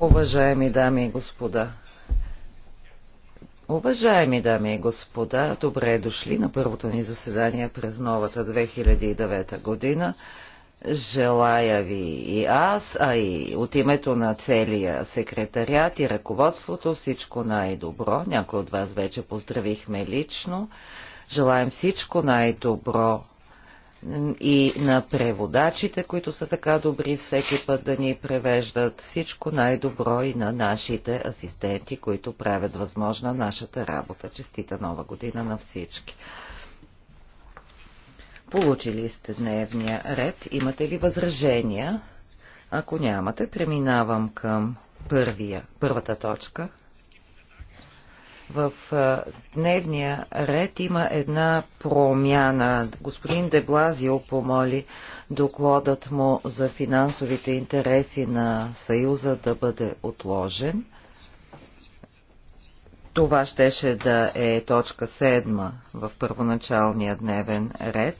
Уважаеми дами и господа, Уважаеми дами и господа, добре дошли на първото ни заседание през новата 2009 година. Желая ви и аз, а и от името на целия секретариат и ръководството всичко най-добро. Някой от вас вече поздравихме лично. Желаем всичко най-добро и на преводачите, които са така добри всеки път да ни превеждат всичко най-добро и на нашите асистенти, които правят възможна нашата работа. Честита нова година на всички! Получили сте дневния ред. Имате ли възражения? Ако нямате, преминавам към първия, първата точка – в дневния ред има една промяна. Господин Деблазио помоли докладът му за финансовите интереси на Съюза да бъде отложен – това щеше да е точка 7 в първоначалния дневен ред.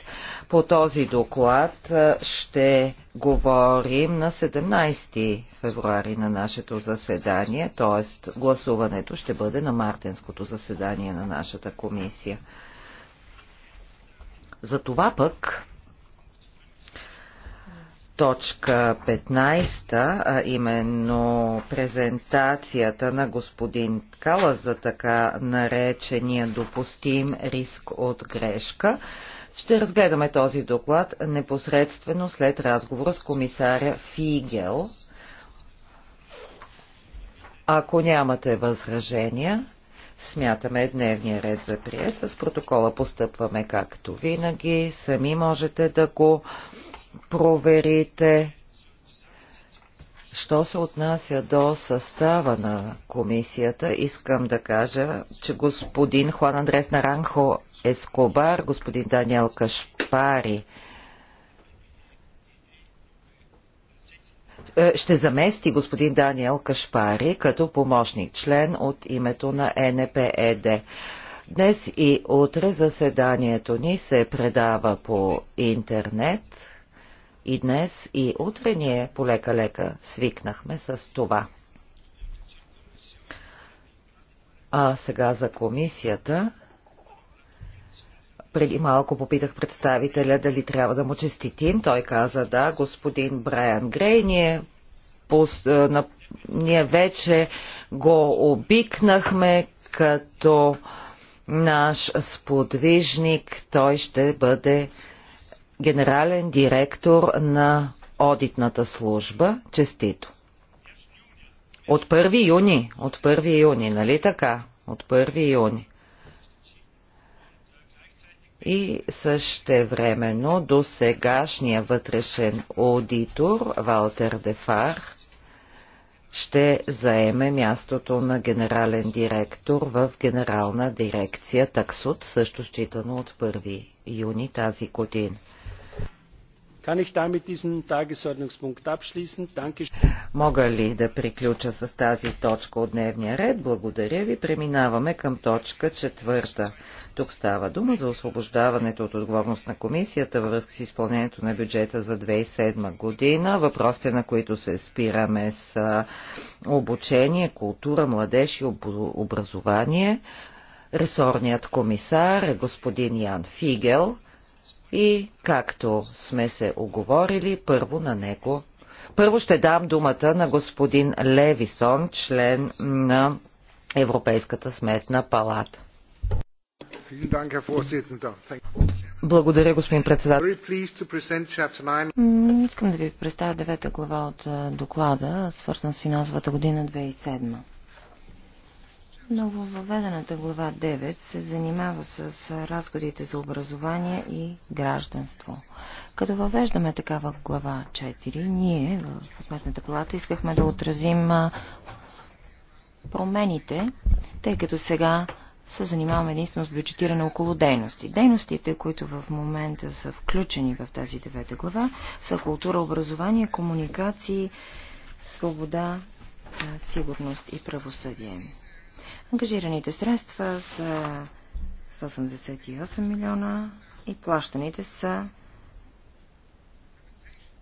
По този доклад ще говорим на 17 февруари на нашето заседание, т.е. гласуването ще бъде на мартенското заседание на нашата комисия. За това пък точка 15, а именно презентацията на господин Кала за така наречения допустим риск от грешка. Ще разгледаме този доклад непосредствено след разговора с комисаря Фигел. Ако нямате възражения, Смятаме дневния ред за прият. С протокола постъпваме както винаги. Сами можете да го проверите, що се отнася до състава на комисията, искам да кажа, че господин Хуан Андрес Наранхо Ескобар, господин Даниел Кашпари, е, ще замести господин Даниел Кашпари като помощник член от името на НПЕД. Днес и утре заседанието ни се предава по интернет. И днес, и утре ние полека-лека свикнахме с това. А сега за комисията. Преди малко попитах представителя дали трябва да му честитим. Той каза да, господин Брайан Грей. Ние, пост, на, ние вече го обикнахме като наш сподвижник. Той ще бъде генерален директор на одитната служба. Честито! От 1 юни, от 1 юни, нали така? От 1 юни. И също времено до сегашния вътрешен аудитор Валтер Дефар ще заеме мястото на генерален директор в генерална дирекция таксот, също считано от 1 юни тази година. Kann ich damit diesen Tagesordnungspunkt abschließen? Мога ли да приключа с тази точка от дневния ред? Благодаря ви. Преминаваме към точка четвърта. Тук става дума за освобождаването от отговорност на комисията във връзка с изпълнението на бюджета за 2007 година. Въпросите, на които се спираме с обучение, култура, младеж и образование. Ресорният комисар е господин Ян Фигел и както сме се оговорили, първо на него. Първо ще дам думата на господин Левисон, член на Европейската сметна палата. Благодаря, господин председател. Искам да ви представя девета глава от доклада, свързан с финансовата година 2007 въведената глава 9 се занимава с разходите за образование и гражданство. Като въвеждаме такава глава 4, ние в Сметната палата искахме да отразим промените, тъй като сега се занимаваме единствено с бюджетиране около дейности. Дейностите, които в момента са включени в тази девета глава, са култура, образование, комуникации, свобода, сигурност и правосъдие. Ангажираните средства са 188 милиона и плащаните са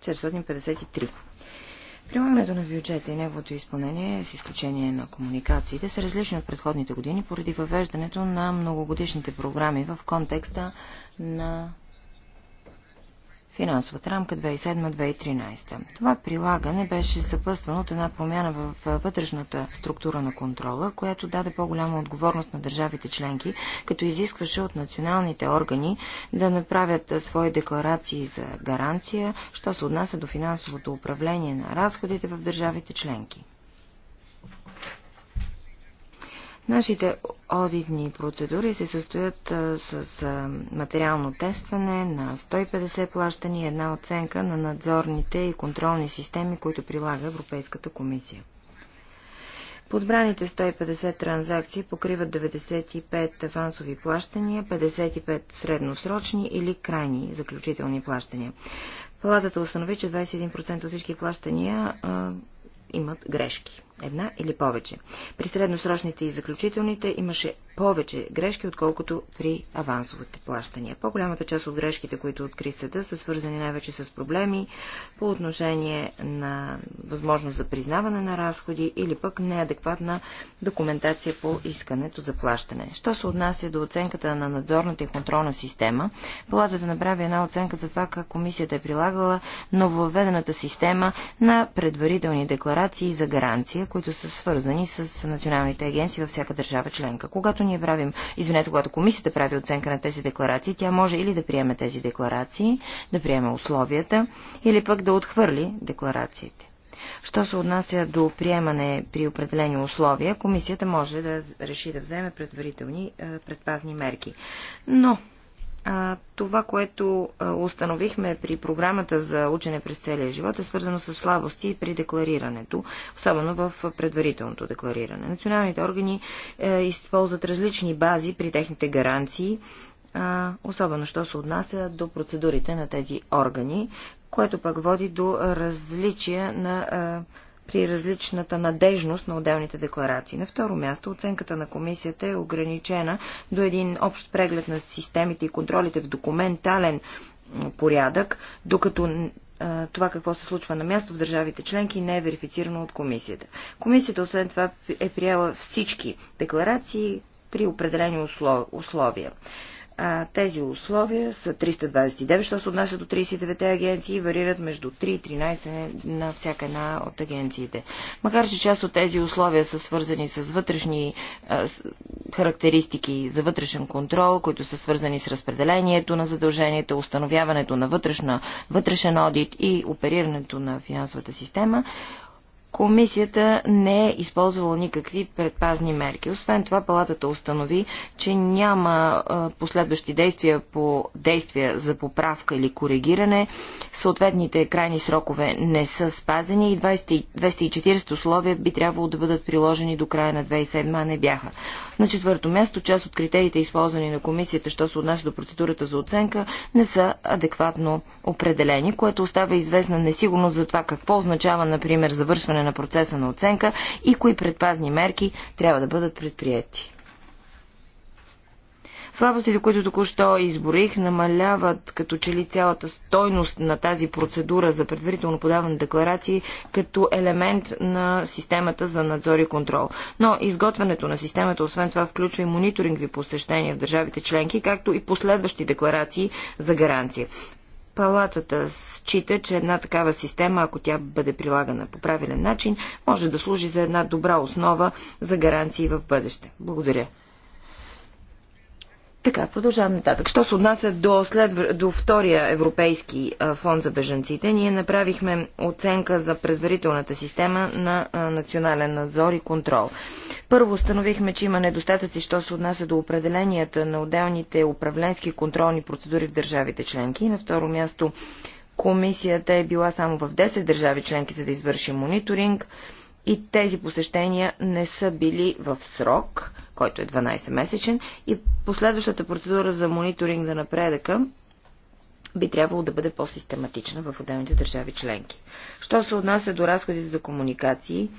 453. Прилагането на бюджета и неговото изпълнение, с изключение на комуникациите, са различни от предходните години поради въвеждането на многогодишните програми в контекста на финансовата рамка 2007-2013. Това прилагане беше съпъствано от една промяна в вътрешната структура на контрола, която даде по-голяма отговорност на държавите членки, като изискваше от националните органи да направят свои декларации за гаранция, що се отнася до финансовото управление на разходите в държавите членки. Нашите одитни процедури се състоят с материално тестване на 150 плащани и една оценка на надзорните и контролни системи, които прилага Европейската комисия. Подбраните 150 транзакции покриват 95 авансови плащания, 55 средносрочни или крайни заключителни плащания. Палатата установи, че 21% от всички плащания а, имат грешки. Една или повече. При средносрочните и заключителните имаше повече грешки, отколкото при авансовите плащания. По-голямата част от грешките, които откри съда, са свързани най-вече с проблеми по отношение на възможност за признаване на разходи или пък неадекватна документация по искането за плащане. Що се отнася до оценката на надзорната и контролна система, палатата направи една оценка за това как комисията е прилагала нововведената система на предварителни декларации за гаранция, които са свързани с националните агенции във всяка държава членка. Когато ние правим, извинете, когато комисията прави оценка на тези декларации, тя може или да приеме тези декларации, да приеме условията, или пък да отхвърли декларациите. Що се отнася до приемане при определени условия, комисията може да реши да вземе предварителни е, предпазни мерки. Но това, което установихме при програмата за учене през целия живот е свързано с слабости при декларирането, особено в предварителното деклариране. Националните органи е, използват различни бази при техните гаранции, особено що се отнася до процедурите на тези органи, което пък води до различия на е, при различната надежност на отделните декларации. На второ място, оценката на комисията е ограничена до един общ преглед на системите и контролите в документален порядък, докато това какво се случва на място в държавите членки не е верифицирано от комисията. Комисията освен това е приела всички декларации при определени условия. А, тези условия са 329, що се отнася до 39-те агенции и варират между 3 и 13 на всяка една от агенциите. Макар, че част от тези условия са свързани с вътрешни а, с, характеристики за вътрешен контрол, които са свързани с разпределението на задълженията, установяването на вътрешна, вътрешен одит и оперирането на финансовата система, Комисията не е използвала никакви предпазни мерки. Освен това, палатата установи, че няма последващи действия по действия за поправка или коригиране. Съответните крайни срокове не са спазени и 240 условия би трябвало да бъдат приложени до края на 2007, а не бяха. На четвърто място, част от критериите, използвани на комисията, що се отнася до процедурата за оценка, не са адекватно определени, което остава известна несигурност за това какво означава, например, завършване на процеса на оценка и кои предпазни мерки трябва да бъдат предприяти. Слабостите, които току-що изборих, намаляват като че ли цялата стойност на тази процедура за предварително подаване декларации като елемент на системата за надзор и контрол. Но изготвянето на системата, освен това, включва и мониторингови посещения в държавите членки, както и последващи декларации за гаранция. Палатата счита, че една такава система, ако тя бъде прилагана по правилен начин, може да служи за една добра основа за гаранции в бъдеще. Благодаря. Така, продължавам нататък. Що се отнася до, след, до втория европейски фонд за бежанците, ние направихме оценка за предварителната система на национален надзор и контрол. Първо установихме, че има недостатъци, що се отнася до определенията на отделните управленски контролни процедури в държавите членки. И на второ място комисията е била само в 10 държави членки, за да извърши мониторинг и тези посещения не са били в срок – който е 12-месечен, и последващата процедура за мониторинг на напредъка би трябвало да бъде по-систематична в отделните държави членки. Що се отнася до разходите за комуникации,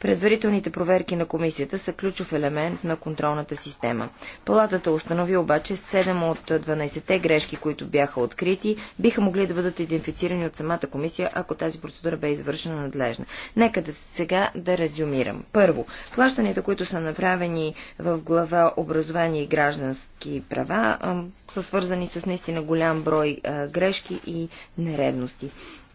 Предварителните проверки на комисията са ключов елемент на контролната система. Палатата установи обаче 7 от 12-те грешки, които бяха открити, биха могли да бъдат идентифицирани от самата комисия, ако тази процедура бе извършена надлежна. Нека да сега да резюмирам. Първо, плащанията, които са направени в глава образование и граждански права, са свързани с наистина голям брой грешки и нередности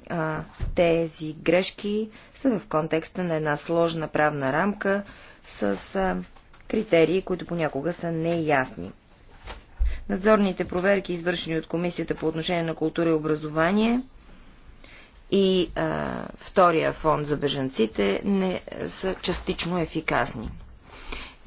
а, тези грешки са в контекста на една сложна правна рамка с а, критерии, които понякога са неясни. Надзорните проверки, извършени от Комисията по отношение на култура и образование и а, втория фонд за бежанците, не са частично ефикасни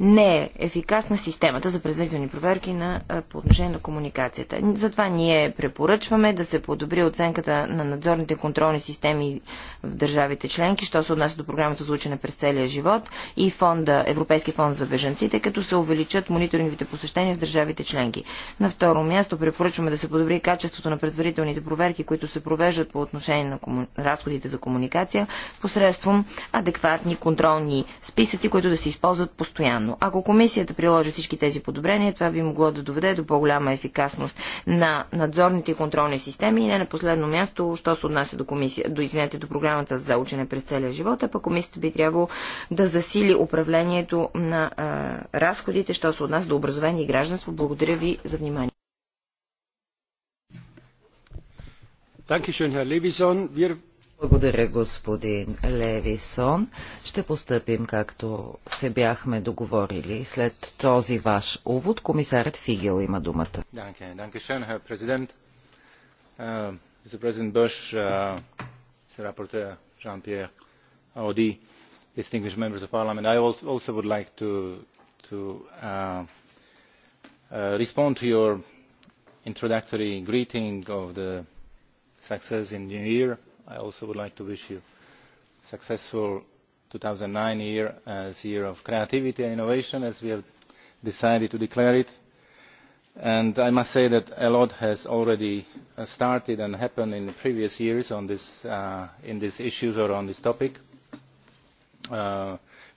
не е ефикасна системата за предварителни проверки на, по отношение на комуникацията. Затова ние препоръчваме да се подобри оценката на надзорните контролни системи в държавите членки, що се отнася до програмата за учене през целия живот и фонда, Европейски фонд за беженците, като се увеличат мониторинговите посещения в държавите членки. На второ място препоръчваме да се подобри качеството на предварителните проверки, които се провеждат по отношение на кому... разходите за комуникация, посредством адекватни контролни списъци, които да се използват постоянно постоянно. Ако комисията приложи всички тези подобрения, това би могло да доведе до по-голяма ефикасност на надзорните и контролни системи и не на последно място, що се отнася до, комисия, до, извинете, до програмата за учене през целия живот, а пък комисията би трябвало да засили управлението на а, разходите, що се отнася до образование и гражданство. Благодаря ви за внимание. Dankeschön, Herr Levison. Wir благодаря, господин Левисон. Ще постъпим както се бяхме договорили. След този ваш увод, комисарят Фигел има думата. distinguished members of parliament, I also would like to, to uh, uh, respond to your introductory greeting of the success in the new year. Uh, i also would like to wish you a successful two thousand and nine year as a year of creativity and innovation as we have decided to declare it and i must say that a lot has already started and happened in previous years on this in these issues or on this topic.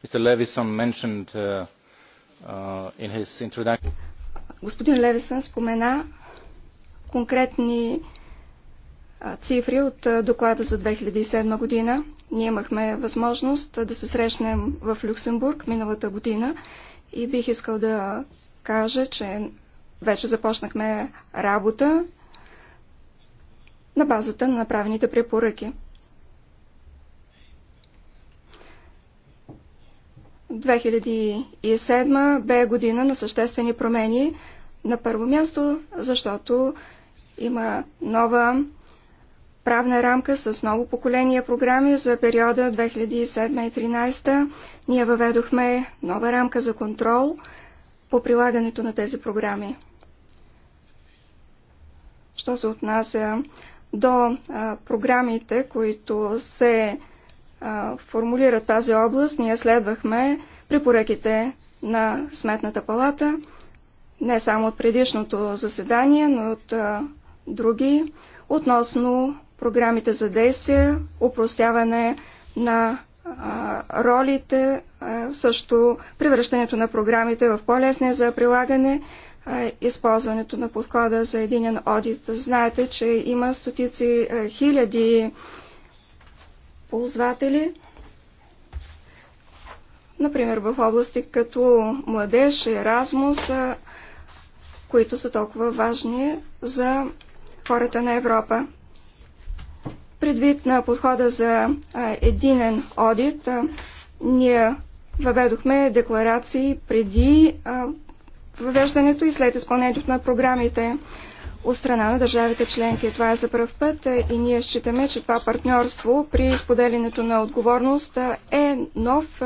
mr leveson mentioned in his introduction цифри от доклада за 2007 година. Ние имахме възможност да се срещнем в Люксембург миналата година и бих искал да кажа, че вече започнахме работа на базата на направените препоръки. 2007 бе година на съществени промени. На първо място, защото има нова правна рамка с ново поколение програми за периода 2007-2013. Ние въведохме нова рамка за контрол по прилагането на тези програми. Що се отнася до а, програмите, които се а, формулират тази област, ние следвахме препоръките на Сметната палата, не само от предишното заседание, но от а, други, относно програмите за действие, упростяване на а, ролите, а, също превръщането на програмите в по-лесни за прилагане, а, използването на подхода за единен одит. Знаете, че има стотици а, хиляди ползватели, например в области като младеж, еразмус, които са толкова важни за хората на Европа. Предвид на подхода за единен одит, ние въведохме декларации преди въвеждането и след изпълнението на програмите от страна на държавите членки. Това е за първ път и ние считаме, че това партньорство при споделянето на отговорност е нов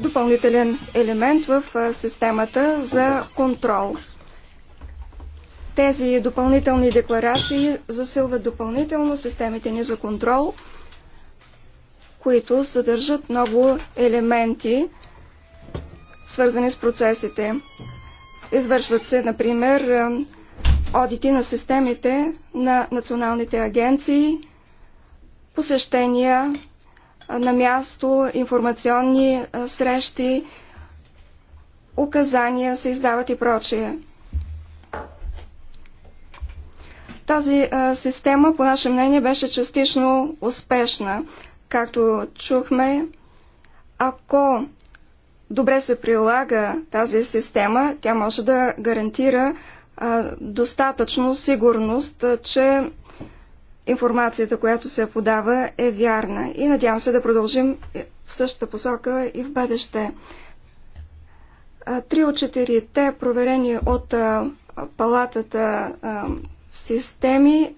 допълнителен елемент в системата за контрол. Тези допълнителни декларации засилват допълнително системите ни за контрол, които съдържат много елементи, свързани с процесите. Извършват се, например, е, одити на системите на националните агенции, посещения е, на място, информационни е, срещи, указания се издават и прочие. Тази а, система, по наше мнение, беше частично успешна. Както чухме, ако добре се прилага тази система, тя може да гарантира а, достатъчно сигурност, а, че информацията, която се подава, е вярна. И надявам се да продължим е, в същата посока и в бъдеще. Три от четирите проверени от палатата системи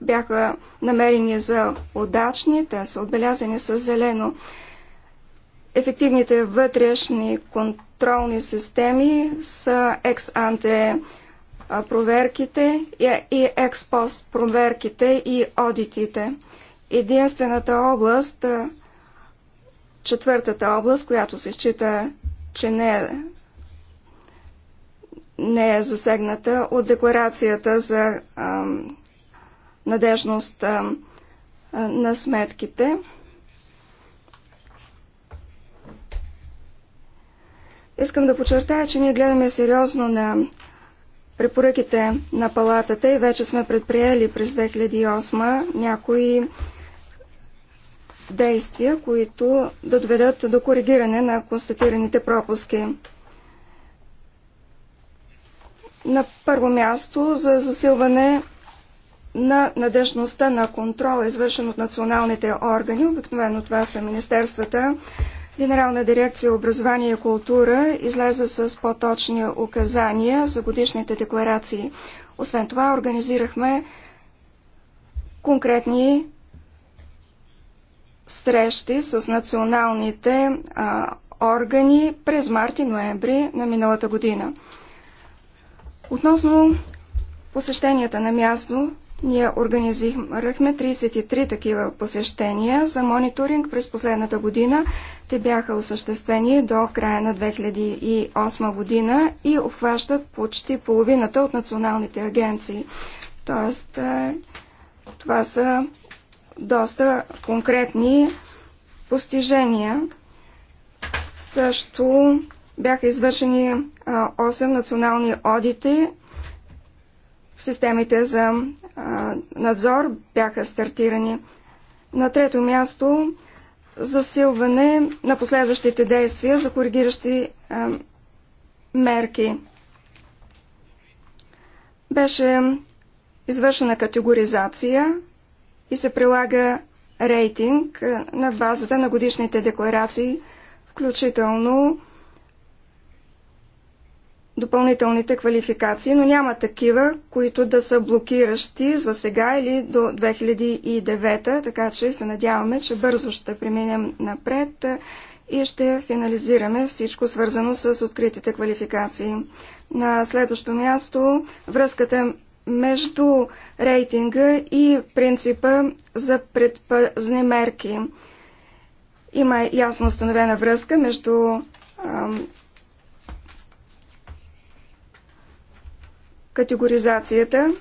бяха намерени за удачни, те са отбелязани с зелено. Ефективните вътрешни контролни системи са екс-анте проверките и експост проверките и одитите. Единствената област, четвъртата област, която се счита, че не е не е засегната от декларацията за а, надежност а, на сметките. Искам да подчертая, че ние гледаме сериозно на препоръките на палатата и вече сме предприели през 2008 някои действия, които да доведат до коригиране на констатираните пропуски. На първо място за засилване на надежността на контрола, извършен от националните органи, обикновено това са министерствата, Генерална дирекция образование и култура излезе с по-точни указания за годишните декларации. Освен това, организирахме конкретни срещи с националните а, органи през март и ноември на миналата година. Относно посещенията на място, ние организирахме 33 такива посещения за мониторинг през последната година. Те бяха осъществени до края на 2008 година и обхващат почти половината от националните агенции. Тоест, е, това са доста конкретни постижения. Също бяха извършени 8 национални одити. Системите за надзор бяха стартирани. На трето място засилване на последващите действия за коригиращи мерки. Беше извършена категоризация и се прилага рейтинг на базата на годишните декларации, включително допълнителните квалификации, но няма такива, които да са блокиращи за сега или до 2009, така че се надяваме, че бързо ще преминем напред и ще финализираме всичко свързано с откритите квалификации. На следващо място връзката между рейтинга и принципа за предпазни мерки. Има ясно установена връзка между категоризацията.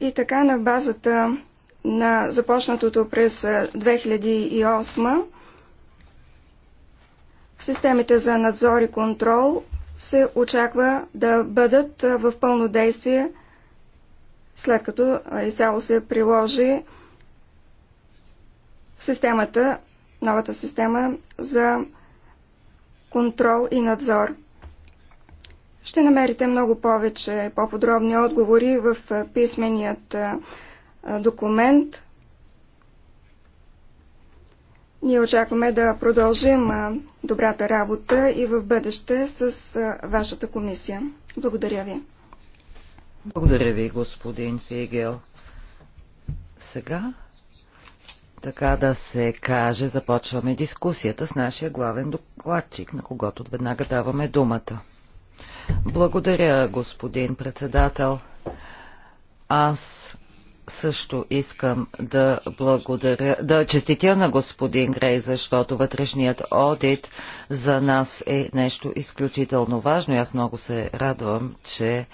И така на базата на започнатото през 2008 системите за надзор и контрол се очаква да бъдат в пълно действие след като изцяло се приложи системата, новата система за контрол и надзор. Ще намерите много повече по-подробни отговори в писменият документ. Ние очакваме да продължим добрата работа и в бъдеще с вашата комисия. Благодаря ви. Благодаря ви, господин Фигел. Сега така да се каже, започваме дискусията с нашия главен докладчик, на когото веднага даваме думата. Благодаря, господин председател. Аз също искам да благодаря, да честитя на господин Грей, защото вътрешният одит за нас е нещо изключително важно. Аз много се радвам, че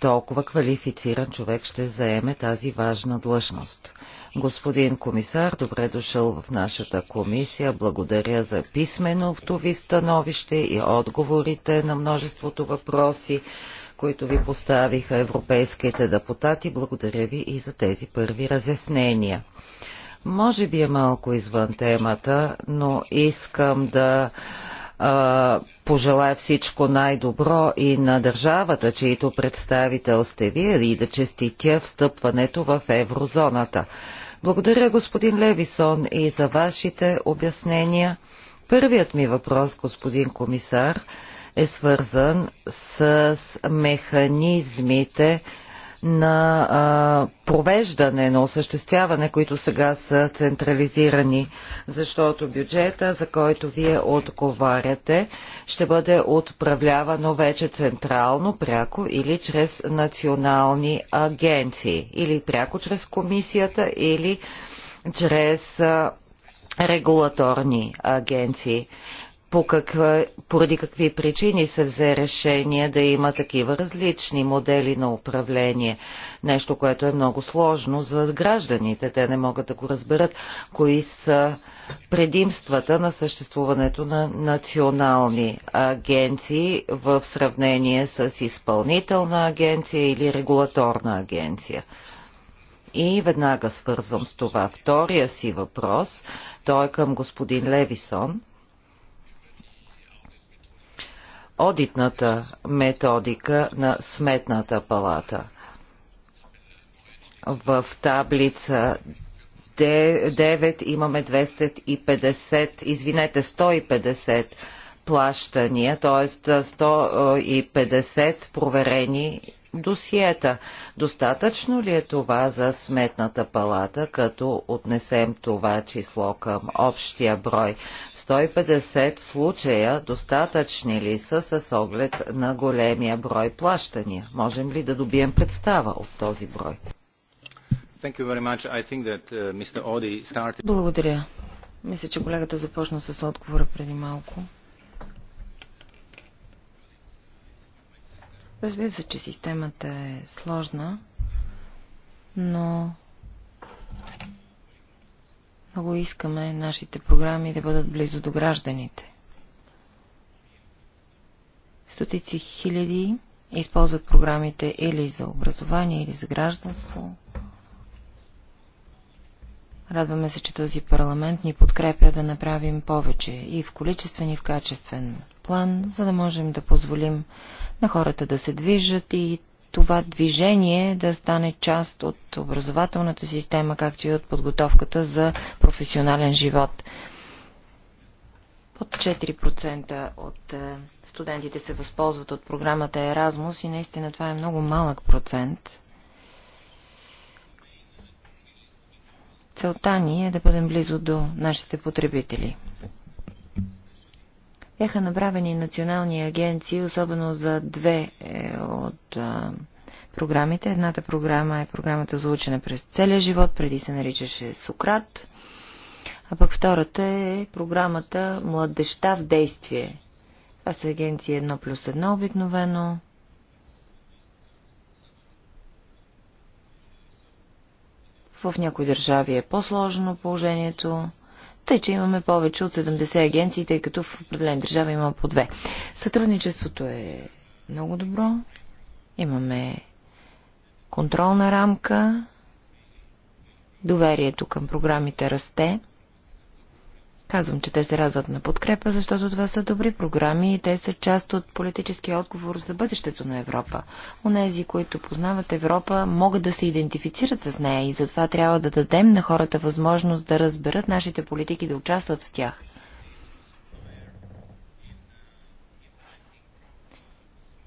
толкова квалифициран човек ще заеме тази важна длъжност. Господин комисар, добре дошъл в нашата комисия. Благодаря за писменото ви становище и отговорите на множеството въпроси, които ви поставиха европейските депутати. Благодаря ви и за тези първи разяснения. Може би е малко извън темата, но искам да а, пожелая всичко най-добро и на държавата, чието представител сте вие и да честитя встъпването в еврозоната. Благодаря, господин Левисон, и за вашите обяснения. Първият ми въпрос, господин комисар, е свързан с механизмите, на а, провеждане, на осъществяване, които сега са централизирани, защото бюджета, за който вие отговаряте, ще бъде отправлявано вече централно, пряко или чрез национални агенции, или пряко чрез комисията, или чрез а, регулаторни агенции по каква, поради какви причини се взе решение да има такива различни модели на управление. Нещо, което е много сложно за гражданите. Те не могат да го разберат. Кои са предимствата на съществуването на национални агенции в сравнение с изпълнителна агенция или регулаторна агенция? И веднага свързвам с това втория си въпрос. Той е към господин Левисон. одитната методика на Сметната палата. В таблица 9 имаме 250, извинете, 150 плащания, т.е. 150 проверени досиета. Достатъчно ли е това за сметната палата, като отнесем това число към общия брой? 150 случая достатъчни ли са с оглед на големия брой плащания? Можем ли да добием представа от този брой? Uh, Благодаря. Мисля, че колегата започна с отговора преди малко. Разбира се, че системата е сложна, но много искаме нашите програми да бъдат близо до гражданите. Стотици хиляди използват програмите или за образование, или за гражданство. Радваме се, че този парламент ни подкрепя да направим повече и в количествен и в качествен план, за да можем да позволим на хората да се движат и това движение да стане част от образователната система, както и от подготовката за професионален живот. Под 4% от е, студентите се възползват от програмата Еразмус и наистина това е много малък процент Целта ни е да бъдем близо до нашите потребители. Бяха направени национални агенции, особено за две е, от програмите. Едната програма е програмата за учене през целия живот, преди се наричаше Сократ, а пък втората е програмата Младеща в действие. Това са агенции 1 плюс 1 обикновено. В някои държави е по-сложно положението, тъй че имаме повече от 70 агенции, тъй като в определени държави има по две. Сътрудничеството е много добро. Имаме контролна рамка. Доверието към програмите расте. Казвам, че те се радват на подкрепа, защото това са добри програми и те са част от политическия отговор за бъдещето на Европа. Онези, които познават Европа, могат да се идентифицират с нея и затова трябва да дадем на хората възможност да разберат нашите политики да участват в тях.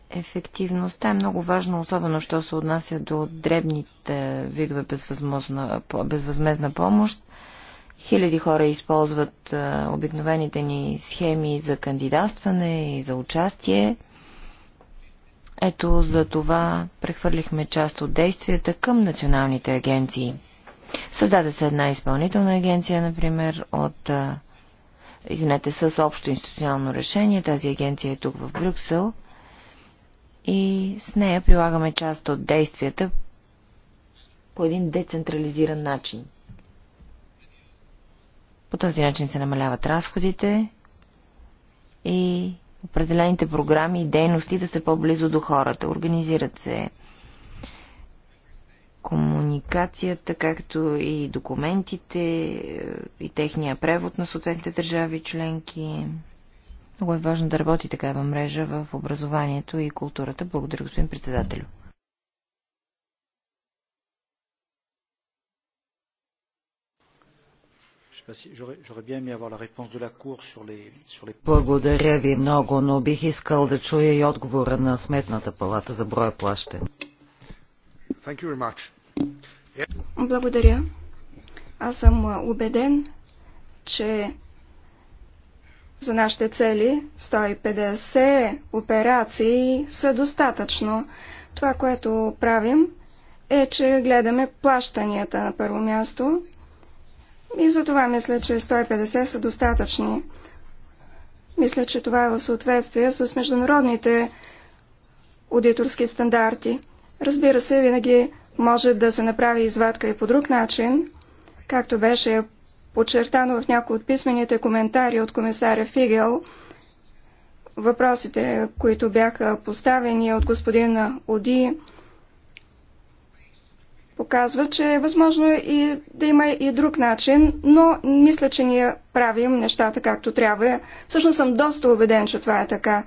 Ефективността е много важна, особено, що се отнася до дребните видове безвъзмезна, помощ Хиляди хора използват а, обикновените ни схеми за кандидатстване и за участие. Ето за това прехвърлихме част от действията към националните агенции. Създаде се една изпълнителна агенция, например, от а, извинете, с общо институционално решение. Тази агенция е тук в Брюксел и с нея прилагаме част от действията по един децентрализиран начин. По този начин се намаляват разходите и определените програми и дейности да са по-близо до хората. Организират се комуникацията, както и документите е, и техния превод на съответните държави членки. Много е важно да работи такава мрежа в образованието и културата. Благодаря, господин председателю. Благодаря ви много, но бих искал да чуя и отговора на Сметната палата за броя плаща. Благодаря. Аз съм убеден, че за нашите цели 150 операции са достатъчно. Това, което правим, е, че гледаме плащанията на първо място и за това мисля, че 150 са достатъчни. Мисля, че това е в съответствие с международните аудиторски стандарти. Разбира се, винаги може да се направи извадка и по друг начин, както беше подчертано в някои от писмените коментари от комисаря Фигел. Въпросите, които бяха поставени от господина Оди, показва, че е възможно и да има и друг начин, но мисля, че ние правим нещата както трябва. Всъщност съм доста убеден, че това е така.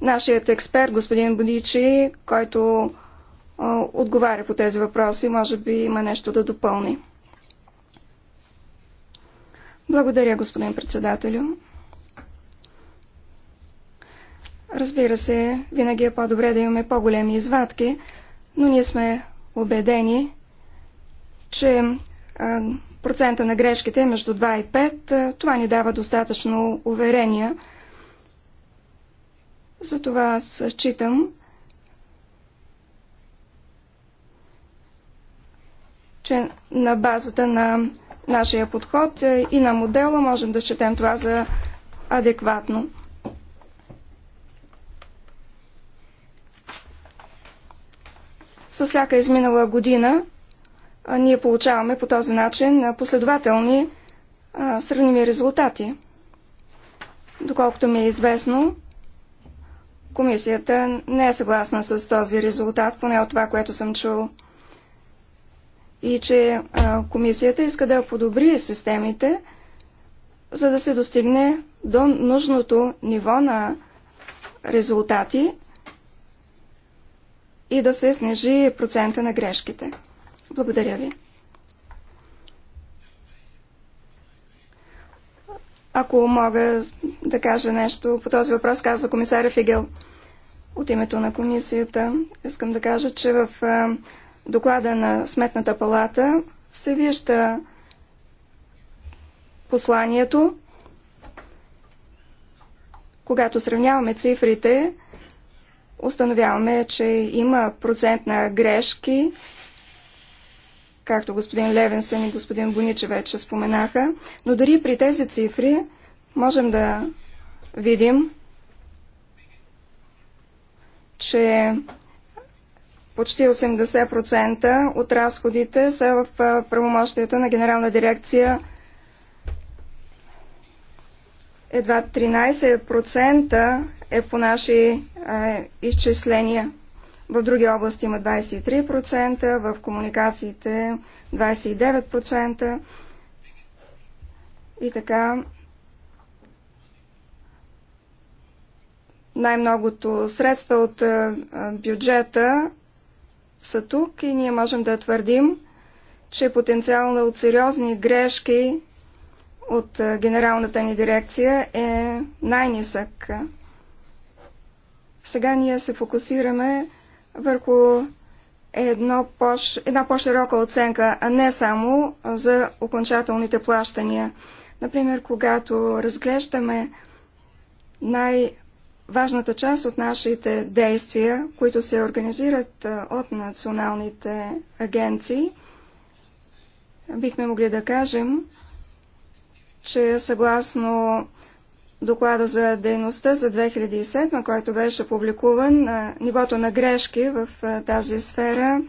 Нашият експерт, господин Бодичи, който а, отговаря по тези въпроси, може би има нещо да допълни. Благодаря, господин председателю. Разбира се, винаги е по-добре да имаме по-големи извадки, но ние сме убедени, че процента на грешките е между 2 и 5. Това ни дава достатъчно уверения. Затова аз считам, че на базата на нашия подход и на модела можем да четем това за адекватно. С всяка изминала година ние получаваме по този начин последователни сравними резултати. Доколкото ми е известно, комисията не е съгласна с този резултат, поне от това, което съм чул. И че комисията иска да подобри системите, за да се достигне до нужното ниво на резултати, и да се снижи процента на грешките. Благодаря ви. Ако мога да кажа нещо по този въпрос, казва комисаря Фигел. От името на комисията искам да кажа, че в доклада на Сметната палата се вижда посланието, когато сравняваме цифрите, установяваме, че има процент на грешки, както господин Левенсън и господин Бониче вече споменаха, но дори при тези цифри можем да видим, че почти 80% от разходите са в правомощията на Генерална дирекция едва 13% е по наши е, изчисления. В други области има 23%, в комуникациите 29%. И така най-многото средства от бюджета са тук и ние можем да твърдим, че потенциално от сериозни грешки от генералната ни дирекция е най-нисък. Сега ние се фокусираме върху едно по една по-широка оценка, а не само за окончателните плащания. Например, когато разглеждаме най-важната част от нашите действия, които се организират от националните агенции, бихме могли да кажем, че съгласно доклада за дейността за 2007, който беше публикуван, нивото на грешки в тази сфера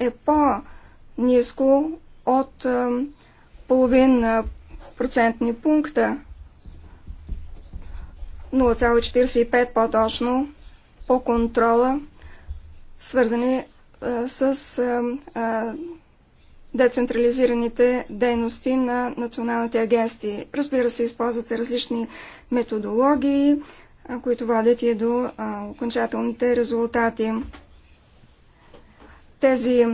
е по-низко от половин процентни пункта, 0,45 по-точно, по контрола, свързани с децентрализираните дейности на националните агенции. Разбира се, използвате различни методологии, които водят и до окончателните резултати. Тези,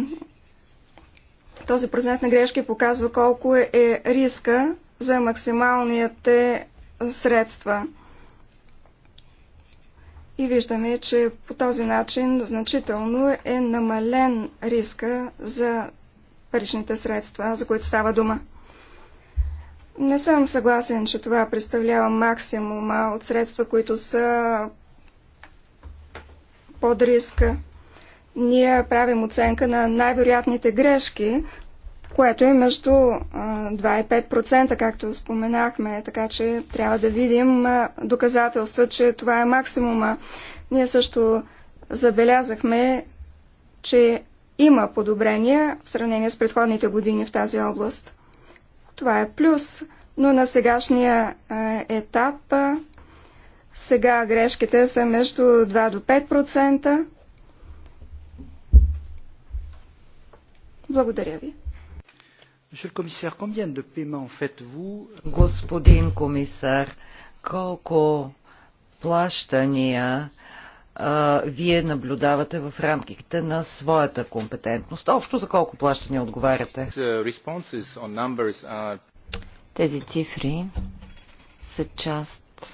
този процент на грешки показва колко е, е риска за максималните средства. И виждаме, че по този начин значително е намален риска за паричните средства, за които става дума. Не съм съгласен, че това представлява максимума от средства, които са под риска. Ние правим оценка на най-вероятните грешки, което е между 2 и 5%, както споменахме, така че трябва да видим доказателства, че това е максимума. Ние също забелязахме, че има подобрения в сравнение с предходните години в тази област. Това е плюс, но на сегашния етап сега грешките са между 2 до 5%. Благодаря ви. Господин комисар, колко плащания а, вие наблюдавате в рамките на своята компетентност? Общо за колко плащания отговаряте? Тези цифри са част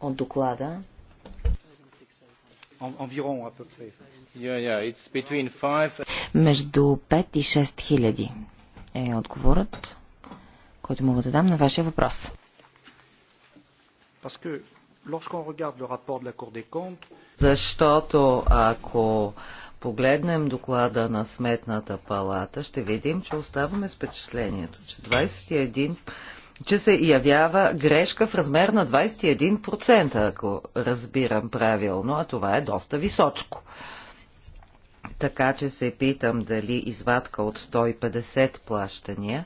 от доклада. Environ, yeah, yeah. Five... Между 5 и 6 хиляди е отговорът, който мога да дам на вашия въпрос. Защото ако погледнем доклада на Сметната палата, ще видим, че оставаме с впечатлението, че 21 че се явява грешка в размер на 21%, ако разбирам правилно, а това е доста височко. Така че се питам дали извадка от 150 плащания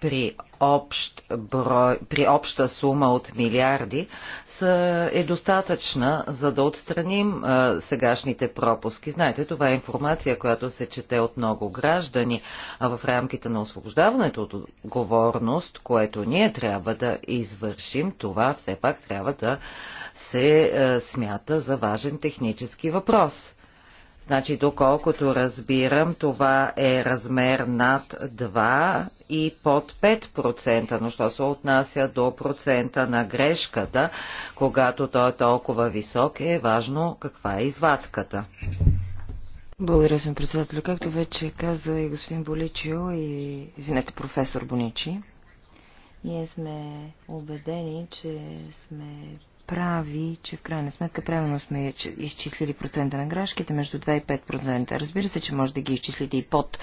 при общ брой, при обща сума от милиарди са, е достатъчна, за да отстраним а, сегашните пропуски. Знаете, това е информация, която се чете от много граждани, а в рамките на освобождаването от отговорност, което ние трябва да извършим, това все пак трябва да се а, смята за важен технически въпрос. Значи, доколкото разбирам, това е размер над 2 и под 5%, но що се отнася до процента на грешката, когато той е толкова висок, е важно каква е извадката. Благодаря, съм председател. Както вече каза и господин Боличио и, извинете, професор Боничи, ние сме убедени, че сме прави, че в крайна сметка правилно сме изчислили процента на грешките между 2 и 5%. процента. Разбира се, че може да ги изчислите и под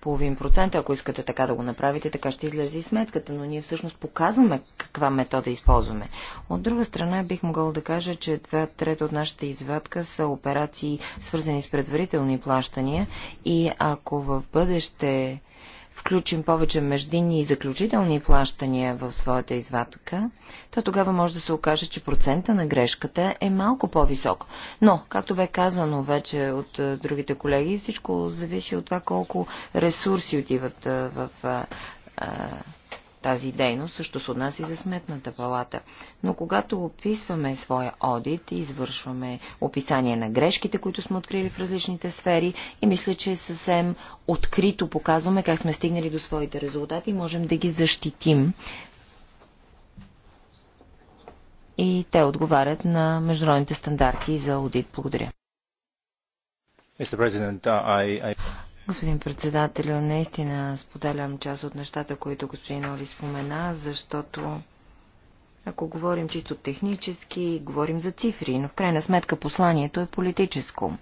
половин процент, ако искате така да го направите, така ще излезе и сметката, но ние всъщност показваме каква метода използваме. От друга страна бих могъл да кажа, че два трета от нашата извадка са операции свързани с предварителни плащания и ако в бъдеще включим повече междинни и заключителни плащания в своята извадка, то тогава може да се окаже, че процента на грешката е малко по-висок. Но, както бе казано вече от другите колеги, всичко зависи от това колко ресурси отиват в тази дейност също се отнася и за сметната палата. Но когато описваме своя одит, извършваме описание на грешките, които сме открили в различните сфери и мисля, че е съвсем открито показваме как сме стигнали до своите резултати и можем да ги защитим. И те отговарят на международните стандарти за аудит. Благодаря. I, I... Господин председател, наистина споделям част от нещата, които господин Оли спомена, защото ако говорим чисто технически, говорим за цифри, но в крайна сметка посланието е политическо.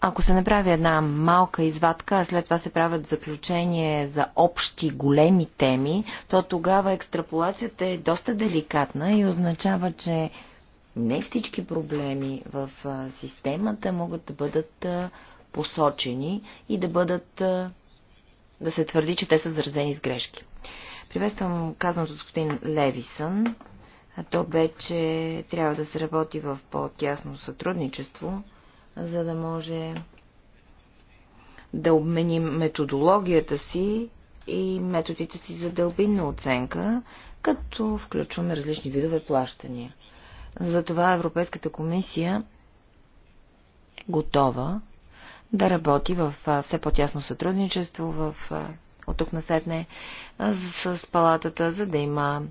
Ако се направи една малка извадка, а след това се правят заключение за общи големи теми, то тогава екстраполацията е доста деликатна и означава, че не всички проблеми в системата могат да бъдат посочени и да бъдат да се твърди, че те са заразени с грешки. Приветствам казаното от господин Левисън. то бе, че трябва да се работи в по-тясно сътрудничество, за да може да обменим методологията си и методите си за дълбинна оценка, като включваме различни видове плащания. Затова Европейската комисия е готова да работи в все по-тясно сътрудничество в, от тук насетне с, с палатата, за да има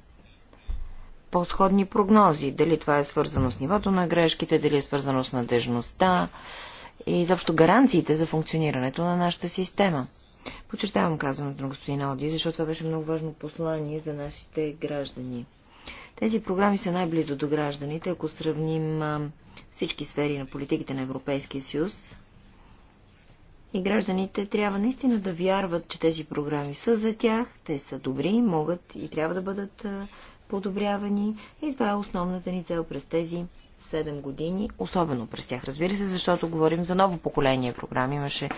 по-сходни прогнози. Дали това е свързано с нивото на грешките, дали е свързано с надежността и заобщо гаранциите за функционирането на нашата система. Почертавам казаното на господин Оди, защото това беше много важно послание за нашите граждани. Тези програми са най-близо до гражданите, ако сравним всички сфери на политиките на Европейския съюз. И гражданите трябва наистина да вярват, че тези програми са за тях, те са добри, могат и трябва да бъдат подобрявани. И това е основната ни цел през тези 7 години, особено през тях, разбира се, защото говорим за ново поколение програми. Имаше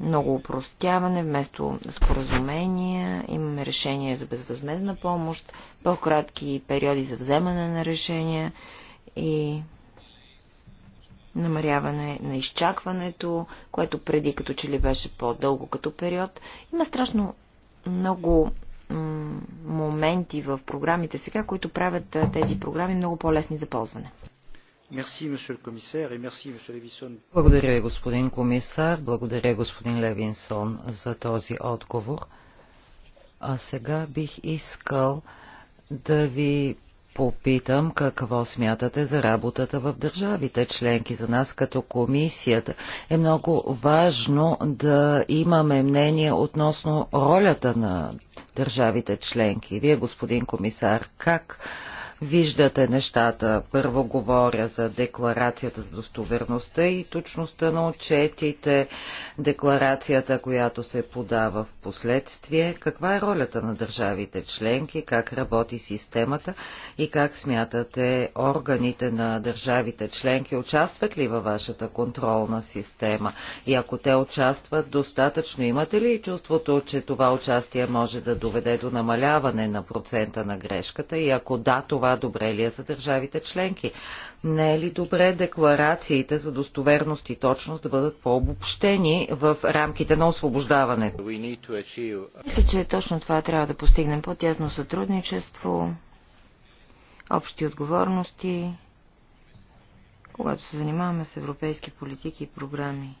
много упростяване, вместо споразумения, имаме решение за безвъзмезна помощ, по-кратки периоди за вземане на решения и намаряване на изчакването, което преди като че ли беше по-дълго като период. Има страшно много моменти в програмите сега, които правят тези програми много по-лесни за ползване. Благодаря, господин комисар. Благодаря, господин Левинсон, за този отговор. А сега бих искал да ви попитам какво смятате за работата в държавите членки. За нас като комисията е много важно да имаме мнение относно ролята на държавите членки. Вие, господин комисар, как виждате нещата. Първо говоря за декларацията за достоверността и точността на отчетите, декларацията, която се подава в последствие, каква е ролята на държавите членки, как работи системата и как смятате органите на държавите членки участват ли във вашата контролна система и ако те участват достатъчно, имате ли чувството, че това участие може да доведе до намаляване на процента на грешката и ако да, това това добре ли е за държавите членки? Не е ли добре декларациите за достоверност и точност да бъдат по-обобщени в рамките на освобождаването? Мисля, че точно това трябва да постигнем по-тясно сътрудничество, общи отговорности, когато се занимаваме с европейски политики и програми.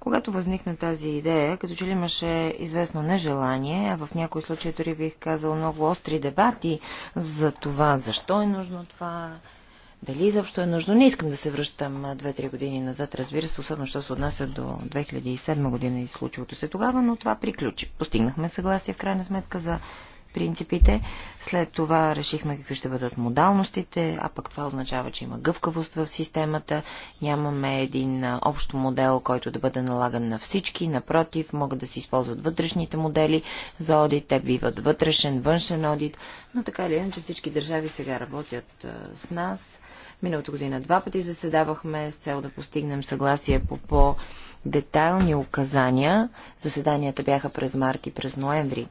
Когато възникна тази идея, като че ли имаше известно нежелание, а в някои случаи дори бих казал много остри дебати за това, защо е нужно това, дали изобщо е нужно. Не искам да се връщам 2-3 години назад, разбира се, особено що се отнася до 2007 година и случилото се тогава, но това приключи. Постигнахме съгласие в крайна сметка за принципите. След това решихме какви ще бъдат модалностите, а пък това означава, че има гъвкавост в системата. Нямаме един общ модел, който да бъде налаган на всички. Напротив, могат да се използват вътрешните модели за одит. Те биват вътрешен, външен одит. Но така или иначе всички държави сега работят с нас. Миналата година два пъти заседавахме с цел да постигнем съгласие по по детайлни указания. Заседанията бяха през март и през ноември.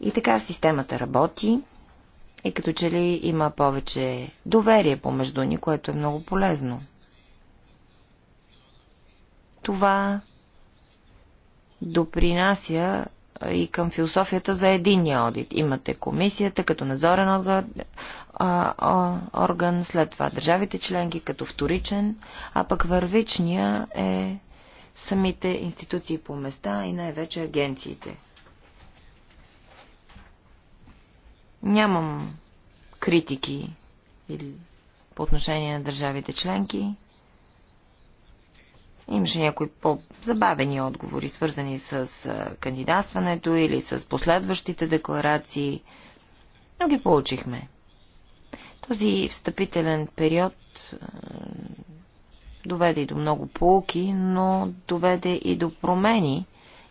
И така системата работи и като че ли има повече доверие помежду ни, което е много полезно. Това допринася и към философията за единния одит. Имате комисията като надзорен орган, след това държавите членки като вторичен, а пък вървичния е самите институции по места и най-вече агенциите. Нямам критики или по отношение на държавите членки. Имаше някои по-забавени отговори, свързани с кандидатстването или с последващите декларации, но ги получихме. Този встъпителен период доведе и до много полуки, но доведе и до промени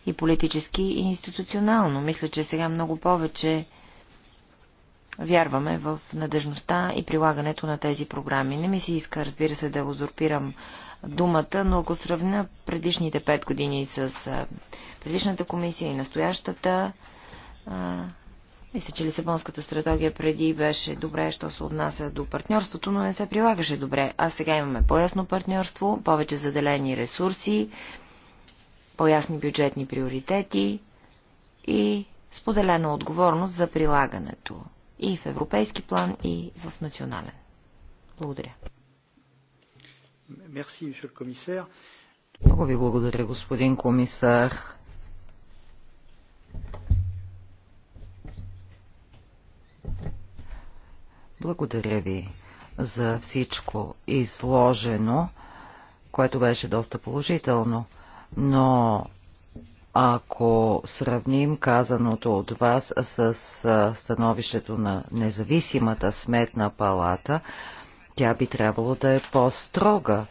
и политически, и институционално. Мисля, че сега много повече вярваме в надежността и прилагането на тези програми. Не ми се иска, разбира се, да узурпирам думата, но ако сравня предишните пет години с предишната комисия и настоящата, мисля, че Лисабонската стратегия преди беше добре, що се отнася до партньорството, но не се прилагаше добре. А сега имаме по-ясно партньорство, повече заделени ресурси, по-ясни бюджетни приоритети и споделена отговорност за прилагането и в европейски план, и в национален. Благодаря. Мерси, комисар. Много ви благодаря, господин комисар. Благодаря ви за всичко изложено, което беше доста положително, но ако сравним казаното от вас с становището на независимата сметна палата, тя би трябвало да е по-строга.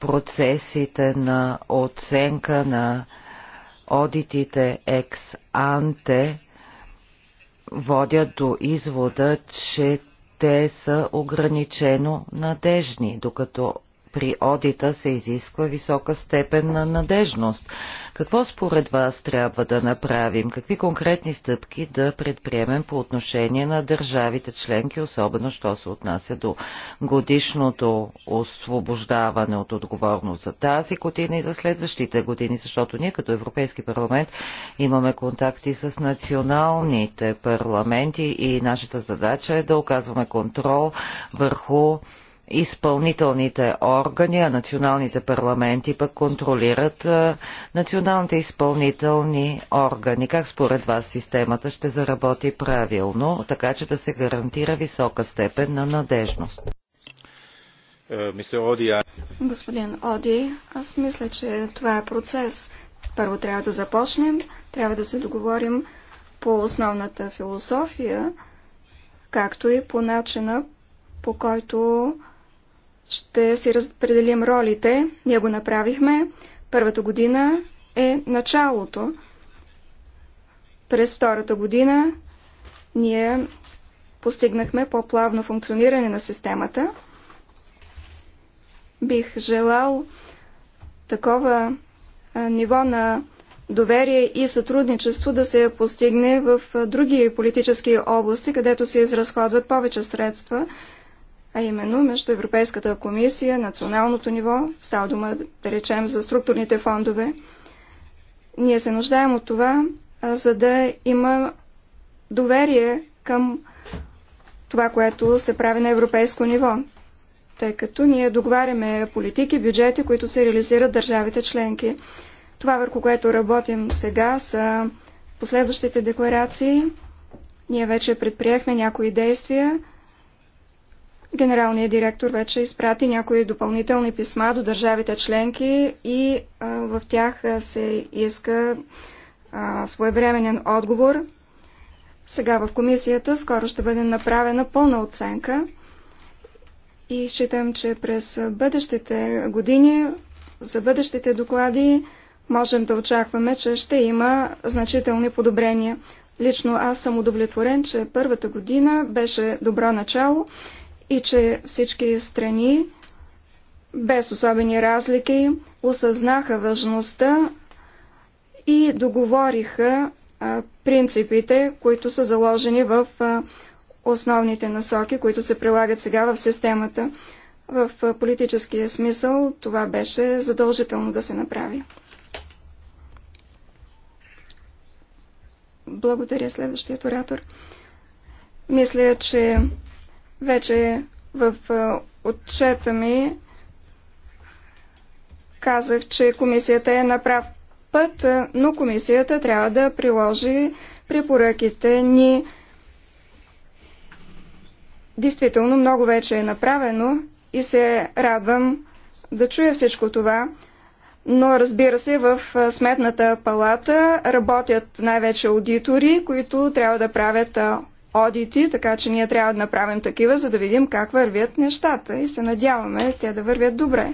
Процесите на оценка на одитите екс-анте водят до извода, че те са ограничено надежни, докато при одита се изисква висока степен на надежност. Какво според вас трябва да направим? Какви конкретни стъпки да предприемем по отношение на държавите членки, особено що се отнася до годишното освобождаване от отговорност за тази година и за следващите години, защото ние като Европейски парламент имаме контакти с националните парламенти и нашата задача е да оказваме контрол върху изпълнителните органи, а националните парламенти пък контролират националните изпълнителни органи. Как според вас системата ще заработи правилно, така че да се гарантира висока степен на надежност? Е, Господин Оди, аз мисля, че това е процес. Първо трябва да започнем, трябва да се договорим по основната философия, както и по начина, по който ще си разпределим ролите. Ние го направихме. Първата година е началото. През втората година ние постигнахме по-плавно функциониране на системата. Бих желал такова ниво на доверие и сътрудничество да се постигне в други политически области, където се изразходват повече средства а именно между Европейската комисия, националното ниво, става дума да речем за структурните фондове. Ние се нуждаем от това, за да има доверие към това, което се прави на европейско ниво, тъй като ние договаряме политики, бюджети, които се реализират държавите членки. Това, върху което работим сега, са последващите декларации. Ние вече предприехме някои действия Генералният директор вече изпрати някои допълнителни писма до държавите членки и а, в тях се иска а, своевременен отговор. Сега в комисията скоро ще бъде направена пълна оценка и считам, че през бъдещите години, за бъдещите доклади, можем да очакваме, че ще има значителни подобрения. Лично аз съм удовлетворен, че първата година беше добро начало и че всички страни, без особени разлики, осъзнаха важността и договориха принципите, които са заложени в основните насоки, които се прилагат сега в системата. В политическия смисъл това беше задължително да се направи. Благодаря следващият оратор. Мисля, че вече в отчета ми казах, че комисията е на прав път, но комисията трябва да приложи препоръките ни. Действително много вече е направено и се радвам да чуя всичко това. Но разбира се, в Сметната палата работят най-вече аудитори, които трябва да правят одити, така че ние трябва да направим такива, за да видим как вървят нещата и се надяваме те да вървят добре.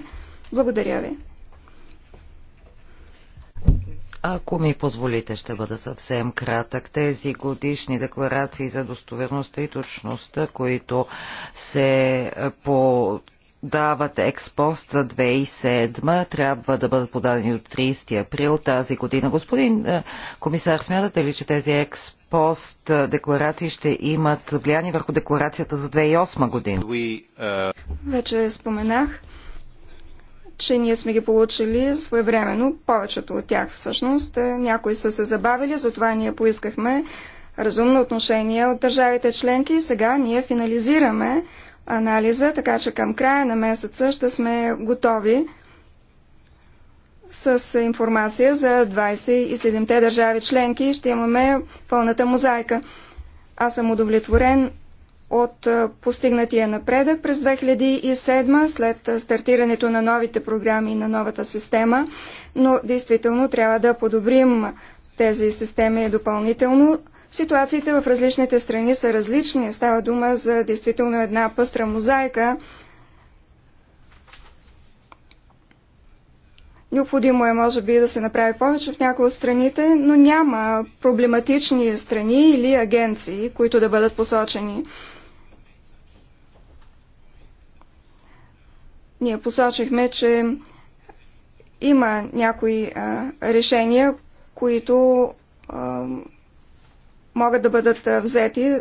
Благодаря ви. Ако ми позволите, ще бъда съвсем кратък. Тези годишни декларации за достоверността и точността, които се е, по дават експост за 2007, трябва да бъдат подадени от 30 април тази година. Господин е, комисар, смятате ли, че тези експост пост декларации ще имат влияние върху декларацията за 2008 година? Вече споменах, че ние сме ги получили своевременно, повечето от тях всъщност. Е, някои са се забавили, затова ние поискахме разумно отношение от държавите членки и сега ние финализираме анализа, така че към края на месеца ще сме готови с информация за 27-те държави членки. Ще имаме пълната мозайка. Аз съм удовлетворен от постигнатия напредък през 2007 след стартирането на новите програми и на новата система, но действително трябва да подобрим тези системи допълнително. Ситуациите в различните страни са различни. Става дума за действително една пъстра мозайка, Необходимо е, може би, да се направи повече в някои от страните, но няма проблематични страни или агенции, които да бъдат посочени. Ние посочихме, че има някои а, решения, които а, могат да бъдат а, взети а,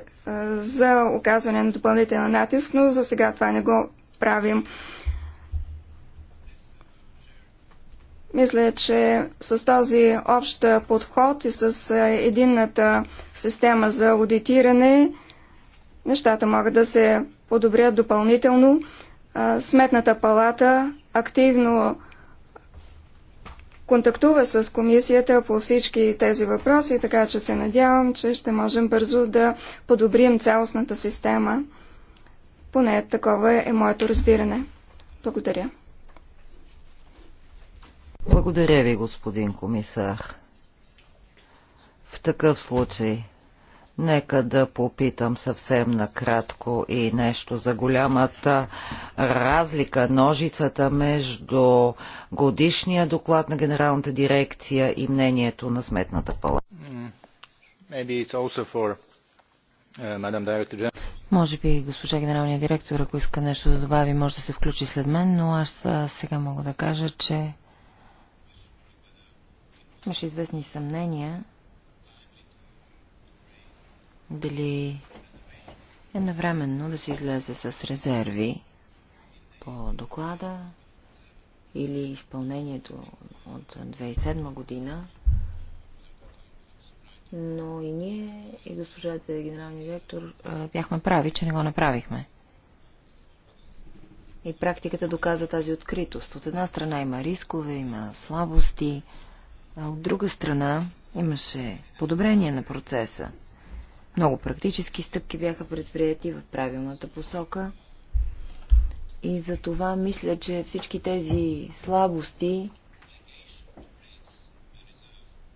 за оказване на допълнителен натиск, но за сега това не го правим. Мисля, че с този общ подход и с единната система за аудитиране нещата могат да се подобрят допълнително. Сметната палата активно контактува с комисията по всички тези въпроси, така че се надявам, че ще можем бързо да подобрим цялостната система. Поне такова е моето разбиране. Благодаря. Благодаря ви, господин комисар. В такъв случай, нека да попитам съвсем накратко и нещо за голямата разлика, ножицата между годишния доклад на Генералната дирекция и мнението на Сметната палата. Uh, може би госпожа генералния директор, ако иска нещо да добави, може да се включи след мен, но аз сега мога да кажа, че Имаше известни съмнения дали е навременно да се излезе с резерви по доклада или изпълнението от 2007 година. Но и ние, и госпожата генералния директор бяхме прави, че не го направихме. И практиката доказа тази откритост. От една страна има рискове, има слабости, а от друга страна имаше подобрение на процеса. Много практически стъпки бяха предприяти в правилната посока. И за това мисля, че всички тези слабости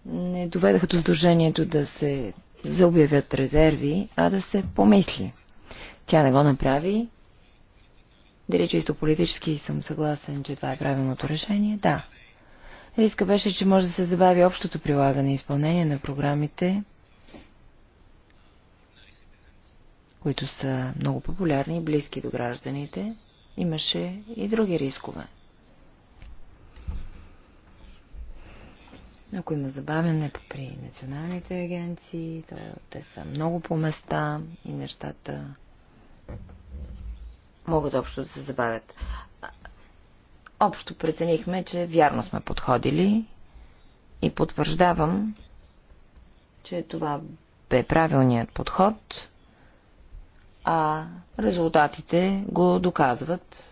не доведаха до задължението да се заобявят резерви, а да се помисли. Тя не го направи. Дали чисто политически съм съгласен, че това е правилното решение? Да, Риска беше, че може да се забави общото прилагане и изпълнение на програмите, които са много популярни и близки до гражданите. Имаше и други рискове. Ако има забавяне при националните агенции, то те са много по места и нещата могат общо да се забавят общо преценихме, че вярно сме подходили и потвърждавам, че това бе правилният подход, а резултатите го доказват.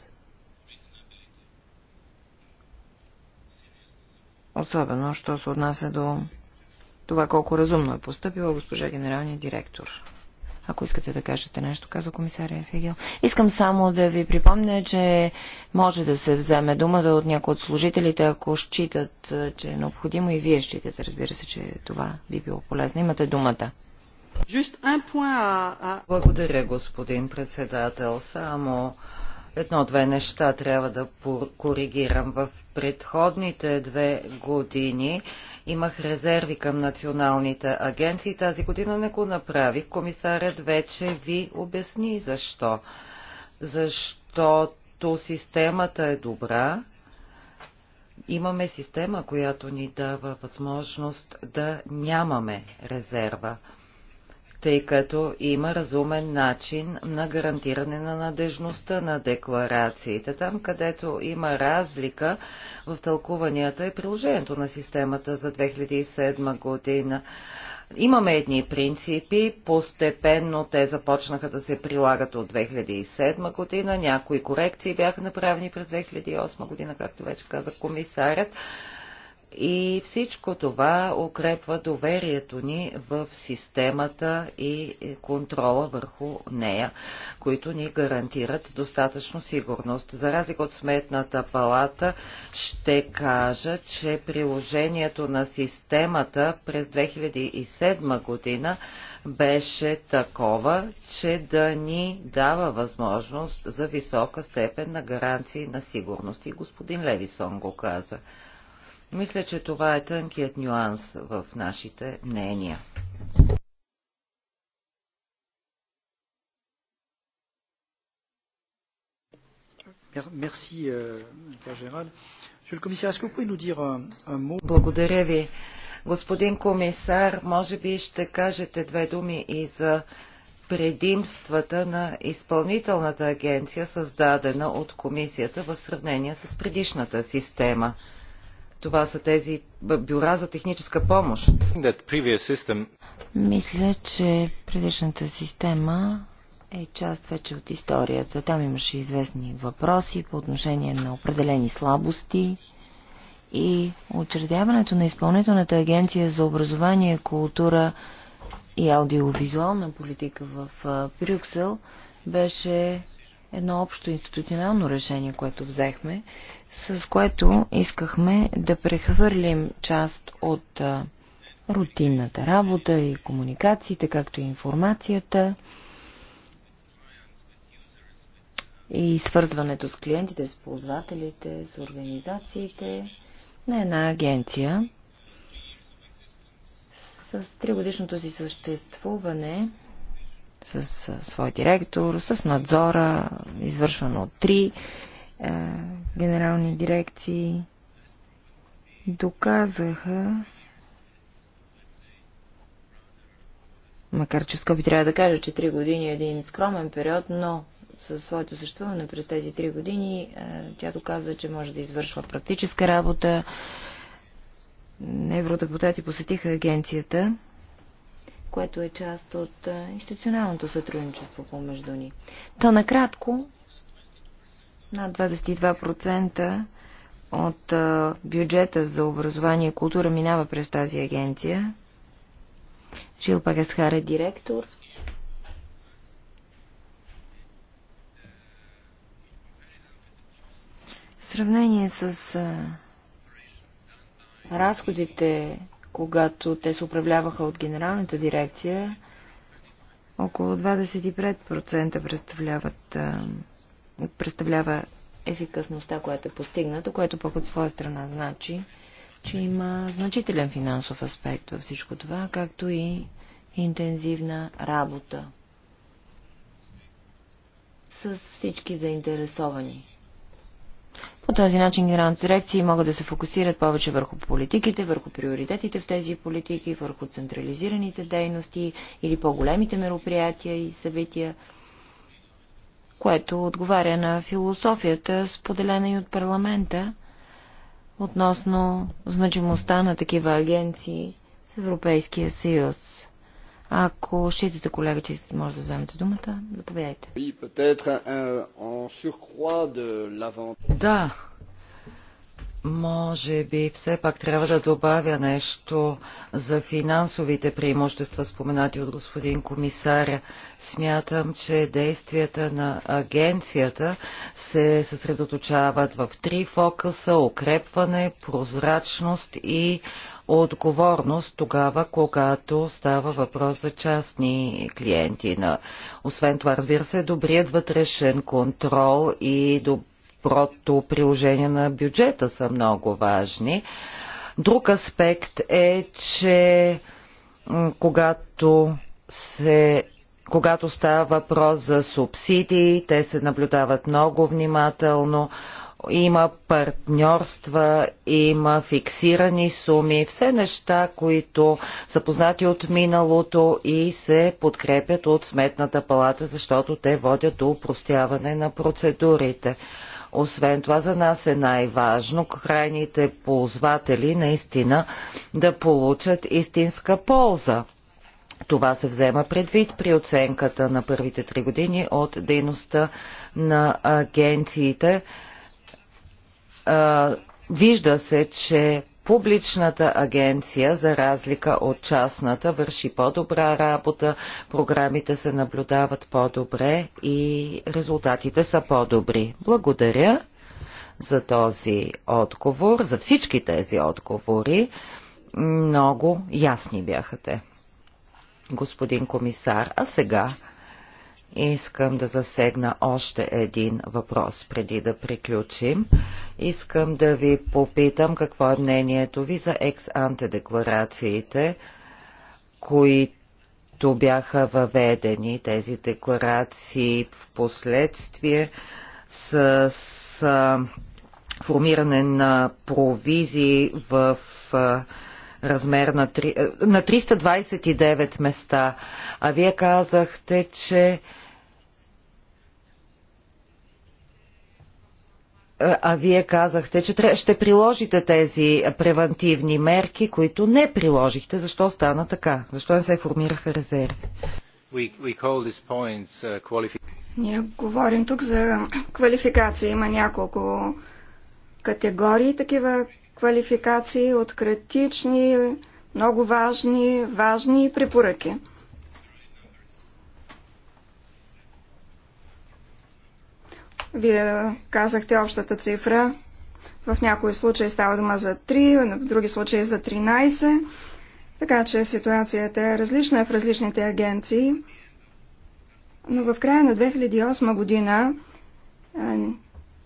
Особено, що се отнася до това колко разумно е поступила госпожа генералния директор ако искате да кажете нещо, каза комисария Фигел. Искам само да ви припомня, че може да се вземе думата да от някои от служителите, ако считат, е, че е необходимо и вие считате, разбира се, че това би било полезно. Имате думата. Благодаря, господин председател. Само едно-две неща трябва да коригирам. В предходните две години Имах резерви към националните агенции. Тази година не го направих. Комисарят вече ви обясни защо. Защото системата е добра. Имаме система, която ни дава възможност да нямаме резерва тъй като има разумен начин на гарантиране на надежността на декларациите. Там, където има разлика в тълкуванията и е приложението на системата за 2007 година. Имаме едни принципи, постепенно те започнаха да се прилагат от 2007 година, някои корекции бяха направени през 2008 година, както вече каза комисарят. И всичко това укрепва доверието ни в системата и контрола върху нея, които ни гарантират достатъчно сигурност. За разлика от сметната палата, ще кажа, че приложението на системата през 2007 година беше такова, че да ни дава възможност за висока степен на гаранции на сигурност. И господин Левисон го каза. Мисля, че това е тънкият нюанс в нашите мнения. Благодаря ви. Господин комисар, може би ще кажете две думи и за предимствата на изпълнителната агенция, създадена от комисията в сравнение с предишната система. Това са тези бюра за техническа помощ. Мисля, че предишната система е част вече от историята. Там имаше известни въпроси по отношение на определени слабости и учредяването на изпълнителната агенция за образование, култура и аудиовизуална политика в Брюксел беше едно общо институционално решение, което взехме, с което искахме да прехвърлим част от рутинната работа и комуникациите, както и информацията и свързването с клиентите, с ползвателите, с организациите на една агенция. С тригодишното си съществуване с свой директор, с надзора, извършвано от три е, генерални дирекции, доказаха, макар че скъпи трябва да кажа, че три години е един скромен период, но със своето съществуване през тези три години е, тя доказа, че може да извършва практическа работа. Евродепутати посетиха агенцията което е част от е, институционалното сътрудничество помежду ни. Та накратко, над 22% от е, бюджета за образование и култура минава през тази агенция. Жил Пагасхар е директор. В сравнение с е, разходите, когато те се управляваха от генералната дирекция, около 25% представляват, представлява ефикасността, която е постигната, което пък от своя страна значи, че има значителен финансов аспект във всичко това, както и интензивна работа с всички заинтересовани. По този начин генералните дирекции могат да се фокусират повече върху политиките, върху приоритетите в тези политики, върху централизираните дейности или по-големите мероприятия и събития, което отговаря на философията, споделена и от парламента, относно значимостта на такива агенции в Европейския съюз. Ако считате, колега, че може да вземете думата, заповядайте. Euh, да, може би все пак трябва да добавя нещо за финансовите преимущества, споменати от господин комисаря. Смятам, че действията на агенцията се съсредоточават в три фокуса – укрепване, прозрачност и отговорност тогава, когато става въпрос за частни клиенти. На... Освен това, разбира се, добрият вътрешен контрол и доброто приложение на бюджета са много важни. Друг аспект е, че когато се когато става въпрос за субсидии, те се наблюдават много внимателно. Има партньорства, има фиксирани суми, все неща, които са познати от миналото и се подкрепят от Сметната палата, защото те водят до упростяване на процедурите. Освен това, за нас е най-важно крайните ползватели наистина да получат истинска полза. Това се взема предвид при оценката на първите три години от дейността на агенциите, а, вижда се, че публичната агенция, за разлика от частната, върши по-добра работа, програмите се наблюдават по-добре и резултатите са по-добри. Благодаря за този отговор, за всички тези отговори. Много ясни бяха те, господин комисар. А сега Искам да засегна още един въпрос преди да приключим. Искам да ви попитам какво е мнението ви за екс-анте декларациите, които бяха въведени тези декларации в последствие с, с формиране на провизии в а, размер на, 3, е, на 329 места. А вие казахте, че е, а вие казахте, че ще приложите тези превентивни мерки, които не приложихте. Защо стана така? Защо не се формираха резерви? Uh, Ние говорим тук за квалификация. Има няколко категории такива квалификации от критични, много важни, важни препоръки. Вие казахте общата цифра. В някои случаи става дума за 3, в други случаи за 13. Така че ситуацията е различна в различните агенции. Но в края на 2008 година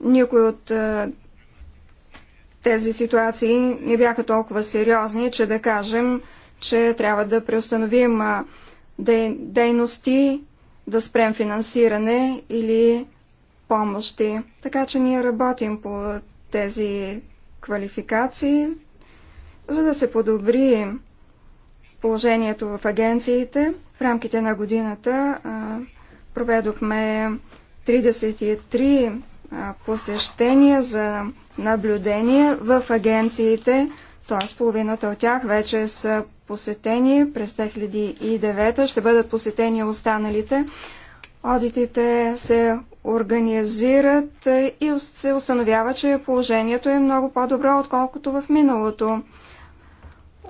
никой от тези ситуации не бяха толкова сериозни, че да кажем, че трябва да преустановим дейности, да спрем финансиране или помощи. Така че ние работим по тези квалификации, за да се подобри положението в агенциите. В рамките на годината проведохме 33 посещения за наблюдение в агенциите, т.е. половината от тях вече са посетени през 2009, ще бъдат посетени останалите. Одитите се организират и се установява, че положението е много по-добро, отколкото в миналото.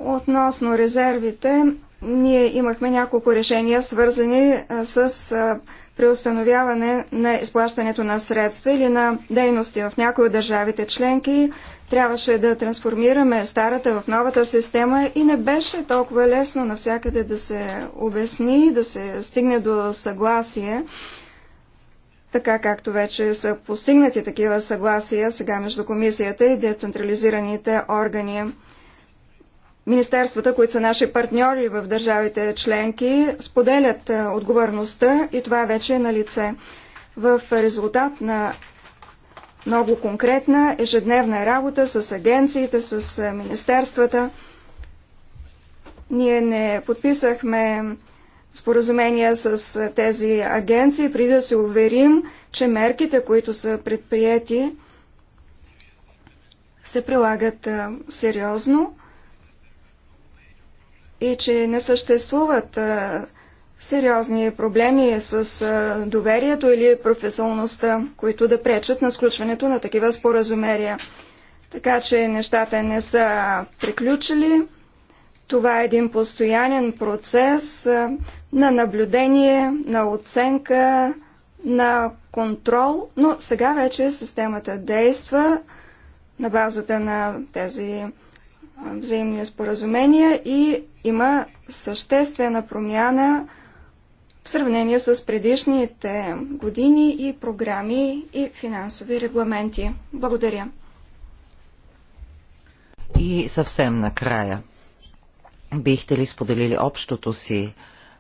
Относно резервите, ние имахме няколко решения, свързани с преустановяване на изплащането на средства или на дейности в някои от държавите членки. Трябваше да трансформираме старата в новата система и не беше толкова лесно навсякъде да се обясни, да се стигне до съгласие, така както вече са постигнати такива съгласия сега между комисията и децентрализираните органи. Министерствата, които са наши партньори в държавите членки, споделят е, отговорността и това вече е на лице. В резултат на много конкретна ежедневна работа с агенциите, с е, министерствата, ние не подписахме споразумения с е, тези агенции, преди да се уверим, че мерките, които са предприяти, се прилагат сериозно и че не съществуват сериозни проблеми с доверието или професионалността, които да пречат на сключването на такива споразумерия. Така че нещата не са приключили. Това е един постоянен процес на наблюдение, на оценка, на контрол, но сега вече системата действа на базата на тези взаимни споразумения и има съществена промяна в сравнение с предишните години и програми и финансови регламенти. Благодаря. И съвсем накрая. Бихте ли споделили общото си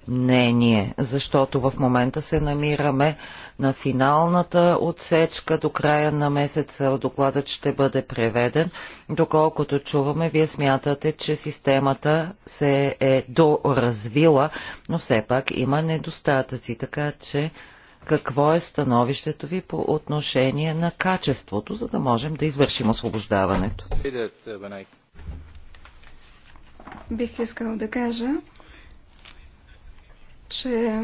мнение, защото в момента се намираме на финалната отсечка. До края на месеца докладът ще бъде преведен. Доколкото чуваме, вие смятате, че системата се е доразвила, но все пак има недостатъци, така че какво е становището ви по отношение на качеството, за да можем да извършим освобождаването? Е, Бих искал да кажа, че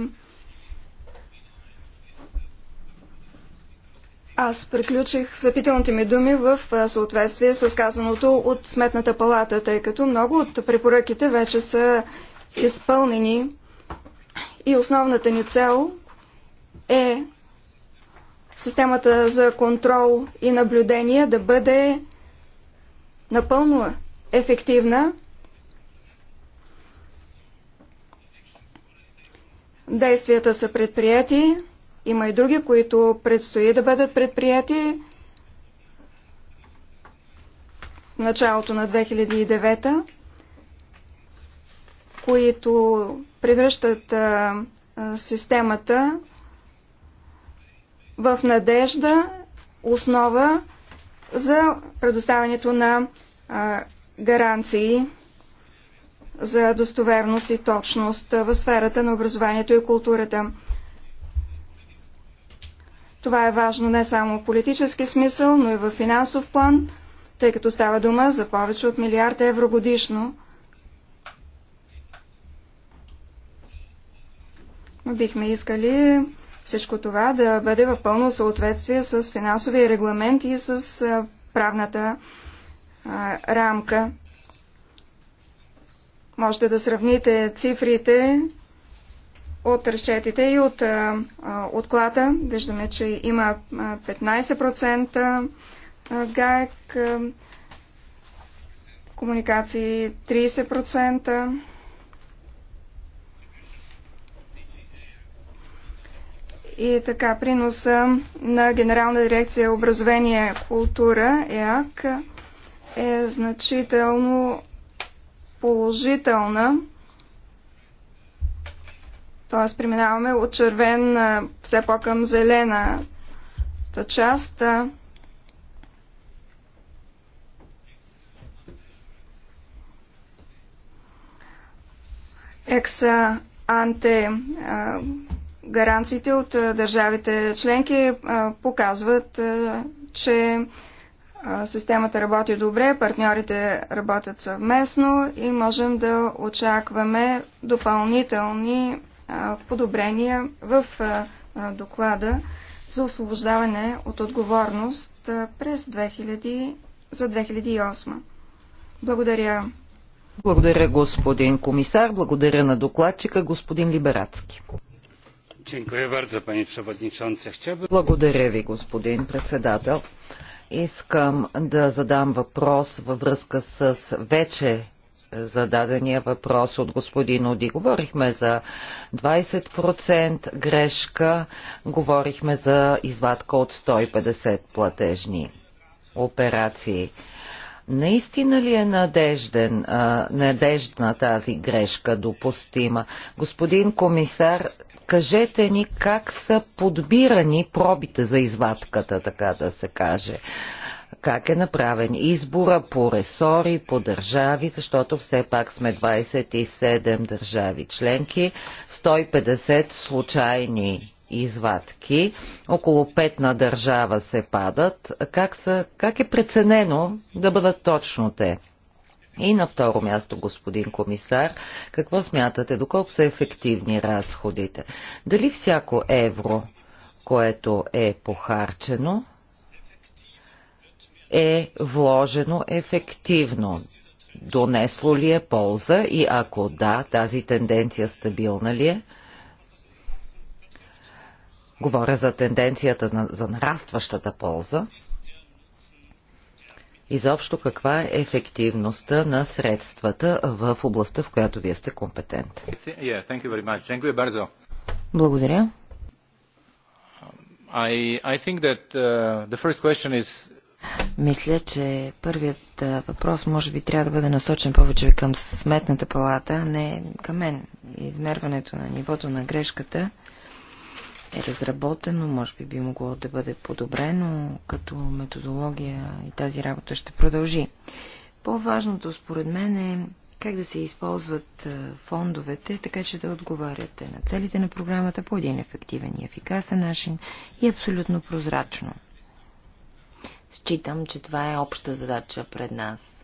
аз приключих запитаните ми думи в съответствие с казаното от Сметната палата, тъй като много от препоръките вече са изпълнени и основната ни цел е системата за контрол и наблюдение да бъде напълно ефективна Действията са предприяти. Има и други, които предстои да бъдат предприяти в началото на 2009, които превръщат системата в надежда, основа за предоставянето на гаранции за достоверност и точност в сферата на образованието и културата. Това е важно не само в политически смисъл, но и в финансов план, тъй като става дума за повече от милиарда евро годишно. Бихме искали всичко това да бъде в пълно съответствие с финансовия регламент и с правната рамка. Можете да сравните цифрите от разчетите и от отклада. Виждаме, че има 15% ГАЕК, комуникации 30%. И така, приноса на Генерална дирекция образование и култура ЕАК е значително положителна. Т.е. преминаваме от червен все по-към зелената част. Екса анте гаранциите от държавите членки показват, че Системата работи добре, партньорите работят съвместно и можем да очакваме допълнителни подобрения в доклада за освобождаване от отговорност през 2000, за 2008. Благодаря. Благодаря, господин комисар. Благодаря на докладчика, господин Либерацки. Благодаря ви, господин председател. Искам да задам въпрос във връзка с вече е, зададения въпрос от господин Оди. Говорихме за 20% грешка, говорихме за извадка от 150 платежни операции. Наистина ли е надежден, а, надеждна тази грешка допустима? Господин комисар, кажете ни как са подбирани пробите за извадката, така да се каже. Как е направен избора по ресори, по държави, защото все пак сме 27 държави членки, 150 случайни извадки, около 5 на държава се падат. Как, са, как е преценено да бъдат точно те? И на второ място, господин комисар, какво смятате, доколко са ефективни разходите? Дали всяко евро, което е похарчено, е вложено ефективно? Донесло ли е полза и ако да, тази тенденция стабилна ли е? Говоря за тенденцията на, за нарастващата полза изобщо каква е ефективността на средствата в областта, в която вие сте компетент. Благодаря. Um, I, I that, uh, is... Мисля, че първият uh, въпрос може би трябва да бъде насочен повече към сметната палата, а не към мен. Измерването на нивото на грешката е разработено, може би би могло да бъде подобрено като методология и тази работа ще продължи. По-важното според мен е как да се използват фондовете, така че да отговаряте на целите на програмата по един ефективен и ефикасен начин и абсолютно прозрачно. Считам, че това е обща задача пред нас.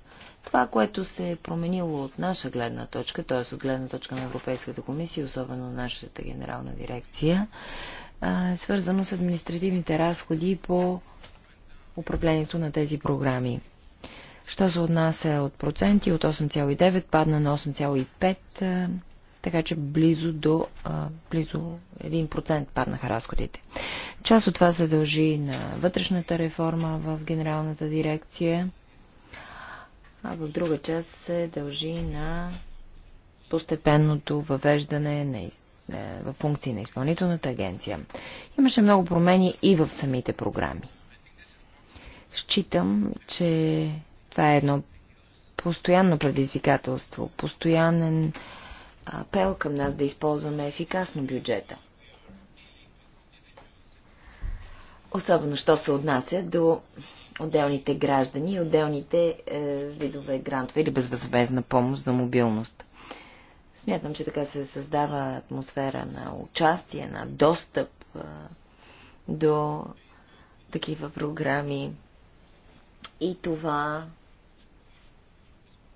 Това, което се е променило от наша гледна точка, т.е. от гледна точка на Европейската комисия, особено нашата генерална дирекция, е свързано с административните разходи по управлението на тези програми. Що се отнася от проценти, от 8,9 падна на 8,5, така че близо до близо 1% паднаха разходите. Част от това се дължи на вътрешната реформа в генералната дирекция а в друга част се дължи на постепенното въвеждане на в функции на изпълнителната агенция. Имаше много промени и в самите програми. Считам, че това е едно постоянно предизвикателство, постоянен апел към нас да използваме ефикасно бюджета. Особено, що се отнася до отделните граждани и отделните е, видове грантове или безвъзмезна помощ за мобилност. Смятам, че така се създава атмосфера на участие, на достъп е, до такива програми. И това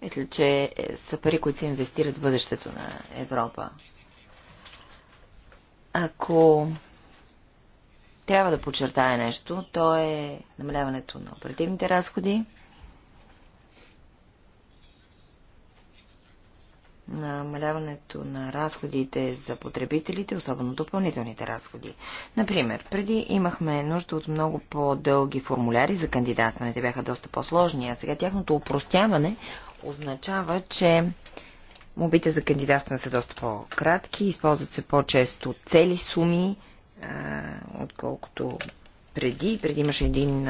мисля, че е, са пари, които се инвестират в бъдещето на Европа. Ако трябва да подчертая нещо, то е намаляването на оперативните разходи, намаляването на разходите за потребителите, особено допълнителните разходи. Например, преди имахме нужда от много по-дълги формуляри за кандидатстване. Те бяха доста по-сложни, а сега тяхното упростяване означава, че мобите за кандидатстване са доста по-кратки, използват се по-често цели суми, отколкото преди. Преди имаше един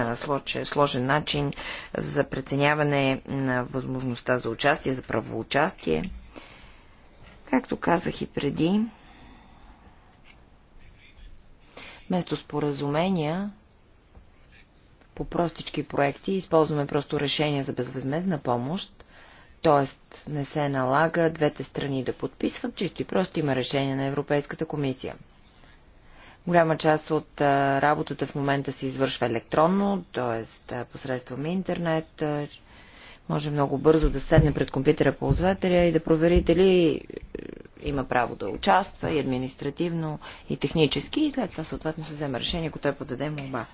сложен начин за преценяване на възможността за участие, за правоучастие. Както казах и преди, вместо споразумения по простички проекти използваме просто решение за безвъзмезна помощ, т.е. не се налага двете страни да подписват, чисто и просто има решение на Европейската комисия. Голяма част от работата в момента се извършва електронно, т.е. посредством интернет. Може много бързо да седне пред компютъра ползвателя и да провери дали е, има право да участва и административно, и технически, и след това съответно се вземе решение, ако той подаде молба.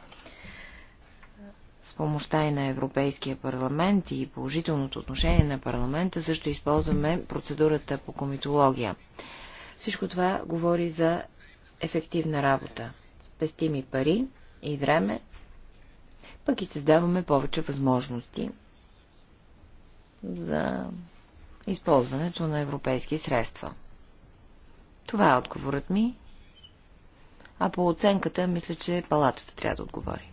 С помощта и на Европейския парламент и положителното отношение на парламента също използваме процедурата по комитология. Всичко това говори за ефективна работа. Спестим ми пари, и време, пък и създаваме повече възможности за използването на европейски средства. Това е отговорът ми, а по оценката мисля, че палатата трябва да отговори.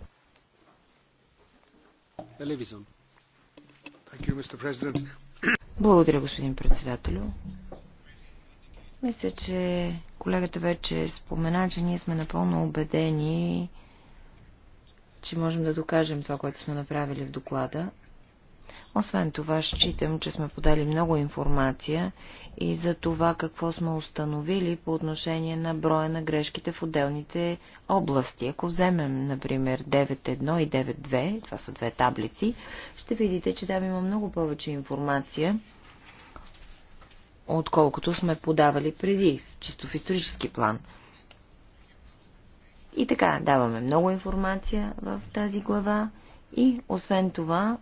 Благодаря, господин председателю. Мисля, че колегата вече спомена, че ние сме напълно убедени, че можем да докажем това, което сме направили в доклада. Освен това, считам, че сме подали много информация и за това какво сме установили по отношение на броя на грешките в отделните области. Ако вземем, например, 9.1 и 9.2, това са две таблици, ще видите, че там има много повече информация отколкото сме подавали преди, чисто в исторически план. И така, даваме много информация в тази глава и освен това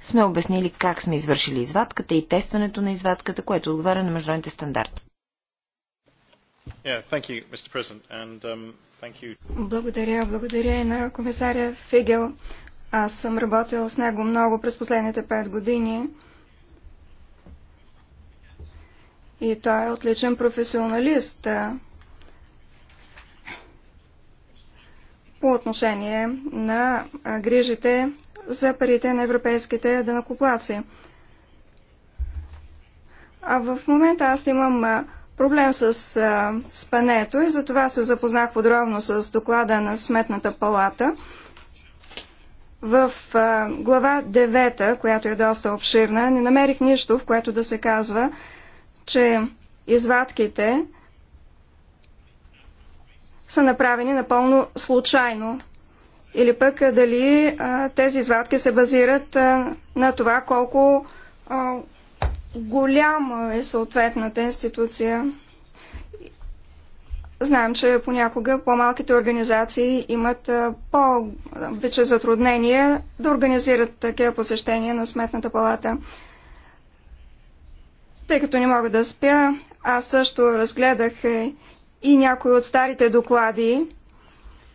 сме обяснили как сме извършили извадката и тестването на извадката, което отговаря на международните стандарти. Um, благодаря. Благодаря и на комисаря Фигел. Аз съм работил с него много през последните пет години. И той е отличен професионалист по отношение на грижите за парите на европейските данакоплаци. А в момента аз имам проблем с спането и затова се запознах подробно с доклада на Сметната палата. В а, глава 9, която е доста обширна, не намерих нищо, в което да се казва, че извадките са направени напълно случайно. Или пък дали а, тези извадки се базират а, на това колко а, голяма е съответната институция. Знаем, че понякога по-малките организации имат по по-вече затруднения да организират такива посещения на Сметната палата. Тъй като не мога да спя, аз също разгледах е, и някои от старите доклади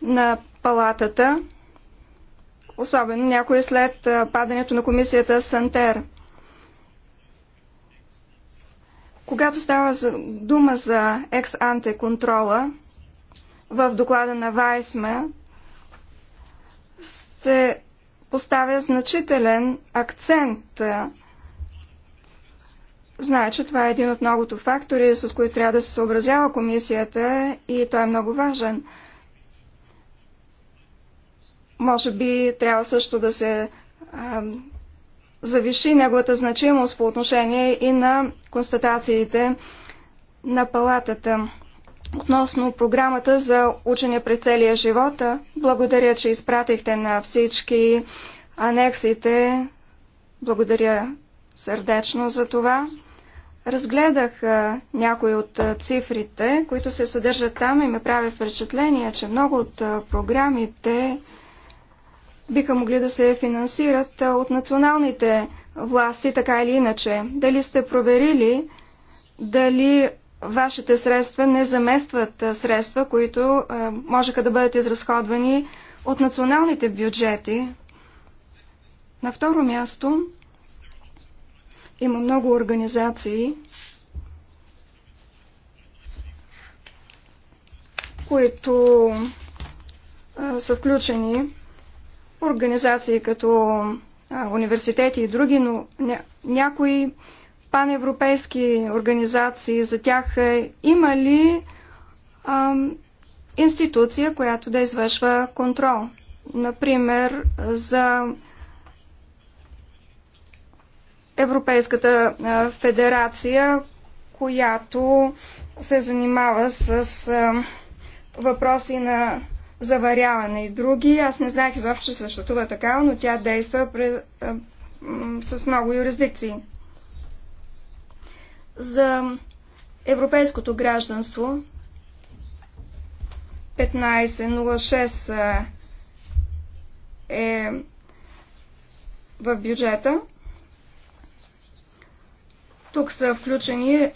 на палатата, особено някои след падането на комисията Сантер – Когато става дума за екс-анте контрола, в доклада на Вайсме се поставя значителен акцент. Знае, че това е един от многото фактори, с които трябва да се съобразява комисията и той е много важен. Може би трябва също да се завиши неговата значимост по отношение и на констатациите на палатата. Относно програмата за учене през целия живот, благодаря, че изпратихте на всички анексите. Благодаря сърдечно за това. Разгледах някои от цифрите, които се съдържат там и ме прави впечатление, че много от програмите биха могли да се финансират от националните власти, така или иначе. Дали сте проверили дали вашите средства не заместват средства, които можеха да бъдат изразходвани от националните бюджети. На второ място има много организации, които са включени организации като университети и други, но някои паневропейски организации, за тях е, има ли а, институция, която да извършва контрол? Например, за Европейската федерация, която се занимава с въпроси на заваряване и други. Аз не знаех изобщо, че съществува така, но тя действа при, а, с много юрисдикции. За европейското гражданство 1506 е в бюджета. Тук са включени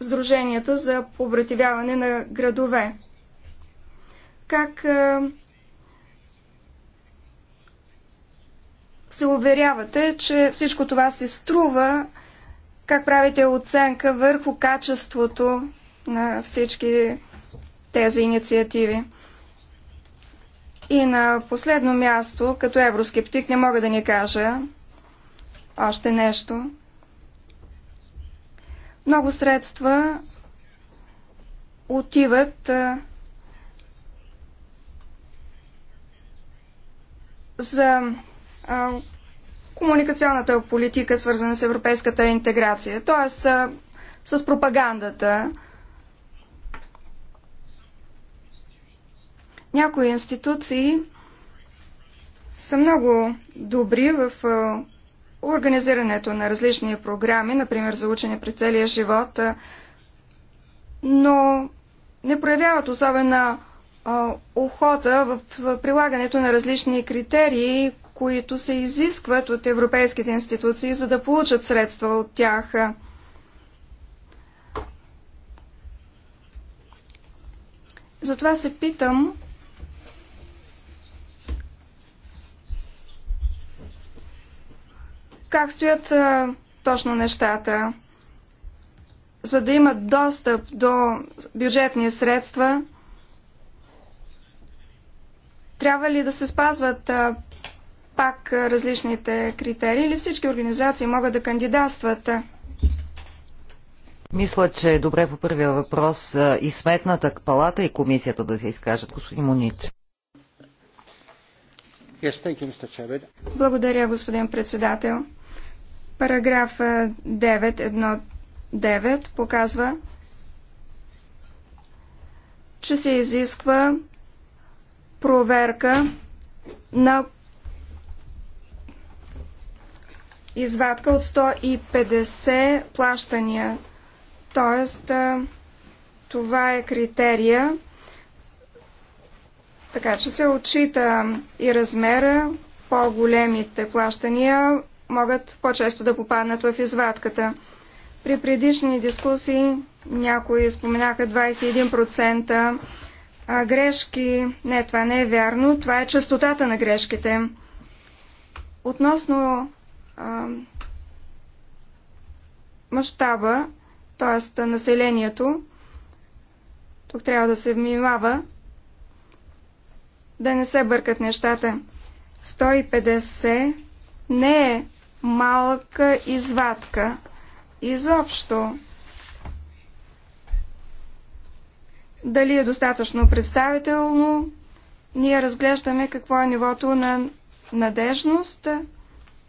сдруженията за побративяване на градове как се уверявате, че всичко това се струва, как правите оценка върху качеството на всички тези инициативи. И на последно място, като евроскептик, не мога да ни кажа още нещо. Много средства отиват за а, комуникационната политика, свързана с европейската интеграция, т.е. с пропагандата. Някои институции са много добри в организирането на различни програми, например за учене при целия живот, но не проявяват особена охота в прилагането на различни критерии, които се изискват от европейските институции, за да получат средства от тях. Затова се питам как стоят а, точно нещата. За да имат достъп до бюджетни средства, трябва ли да се спазват пак различните критерии или всички организации могат да кандидатстват? Мисля, че е добре по първия въпрос и сметната палата и комисията да се изкажат. Господин Монич. Yes, you, Благодаря, господин председател. Параграф 9.1.9 показва, че се изисква проверка на извадка от 150 плащания. Тоест, това е критерия. Така че се отчита и размера. По-големите плащания могат по-често да попаднат в извадката. При предишни дискусии някои споменаха 21% а, грешки. Не, това не е вярно. Това е частотата на грешките. Относно а, мащаба, т.е. населението, тук трябва да се внимава да не се бъркат нещата. 150 не е малка извадка. Изобщо дали е достатъчно представително. Ние разглеждаме какво е нивото на надежност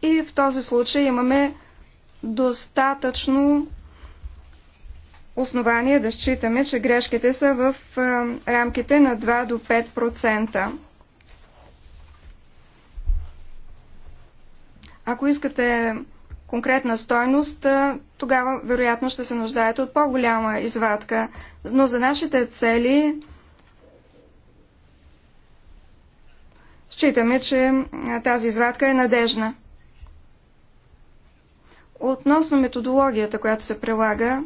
и в този случай имаме достатъчно основание да считаме, че грешките са в рамките на 2 до 5%. Ако искате конкретна стойност, тогава вероятно ще се нуждаете от по-голяма извадка. Но за нашите цели считаме, че тази извадка е надежна. Относно методологията, която се прилага,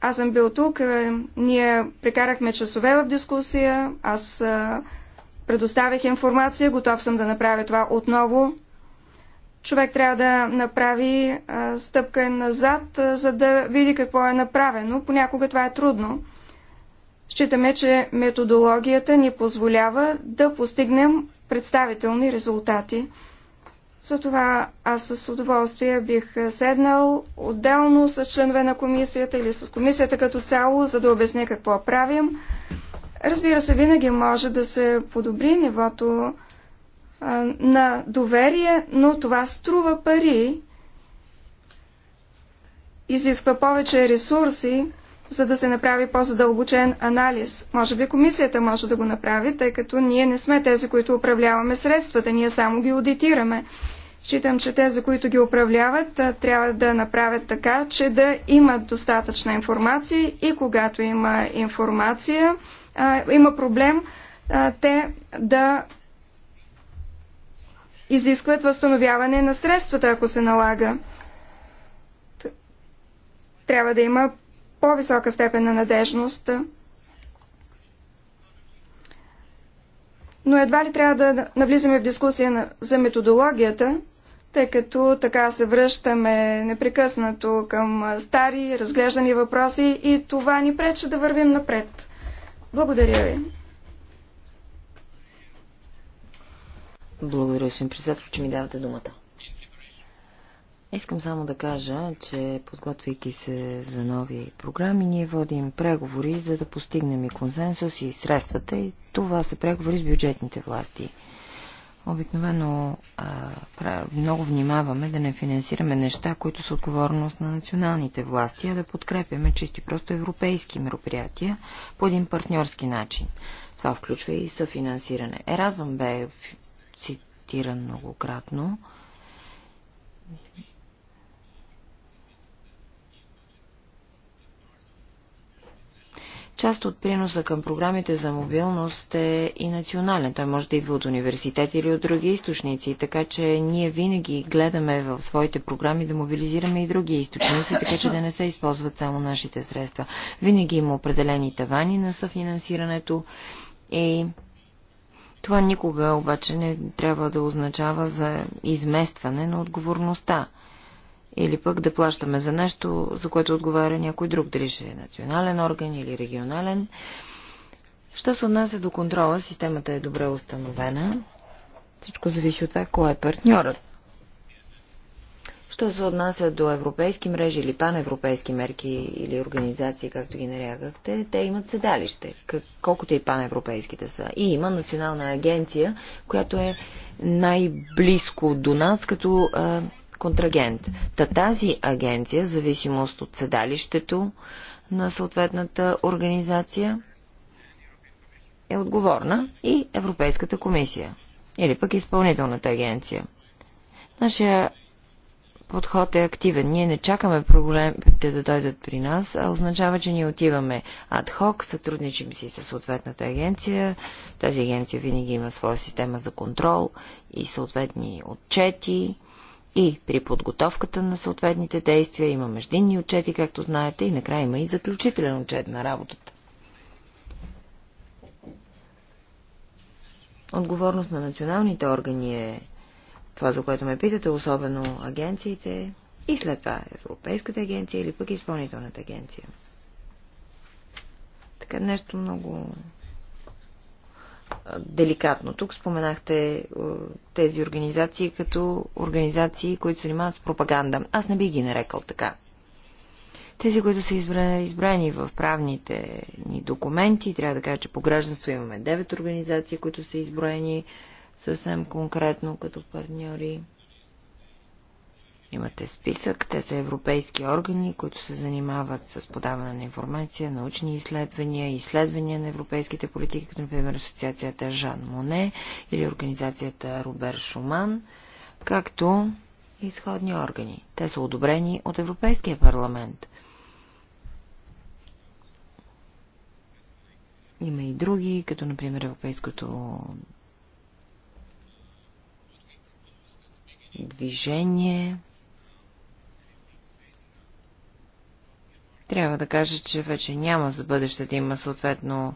аз съм бил тук, е, ние прекарахме часове в дискусия, аз предоставих информация, готов съм да направя това отново човек трябва да направи а, стъпка назад, а, за да види какво е направено. Понякога това е трудно. Считаме, че методологията ни позволява да постигнем представителни резултати. Затова аз с удоволствие бих седнал отделно с членове на комисията или с комисията като цяло, за да обясня какво правим. Разбира се, винаги може да се подобри нивото на доверие, но това струва пари, изисква повече ресурси, за да се направи по-задълбочен анализ. Може би комисията може да го направи, тъй като ние не сме тези, които управляваме средствата, ние само ги аудитираме. Считам, че тези, които ги управляват, трябва да направят така, че да имат достатъчна информация и когато има информация, има проблем, те да изискват възстановяване на средствата, ако се налага. Трябва да има по-висока степен на надежност. Но едва ли трябва да навлизаме в дискусия за методологията, тъй като така се връщаме непрекъснато към стари, разглеждани въпроси и това ни пречи да вървим напред. Благодаря ви. Благодаря, господин председател, че ми давате думата. Искам само да кажа, че подготвяйки се за нови програми, ние водим преговори, за да постигнем и консенсус и средствата, и това са преговори с бюджетните власти. Обикновено много внимаваме да не финансираме неща, които са отговорност на националните власти, а да подкрепяме чисти просто европейски мероприятия по един партньорски начин. Това включва и съфинансиране. Еразъм бе цитиран многократно. Част от приноса към програмите за мобилност е и национален. Той може да идва от университети или от други източници, така че ние винаги гледаме в своите програми да мобилизираме и други източници, така че да не се използват само нашите средства. Винаги има определени тавани на съфинансирането и това никога обаче не трябва да означава за изместване на отговорността. Или пък да плащаме за нещо, за което отговаря някой друг, дали ще е национален орган или регионален. Що се отнася до контрола, системата е добре установена. Всичко зависи от това, кой е партньорът. Що се отнася до европейски мрежи или паневропейски мерки или организации, както ги нарягахте, те имат седалище, колкото и паневропейските са. И има национална агенция, която е най-близко до нас като а, контрагент. Та тази агенция, в зависимост от седалището на съответната организация, е отговорна и Европейската комисия или пък изпълнителната агенция. Нашия подход е активен. Ние не чакаме проблемите да дойдат при нас, а означава, че ние отиваме адхок, сътрудничим си с съответната агенция. Тази агенция винаги има своя система за контрол и съответни отчети. И при подготовката на съответните действия има междинни отчети, както знаете, и накрая има и заключителен отчет на работата. Отговорност на националните органи е това, за което ме питате, особено агенциите и след това Европейската агенция или пък Изпълнителната агенция. Така нещо много деликатно. Тук споменахте тези организации като организации, които се занимават с пропаганда. Аз не би ги нарекал така. Тези, които са избрани в правните ни документи, трябва да кажа, че по гражданство имаме 9 организации, които са изброени съвсем конкретно като партньори. Имате списък, те са европейски органи, които се занимават с подаване на информация, научни изследвания, изследвания на европейските политики, като например Асоциацията Жан Моне или Организацията Робер Шуман, както изходни органи. Те са одобрени от Европейския парламент. Има и други, като например Европейското движение. Трябва да кажа, че вече няма за бъдеще да има съответно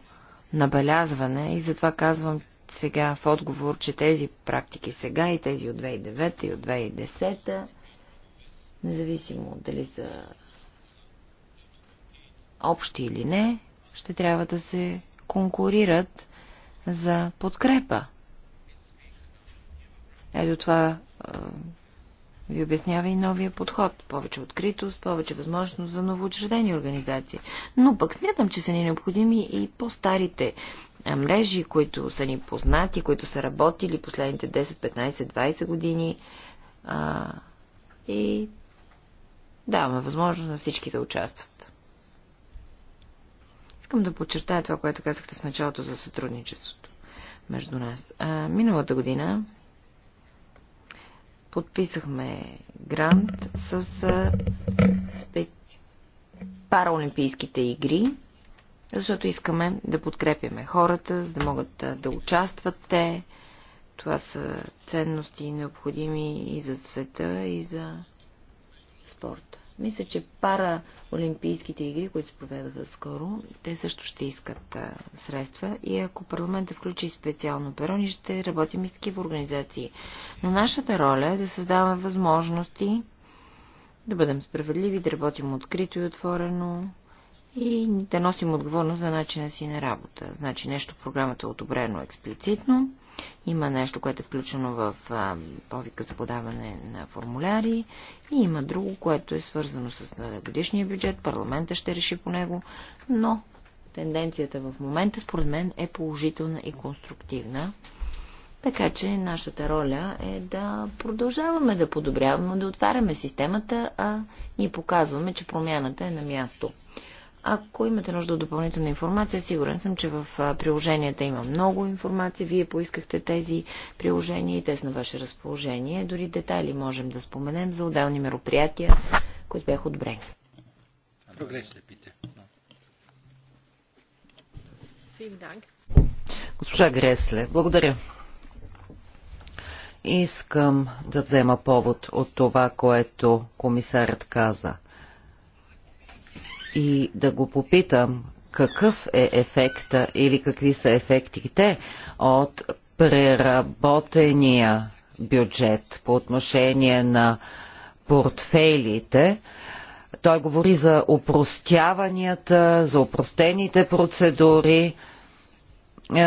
набелязване и затова казвам сега в отговор, че тези практики сега и тези от 2009 и от 2010, независимо дали са общи или не, ще трябва да се конкурират за подкрепа. Ето това ви обяснява и новия подход. Повече откритост, повече възможност за новоочредени организации. Но пък смятам, че са ни необходими и по-старите мрежи, които са ни познати, които са работили последните 10, 15, 20 години. А, и даваме възможност на всички да участват. Искам да подчертая това, което казахте в началото за сътрудничеството между нас. А, миналата година подписахме грант с спе... параолимпийските игри, защото искаме да подкрепяме хората, за да могат да участват те. Това са ценности необходими и за света, и за спорта. Мисля, че пара Олимпийските игри, които се проведаха скоро, те също ще искат а, средства и ако парламентът включи специално перо, ще работим и с такива организации. Но нашата роля е да създаваме възможности да бъдем справедливи, да работим открито и отворено, и да носим отговорност за начина си на работа. Значи нещо в програмата е одобрено експлицитно, има нещо, което е включено в а, повика за подаване на формуляри и има друго, което е свързано с годишния бюджет, парламента ще реши по него, но тенденцията в момента според мен е положителна и конструктивна. Така че нашата роля е да продължаваме да подобряваме, да отваряме системата, а ние показваме, че промяната е на място. Ако имате нужда от допълнителна информация, сигурен съм, че в приложенията има много информация. Вие поискахте тези приложения и те са на ваше разположение. Дори детайли можем да споменем за отделни мероприятия, които бяха одобрени. Прогрес лепите. Госпожа Гресле, благодаря. Искам да взема повод от това, което комисарът каза – и да го попитам какъв е ефекта или какви са ефектите от преработения бюджет по отношение на портфейлите. Той говори за упростяванията, за упростените процедури е,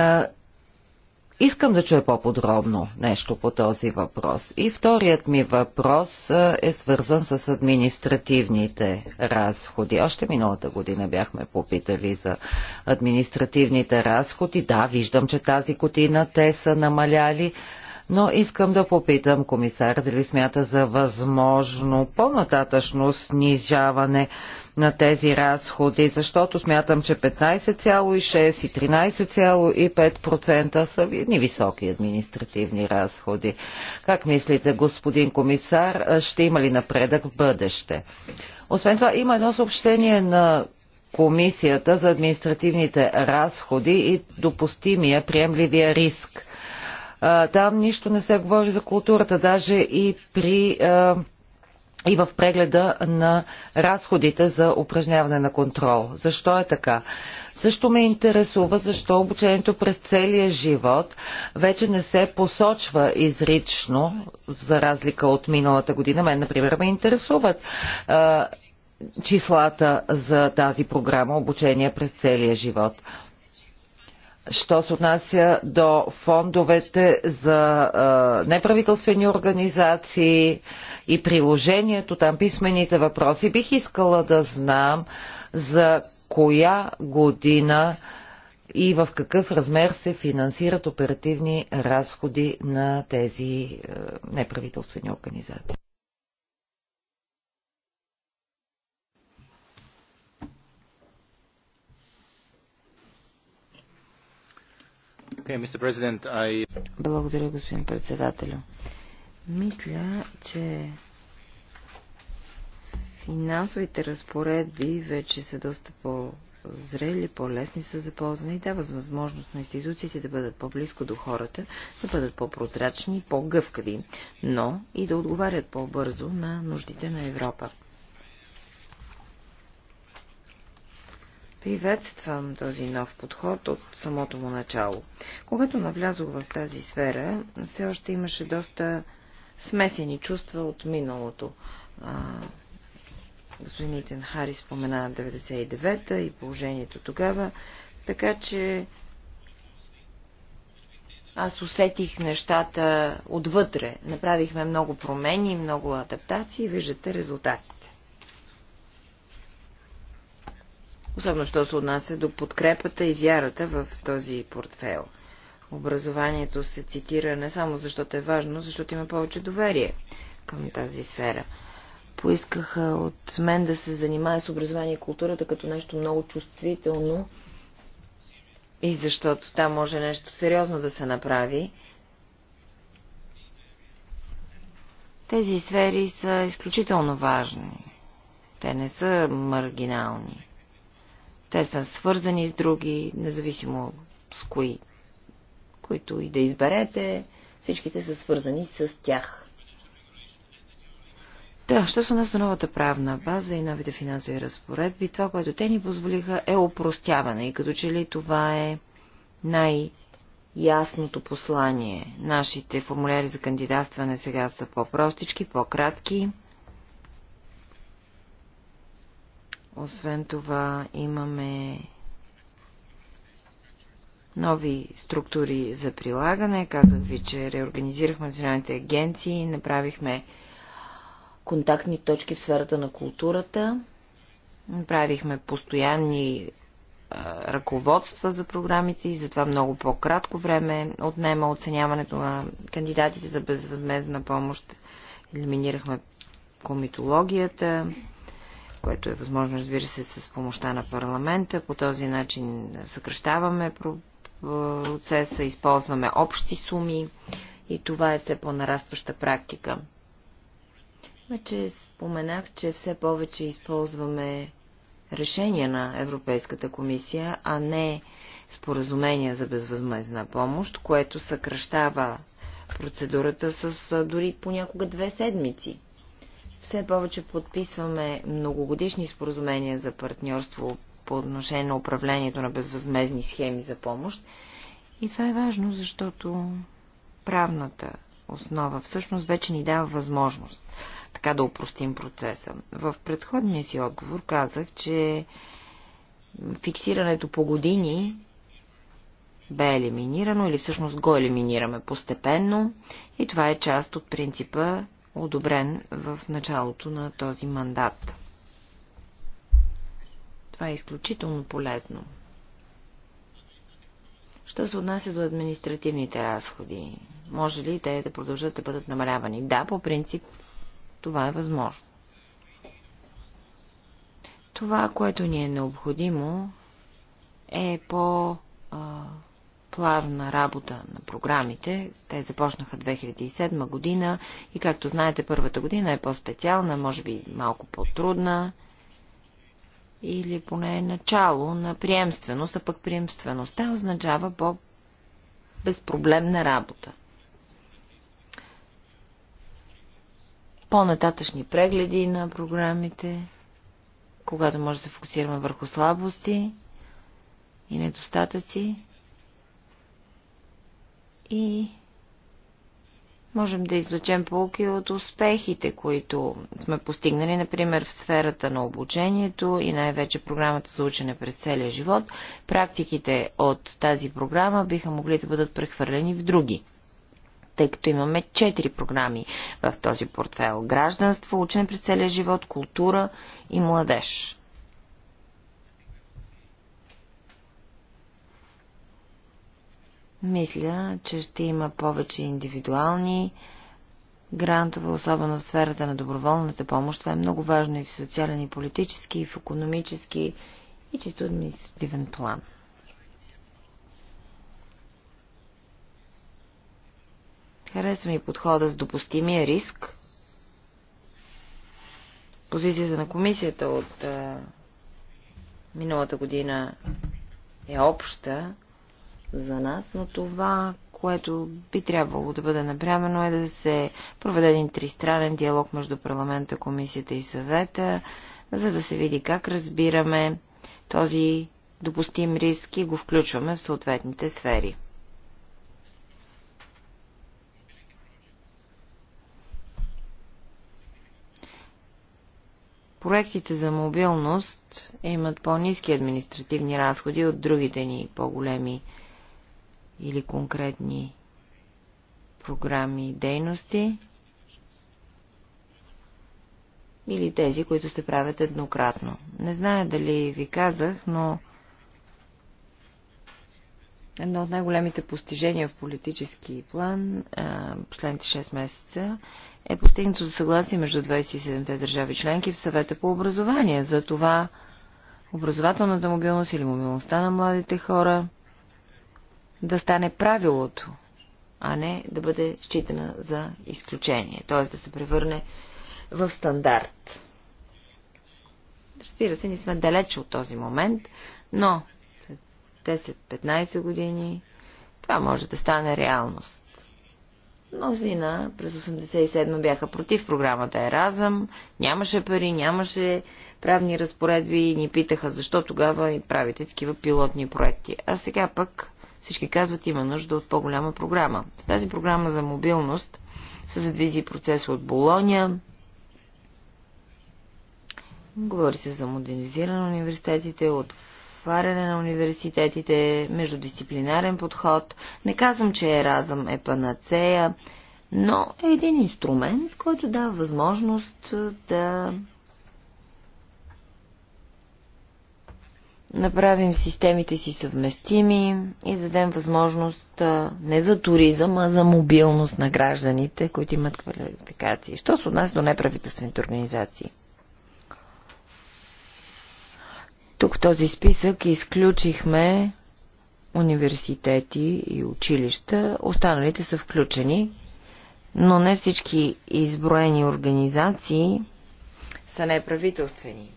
Искам да чуя по-подробно нещо по този въпрос. И вторият ми въпрос е свързан с административните разходи. Още миналата година бяхме попитали за административните разходи. Да, виждам, че тази година те са намаляли. Но искам да попитам комисар дали смята за възможно по-нататъчно снижаване на тези разходи, защото смятам, че 15,6 и 13,5% са едни високи административни разходи. Как мислите, господин комисар, ще има ли напредък в бъдеще? Освен това, има едно съобщение на Комисията за административните разходи и допустимия приемливия риск. Там нищо не се говори за културата, даже и при и в прегледа на разходите за упражняване на контрол. Защо е така? Също ме интересува защо обучението през целия живот вече не се посочва изрично, за разлика от миналата година. Мен, например, ме интересуват числата за тази програма обучение през целия живот що се отнася до фондовете за а, неправителствени организации и приложението, там писмените въпроси, бих искала да знам за коя година и в какъв размер се финансират оперативни разходи на тези неправителствени организации. Благодаря, господин председателю. Мисля, че финансовите разпоредби вече са доста по-зрели, по-лесни са за ползване и дава възможност на институциите да бъдат по-близко до хората, да бъдат по-прозрачни, по-гъвкави, но и да отговарят по-бързо на нуждите на Европа. Приветствам този нов подход от самото му начало. Когато навлязох в тази сфера, все още имаше доста смесени чувства от миналото. господин Итен Хари спомена 99-та и положението тогава, така че аз усетих нещата отвътре. Направихме много промени, много адаптации, виждате резултатите. особено що се отнася до подкрепата и вярата в този портфел. Образованието се цитира не само защото е важно, защото има повече доверие към тази сфера. Поискаха от мен да се занимая с образование и културата като нещо много чувствително и защото там може нещо сериозно да се направи. Тези сфери са изключително важни. Те не са маргинални. Те са свързани с други, независимо с кои, които и да изберете, всичките са свързани с тях. Да, що се нас на новата правна база и новите финансови разпоредби, това, което те ни позволиха е опростяване и като че ли това е най- ясното послание. Нашите формуляри за кандидатстване сега са по-простички, по-кратки. Освен това имаме нови структури за прилагане. Казах ви, че реорганизирахме националните агенции, направихме контактни точки в сферата на културата, направихме постоянни ръководства за програмите и затова много по-кратко време отнема оценяването на кандидатите за безвъзмезна помощ. Елиминирахме комитологията, което е възможно, разбира се, с помощта на парламента. По този начин съкръщаваме процеса, използваме общи суми и това е все по-нарастваща практика. Вече споменах, че все повече използваме решения на Европейската комисия, а не споразумения за безвъзмезна помощ, което съкръщава процедурата с дори понякога две седмици. Все повече подписваме многогодишни споразумения за партньорство по отношение на управлението на безвъзмезни схеми за помощ. И това е важно, защото правната основа всъщност вече ни дава възможност така да упростим процеса. В предходния си отговор казах, че фиксирането по години бе елиминирано или всъщност го елиминираме постепенно и това е част от принципа одобрен в началото на този мандат. Това е изключително полезно. Що се отнася до административните разходи? Може ли те да продължат да бъдат намалявани? Да, по принцип това е възможно. Това, което ни е необходимо, е по плавна работа на програмите. Те започнаха 2007 година и, както знаете, първата година е по-специална, може би малко по-трудна или поне е начало на приемственост, а пък приемствеността означава по-безпроблемна работа. По-нататъчни прегледи на програмите, когато може да се фокусираме върху слабости и недостатъци, и можем да извлечем полки от успехите, които сме постигнали, например, в сферата на обучението и най-вече програмата за учене през целия живот. Практиките от тази програма биха могли да бъдат прехвърлени в други тъй като имаме четири програми в този портфел. Гражданство, учене през целия живот, култура и младеж. Мисля, че ще има повече индивидуални грантове, особено в сферата на доброволната помощ. Това е много важно и в социален, и политически, и в економически, и чисто административен план. Харесва ми подхода с допустимия риск. Позицията на комисията от а, миналата година е обща, за нас, но това, което би трябвало да бъде напрямено е да се проведе един тристранен диалог между парламента, комисията и съвета, за да се види как разбираме този допустим риск и го включваме в съответните сфери. Проектите за мобилност имат по-низки административни разходи от другите ни по-големи проекти или конкретни програми и дейности, или тези, които се правят еднократно. Не зная дали ви казах, но едно от най-големите постижения в политически план последните 6 месеца е постигнато за съгласие между 27-те държави членки в съвета по образование. За това образователната мобилност или мобилността на младите хора – да стане правилото, а не да бъде считана за изключение, т.е. да се превърне в стандарт. Разбира се, ние сме далече от този момент, но 10-15 години това може да стане реалност. Мнозина през 87 бяха против програмата Еразъм, нямаше пари, нямаше правни разпоредби и ни питаха защо тогава и правите такива пилотни проекти. А сега пък всички казват, има нужда от по-голяма програма. С тази програма за мобилност се задвизи процеса от Болония. Говори се за модернизиране на университетите, от отваряне на университетите, междудисциплинарен подход. Не казвам, че разъм, е панацея, но е един инструмент, който дава възможност да направим системите си съвместими и дадем възможност не за туризъм, а за мобилност на гражданите, които имат квалификации. Що се отнася до неправителствените организации? Тук в този списък изключихме университети и училища. Останалите са включени, но не всички изброени организации са неправителствени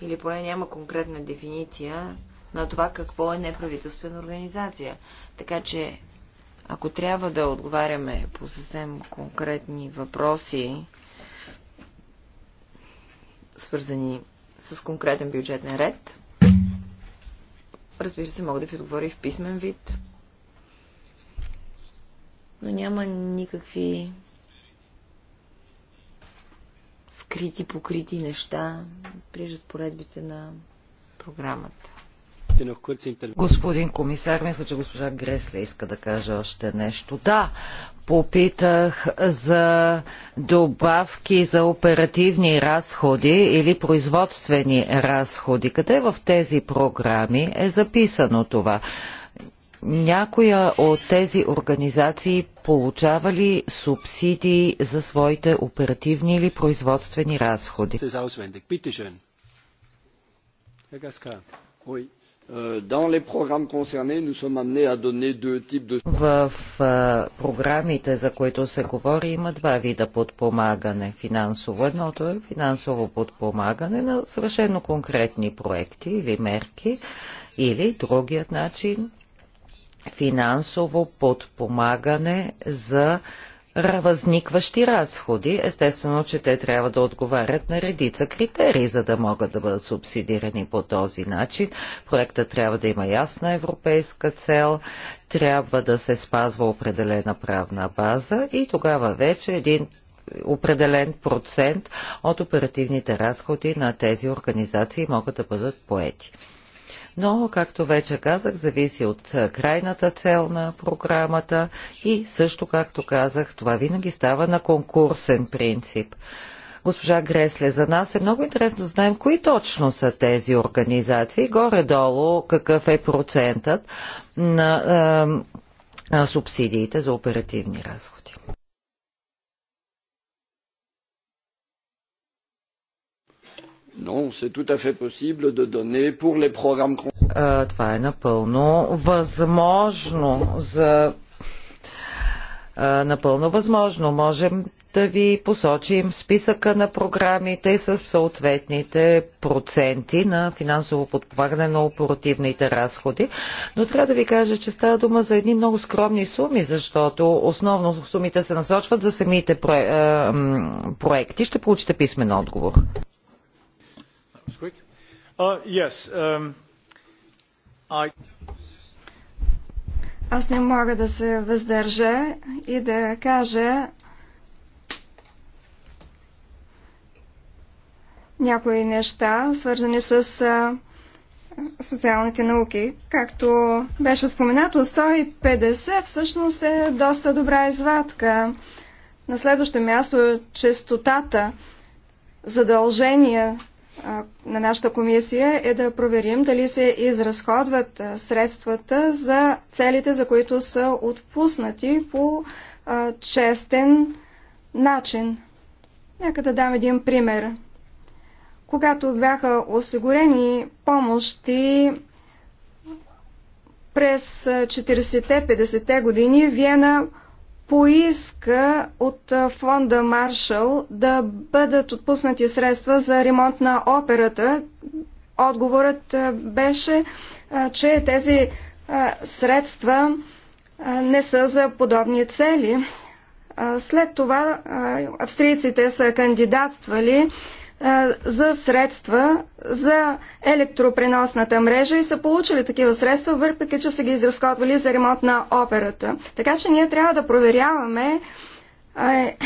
или поне няма конкретна дефиниция на това какво е неправителствена организация. Така че, ако трябва да отговаряме по съвсем конкретни въпроси, свързани с конкретен бюджетен ред, разбира се, мога да ви отговоря и в писмен вид. Но няма никакви скрити, покрити неща при разпоредбите на програмата. Господин комисар, мисля, че госпожа Гресле иска да каже още нещо. Да, попитах за добавки за оперативни разходи или производствени разходи. Къде в тези програми е записано това? някоя от тези организации получава ли субсидии за своите оперативни или производствени разходи? Е, euh, В програмите, за които се говори, има два вида подпомагане финансово. Едното е финансово подпомагане на съвършено конкретни проекти или мерки, или другият начин финансово подпомагане за възникващи разходи. Естествено, че те трябва да отговарят на редица критерии, за да могат да бъдат субсидирани по този начин. Проектът трябва да има ясна европейска цел, трябва да се спазва определена правна база и тогава вече един определен процент от оперативните разходи на тези организации могат да бъдат поети но, както вече казах, зависи от крайната цел на програмата и също, както казах, това винаги става на конкурсен принцип госпожа Гресле. За нас е много интересно да знаем кои точно са тези организации, горе-долу какъв е процентът на, на субсидиите за оперативни разходи. Non, c'est tout à fait possible de donner pour les programmes. Е, това е напълно възможно за е, напълно възможно. Можем да ви посочим списъка на програмите с съответните проценти на финансово подпомагане на оперативните разходи. Но трябва да ви кажа, че става дума за едни много скромни суми, защото основно сумите се насочват за самите е, проекти. Ще получите писмен отговор. Uh, um, Аз не мога да се въздържа и да кажа някои неща, свързани с социалните науки. Както беше споменато, 150 всъщност е доста добра извадка. На следващо място е честотата, задължения на нашата комисия е да проверим дали се изразходват средствата за целите, за които са отпуснати по честен начин. Нека да дам един пример. Когато бяха осигурени помощи през 40-50-те години, Виена поиска от фонда Маршал да бъдат отпуснати средства за ремонт на операта. Отговорът беше, че тези средства не са за подобни цели. След това австрийците са кандидатствали е, за средства за електропреносната мрежа и са получили такива средства, въпреки че са ги изразходвали за ремонт на операта. Така че ние трябва да проверяваме е,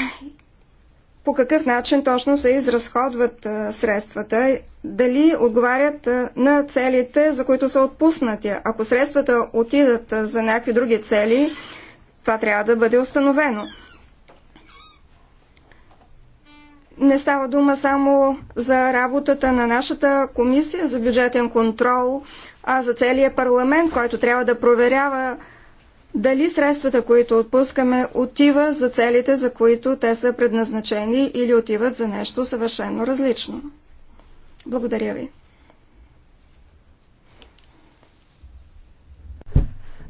по какъв начин точно се изразходват е, средствата, дали отговарят на целите, за които са отпуснати. Ако средствата отидат за някакви други цели, това трябва да бъде установено. не става дума само за работата на нашата комисия за бюджетен контрол, а за целия парламент, който трябва да проверява дали средствата, които отпускаме, отива за целите, за които те са предназначени или отиват за нещо съвършено различно. Благодаря ви.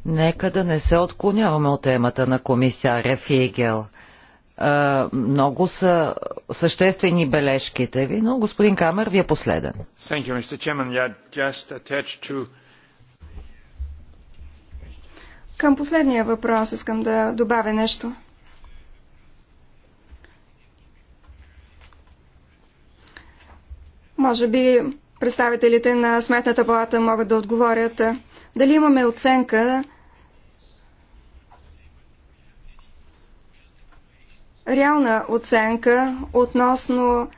Нека да не се отклоняваме от темата на комисаря Фигел много са съществени бележките ви, но господин Камер, вие последен. Към последния въпрос искам да добавя нещо. Може би представителите на Сметната палата могат да отговорят дали имаме оценка реална оценка относно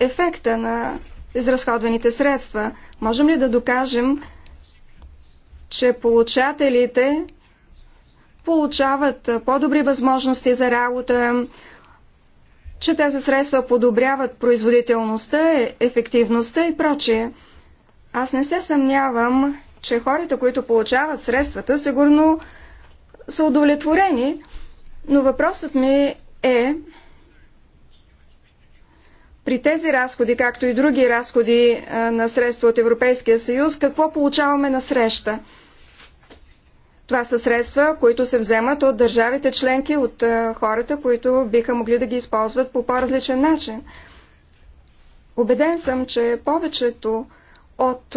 ефекта на изразходваните средства. Можем ли да докажем, че получателите получават по-добри възможности за работа, че тези средства подобряват производителността, ефективността и прочие. Аз не се съмнявам, че хората, които получават средствата, сигурно са удовлетворени, но въпросът ми е при тези разходи, както и други разходи на средства от Европейския съюз, какво получаваме на среща? Това са средства, които се вземат от държавите членки, от хората, които биха могли да ги използват по по-различен начин. Обеден съм, че повечето от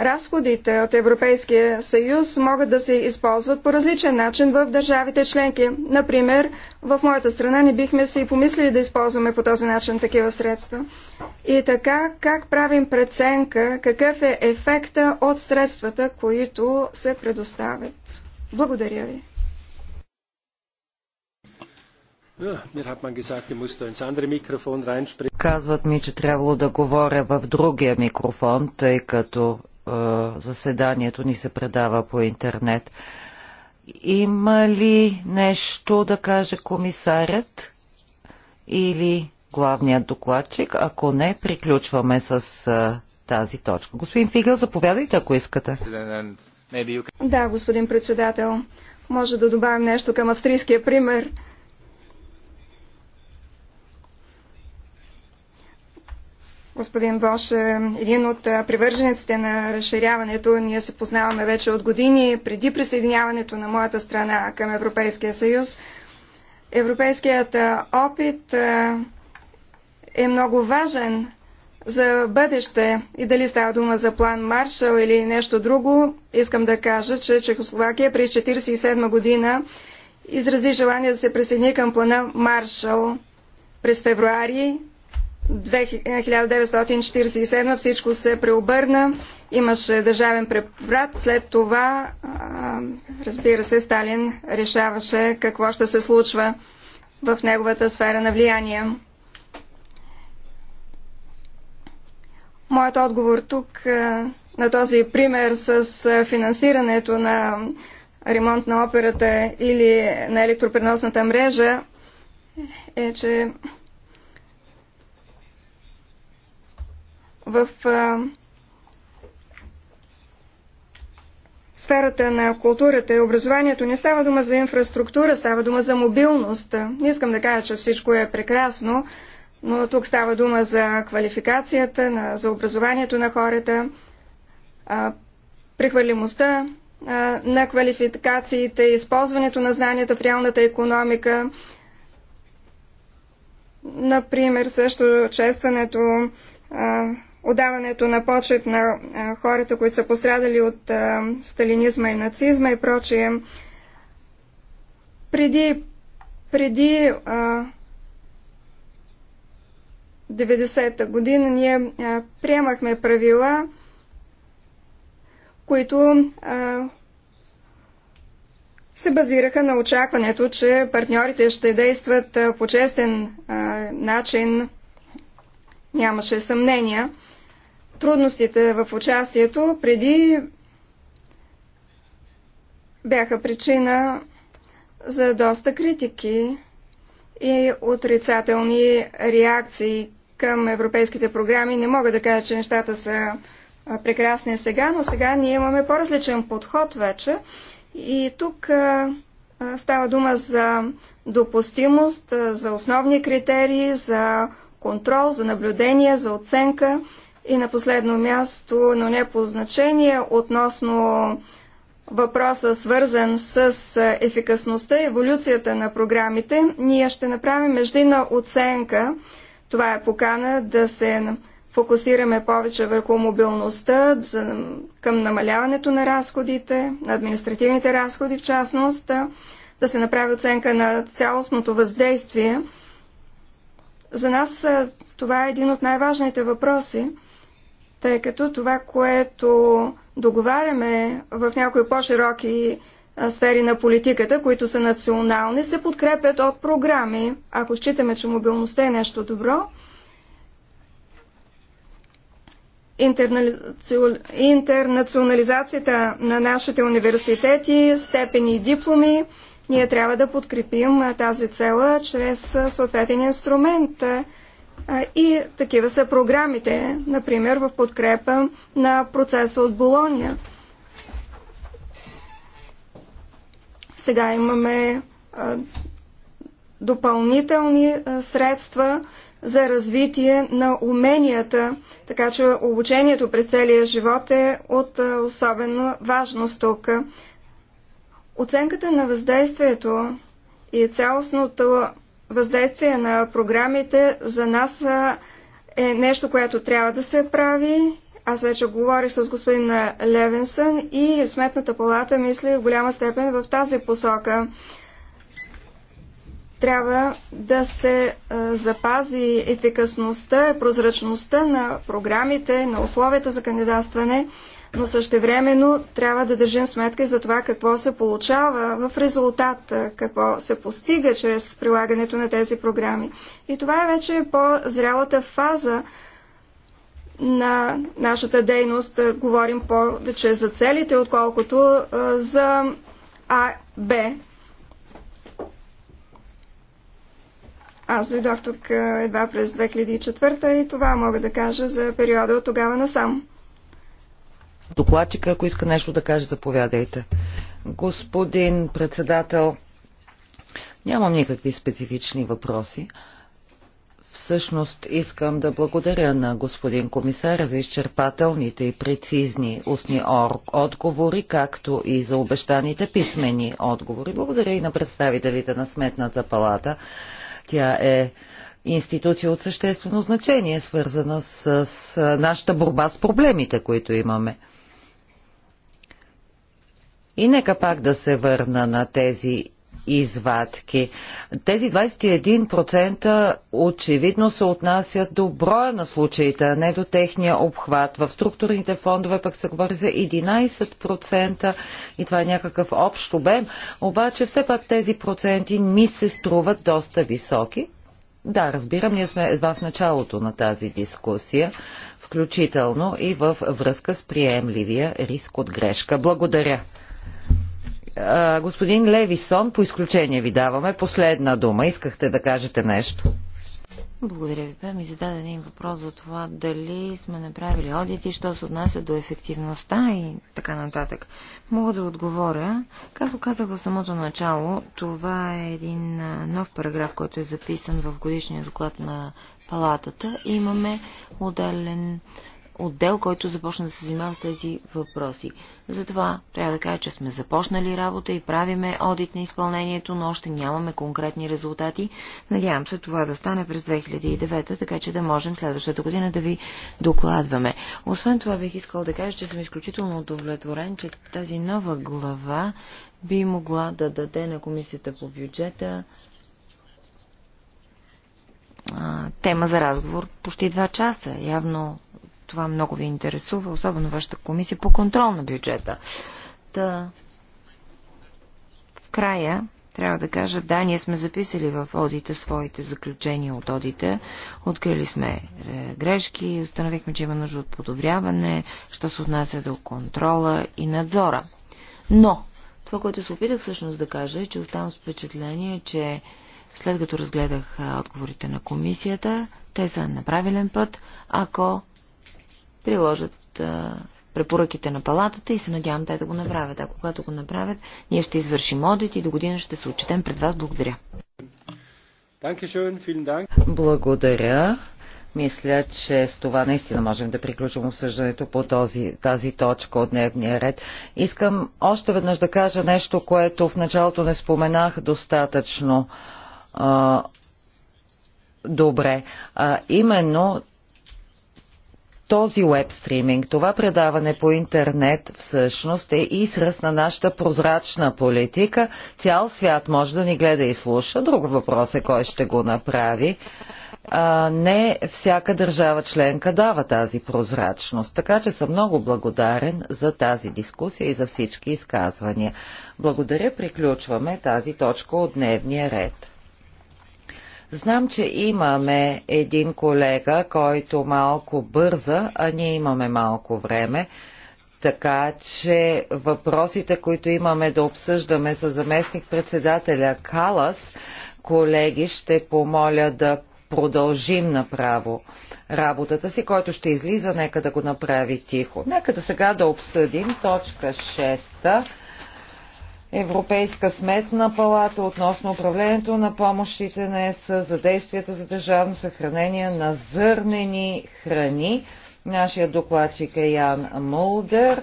Разходите от Европейския съюз могат да се използват по различен начин в държавите членки. Например, в моята страна не бихме си и помислили да използваме по този начин такива средства. И така, как правим преценка, какъв е ефекта от средствата, които се предоставят? Благодаря ви. Казват ми, че трябвало да говоря в другия микрофон, тъй като заседанието ни се предава по интернет. Има ли нещо да каже комисарят или главният докладчик? Ако не, приключваме с тази точка. Господин Фигел, заповядайте, ако искате. Да, господин председател. Може да добавим нещо към австрийския пример. Господин Бош е, един от е, привържениците на разширяването. Ние се познаваме вече от години преди присъединяването на моята страна към Европейския съюз. Европейският е, опит е много важен за бъдеще и дали става дума за план Маршал или нещо друго, искам да кажа, че Чехословакия през 1947 година изрази желание да се присъедини към плана Маршал. През февруари 1947 е, всичко се преобърна, имаше държавен преврат, след това, разбира се, Сталин решаваше какво ще се случва в неговата сфера на влияние. Моят отговор тук на този пример с финансирането на ремонт на операта или на електропреносната мрежа е, че в сферата на културата и образованието не става дума за инфраструктура, става дума за мобилност. Не искам да кажа, че всичко е прекрасно, но тук става дума за квалификацията, на, за образованието на хората, а, прехвърлимостта а, на квалификациите, използването на знанията в реалната економика, например също честването а, отдаването на почет на хората, които са пострадали от сталинизма и нацизма и прочие. Преди, преди 90-та година ние приемахме правила, които се базираха на очакването, че партньорите ще действат по честен начин. Нямаше съмнения трудностите в участието преди бяха причина за доста критики и отрицателни реакции към европейските програми. Не мога да кажа, че нещата са прекрасни сега, но сега ние имаме по-различен подход вече. И тук става дума за допустимост, за основни критерии, за контрол, за наблюдение, за оценка. И на последно място, но не по значение, относно въпроса свързан с ефикасността и еволюцията на програмите, ние ще направим междинна оценка. Това е покана да се фокусираме повече върху мобилността, към намаляването на разходите, на административните разходи в частност, да се направи оценка на цялостното въздействие. За нас това е един от най-важните въпроси тъй като това, което договаряме в някои по-широки сфери на политиката, които са национални, се подкрепят от програми. Ако считаме, че мобилността е нещо добро, интернационализацията на нашите университети, степени и дипломи, ние трябва да подкрепим тази цела чрез съответен инструмент – и такива са програмите, например в подкрепа на процеса от Болония. Сега имаме допълнителни средства за развитие на уменията, така че обучението през целия живот е от особена важност тук. Оценката на въздействието и цялостното въздействие на програмите за нас е нещо, което трябва да се прави. Аз вече говорих с господин Левенсън и Сметната палата мисли в голяма степен в тази посока. Трябва да се запази ефикасността, прозрачността на програмите, на условията за кандидатстване но същевременно трябва да държим сметка и за това какво се получава в резултат, какво се постига чрез прилагането на тези програми. И това е вече по-зрялата фаза на нашата дейност. Говорим повече за целите, отколкото за А, Б. Аз дойдох тук едва през 2004 и това мога да кажа за периода от тогава насам. Докладчика, ако иска нещо да каже, заповядайте. Господин председател, нямам никакви специфични въпроси. Всъщност искам да благодаря на господин комисар за изчерпателните и прецизни устни отговори, както и за обещаните писмени отговори. Благодаря и на представителите на Сметната палата. Тя е институция от съществено значение, свързана с нашата борба с проблемите, които имаме. И нека пак да се върна на тези извадки. Тези 21% очевидно се отнасят до броя на случаите, а не до техния обхват. В структурните фондове пък се говори за 11% и това е някакъв общ обем, обаче все пак тези проценти ми се струват доста високи. Да, разбирам, ние сме едва в началото на тази дискусия, включително и в връзка с приемливия риск от грешка. Благодаря господин Левисон, по изключение ви даваме последна дума. Искахте да кажете нещо. Благодаря ви. Бе ми зададе един въпрос за това дали сме направили одити, що се отнася до ефективността и така нататък. Мога да отговоря. Както казах в самото начало, това е един нов параграф, който е записан в годишния доклад на палатата. Имаме отделен отдел, който започна да се занимава с тези въпроси. Затова трябва да кажа, че сме започнали работа и правиме одит на изпълнението, но още нямаме конкретни резултати. Надявам се това да стане през 2009, така че да можем следващата година да ви докладваме. Освен това бих искал да кажа, че съм изключително удовлетворен, че тази нова глава би могла да даде на комисията по бюджета тема за разговор почти два часа. Явно това много ви интересува, особено вашата комисия по контрол на бюджета. Та... В края трябва да кажа, да, ние сме записали в одите своите заключения от Одите, Открили сме е, грешки, установихме, че има нужда от подобряване, що се отнася до контрола и надзора. Но, това, което се опитах всъщност да кажа, е, че оставам с впечатление, че след като разгледах отговорите на комисията, те са на правилен път, ако приложат а, препоръките на палатата и се надявам те да го направят. А когато го направят, ние ще извършим одит и до година ще се отчетем пред вас. Благодаря. Благодаря. Мисля, че с това наистина можем да приключим обсъждането по този, тази точка от дневния ред. Искам още веднъж да кажа нещо, което в началото не споменах достатъчно а, добре. А, именно този веб стриминг, това предаване по интернет всъщност е израз на нашата прозрачна политика. Цял свят може да ни гледа и слуша. Друг въпрос е кой ще го направи. А, не всяка държава членка дава тази прозрачност, така че съм много благодарен за тази дискусия и за всички изказвания. Благодаря, приключваме тази точка от дневния ред. Знам, че имаме един колега, който малко бърза, а ние имаме малко време. Така че въпросите, които имаме да обсъждаме с заместник-председателя Калас, колеги, ще помоля да продължим направо работата си, който ще излиза, нека да го направи тихо. Нека да сега да обсъдим точка 6 Европейска сметна палата относно управлението на помощите на ЕС за действията за държавно съхранение на зърнени храни. Нашия докладчик е Ян Мулдер.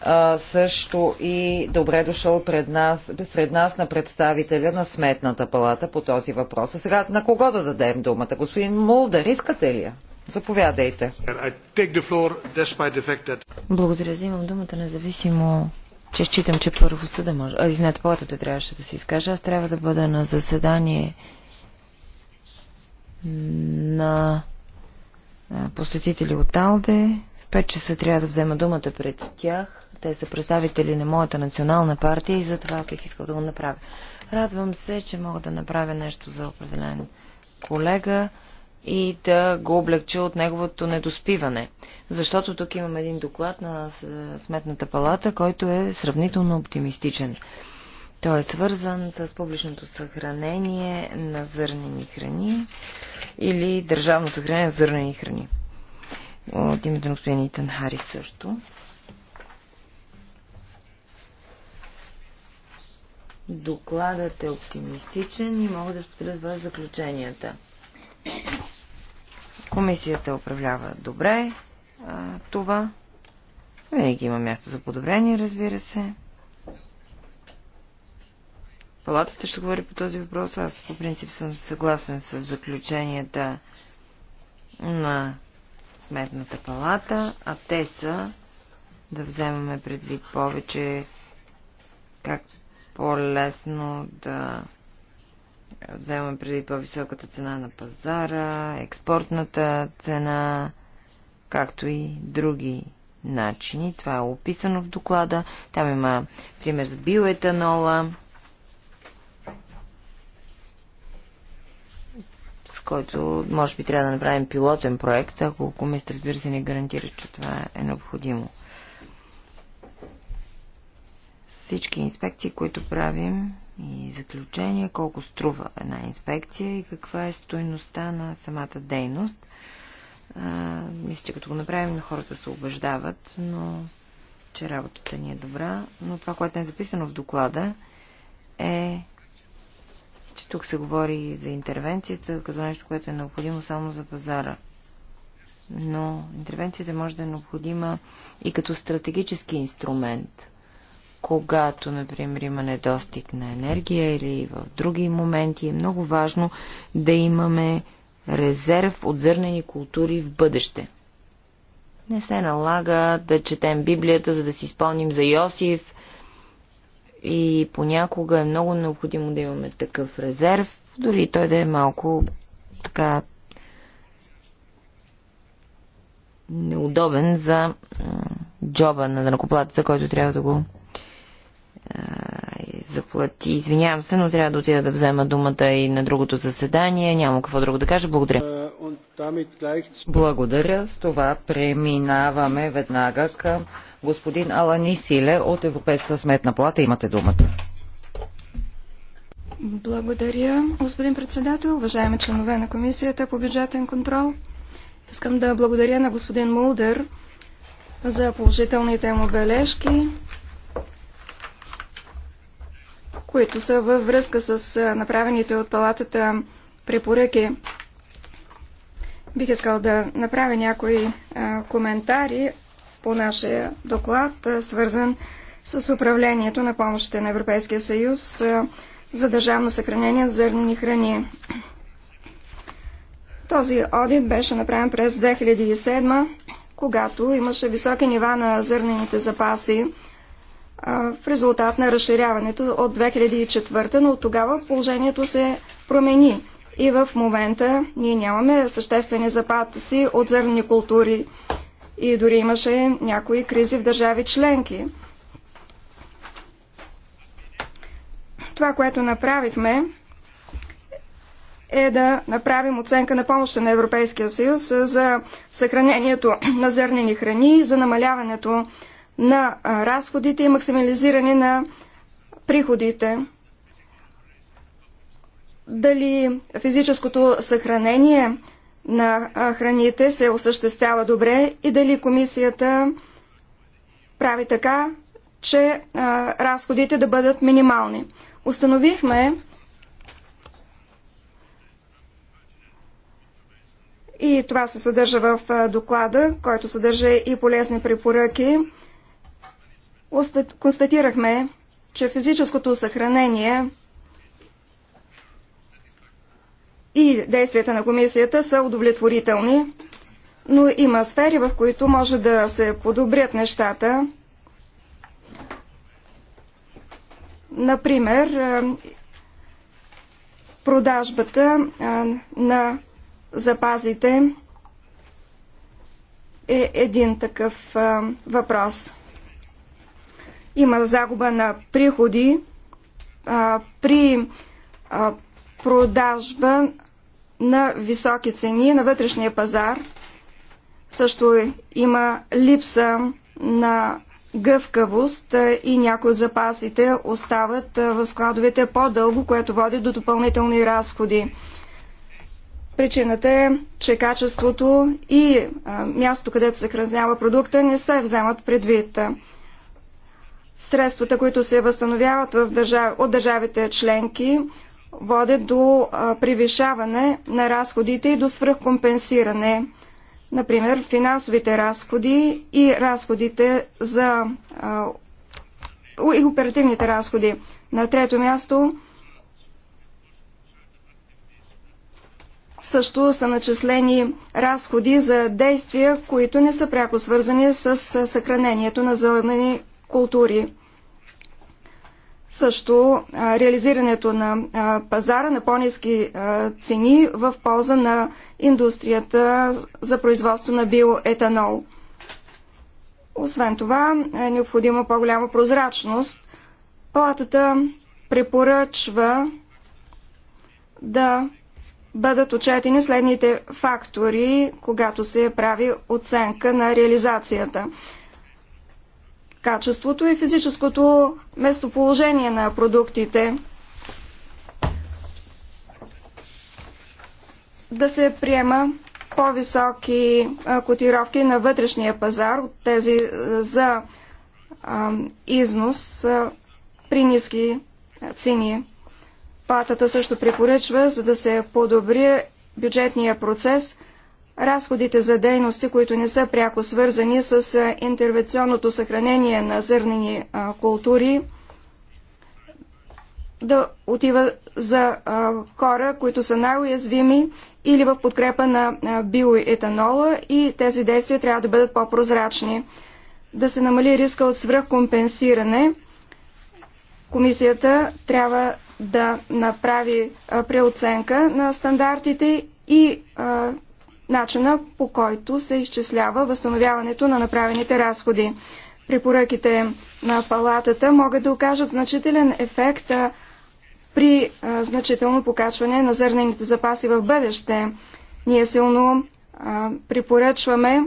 А, също и добре дошъл пред нас, сред нас на представителя на Сметната палата по този въпрос. А сега на кого да дадем думата? Господин Мулдер, искате ли я? Заповядайте. Благодаря, взимам думата независимо че считам, че първо съда може... А, извинете, платата трябваше да се изкаже. Аз трябва да бъда на заседание на посетители от Алде. В 5 часа трябва да взема думата пред тях. Те са представители на моята национална партия и затова бих искал да го направя. Радвам се, че мога да направя нещо за определен колега и да го облегча от неговото недоспиване. Защото тук имам един доклад на Сметната палата, който е сравнително оптимистичен. Той е свързан с публичното съхранение на зърнени храни или държавно съхранение на зърнени храни. От името на господин Итан Хари също. Докладът е оптимистичен и мога да споделя с вас заключенията. Комисията управлява добре а, това. Винаги има място за подобрение, разбира се. Палатата ще говори по този въпрос. Аз по принцип съм съгласен с заключенията на Сметната палата, а те са да вземаме предвид повече как по-лесно да вземаме преди по-високата цена на пазара, експортната цена, както и други начини. Това е описано в доклада. Там има пример с биоетанола, с който може би трябва да направим пилотен проект, ако комисията, разбира се, не гарантира, че това е необходимо всички инспекции, които правим и заключение, колко струва една инспекция и каква е стоеността на самата дейност. А, мисля, че като го направим, хората се убеждават, но че работата ни е добра. Но това, което е записано в доклада, е, че тук се говори за интервенцията като нещо, което е необходимо само за пазара. Но интервенцията може да е необходима и като стратегически инструмент – когато, например, има недостиг на енергия или в други моменти, е много важно да имаме резерв от зърнени култури в бъдеще. Не се налага да четем Библията, за да си изпълним за Йосиф и понякога е много необходимо да имаме такъв резерв, дори той да е малко така неудобен за джоба на дънакоплатеца, който трябва да го заплати. Извинявам се, но трябва да отида да взема думата и на другото заседание. Няма какво друго да кажа. Благодаря. Е, благодаря. С това преминаваме веднага към господин Алани Силе от Европейска сметна плата. Имате думата. Благодаря, господин председател, уважаеми членове на Комисията по бюджетен контрол. Искам да благодаря на господин Мулдер за положителните му бележки които са във връзка с направените от палатата препоръки. Бих искал да направя някои коментари по нашия доклад, свързан с управлението на помощите на Европейския съюз за държавно съхранение на зърнени храни. Този одит беше направен през 2007, когато имаше високи нива на зърнените запаси в резултат на разширяването от 2004, но от тогава положението се промени. И в момента ние нямаме съществени запаси от зърнени култури и дори имаше някои кризи в държави членки. Това, което направихме, е да направим оценка на помощта на Европейския съюз за съхранението на зърнени храни, за намаляването на разходите и максимализиране на приходите. Дали физическото съхранение на храните се осъществява добре и дали комисията прави така, че а, разходите да бъдат минимални. Установихме и това се съдържа в доклада, който съдържа и полезни препоръки констатирахме, че физическото съхранение и действията на комисията са удовлетворителни, но има сфери, в които може да се подобрят нещата. Например, е, продажбата е, на запазите е един такъв е, въпрос. Има загуба на приходи а, при а, продажба на високи цени на вътрешния пазар. Също има липса на гъвкавост и някои от запасите остават в складовете по-дълго, което води до допълнителни разходи. Причината е, че качеството и място, където се хранява продукта, не се вземат предвид средствата, които се възстановяват в държав... от държавите членки, водят до превишаване на разходите и до свръхкомпенсиране. Например, финансовите разходи и разходите за и оперативните разходи. На трето място също са начислени разходи за действия, които не са пряко свързани с съхранението на зелени култури. Също реализирането на пазара на по-низки цени в полза на индустрията за производство на биоетанол. Освен това е необходима по-голяма прозрачност. Палатата препоръчва да бъдат отчетени следните фактори, когато се прави оценка на реализацията качеството и физическото местоположение на продуктите. Да се приема по-високи котировки на вътрешния пазар от тези за износ при ниски цени. Патата също препоръчва, за да се подобри бюджетния процес – Разходите за дейности, които не са пряко свързани с интервенционното съхранение на зърнени култури, да отива за хора, които са най-уязвими или в подкрепа на биоетанола и тези действия трябва да бъдат по-прозрачни. Да се намали риска от свръхкомпенсиране. Комисията трябва да направи преоценка на стандартите и начина по който се изчислява възстановяването на направените разходи. Препоръките на палатата могат да окажат значителен ефект при значително покачване на зърнените запаси в бъдеще. Ние силно препоръчваме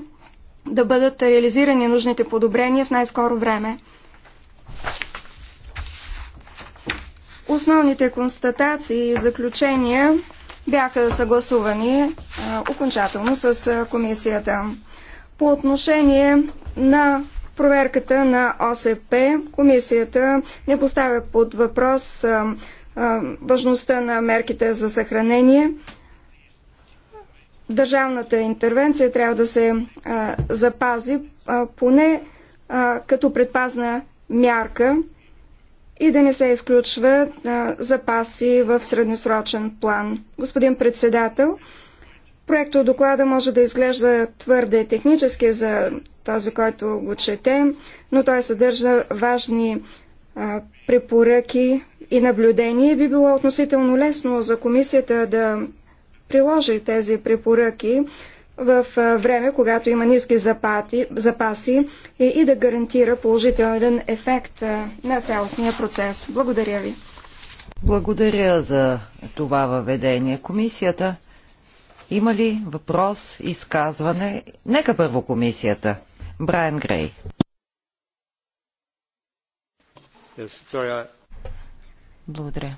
да бъдат реализирани нужните подобрения в най-скоро време. Основните констатации и заключения бяха съгласувани окончателно с комисията. По отношение на проверката на ОСП, комисията не поставя под въпрос важността на мерките за съхранение. Държавната интервенция трябва да се запази поне като предпазна мярка и да не се изключва а, запаси в средносрочен план. Господин председател, проектът доклада може да изглежда твърде технически за този, който го чете, но той съдържа важни а, препоръки и наблюдения. Би било относително лесно за комисията да приложи тези препоръки, в време, когато има ниски запати, запаси и, и да гарантира положителен ефект на цялостния процес. Благодаря ви. Благодаря за това въведение. Комисията има ли въпрос, изказване? Нека първо комисията. Брайан Грей. Благодаря.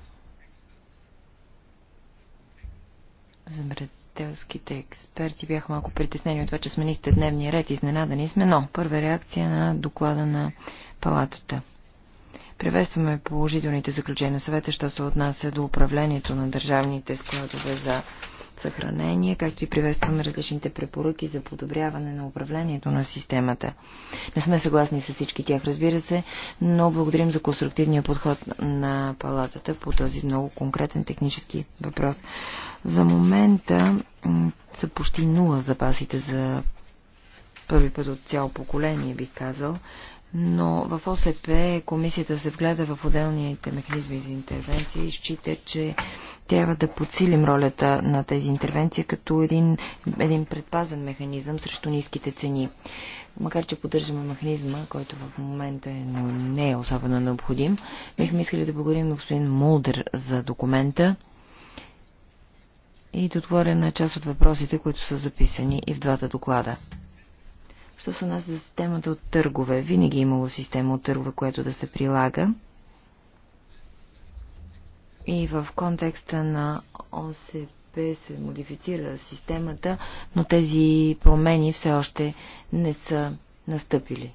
Замред земеделските експерти бях малко притеснени от това, че сменихте дневния ред. Изненадани сме, но първа реакция на доклада на палатата. Приветстваме положителните заключения на съвета, що се отнася до управлението на държавните складове за съхранение, както и приветстваме различните препоръки за подобряване на управлението на системата. Не сме съгласни с всички тях, разбира се, но благодарим за конструктивния подход на палатата по този много конкретен технически въпрос. За момента са почти нула запасите за първи път от цяло поколение, бих казал, но в ОСП комисията се вгледа в отделните механизми за интервенция и счита, че трябва да подсилим ролята на тези интервенции като един, един предпазен механизъм срещу ниските цени. Макар, че поддържаме механизма, който в момента е, но не е особено необходим, бихме искали да благодарим на господин Молдер за документа и да отговоря на част от въпросите, които са записани и в двата доклада. Що се нас за системата от търгове? Винаги е имало система от търгове, която да се прилага. И в контекста на ОСП се модифицира системата, но тези промени все още не са настъпили.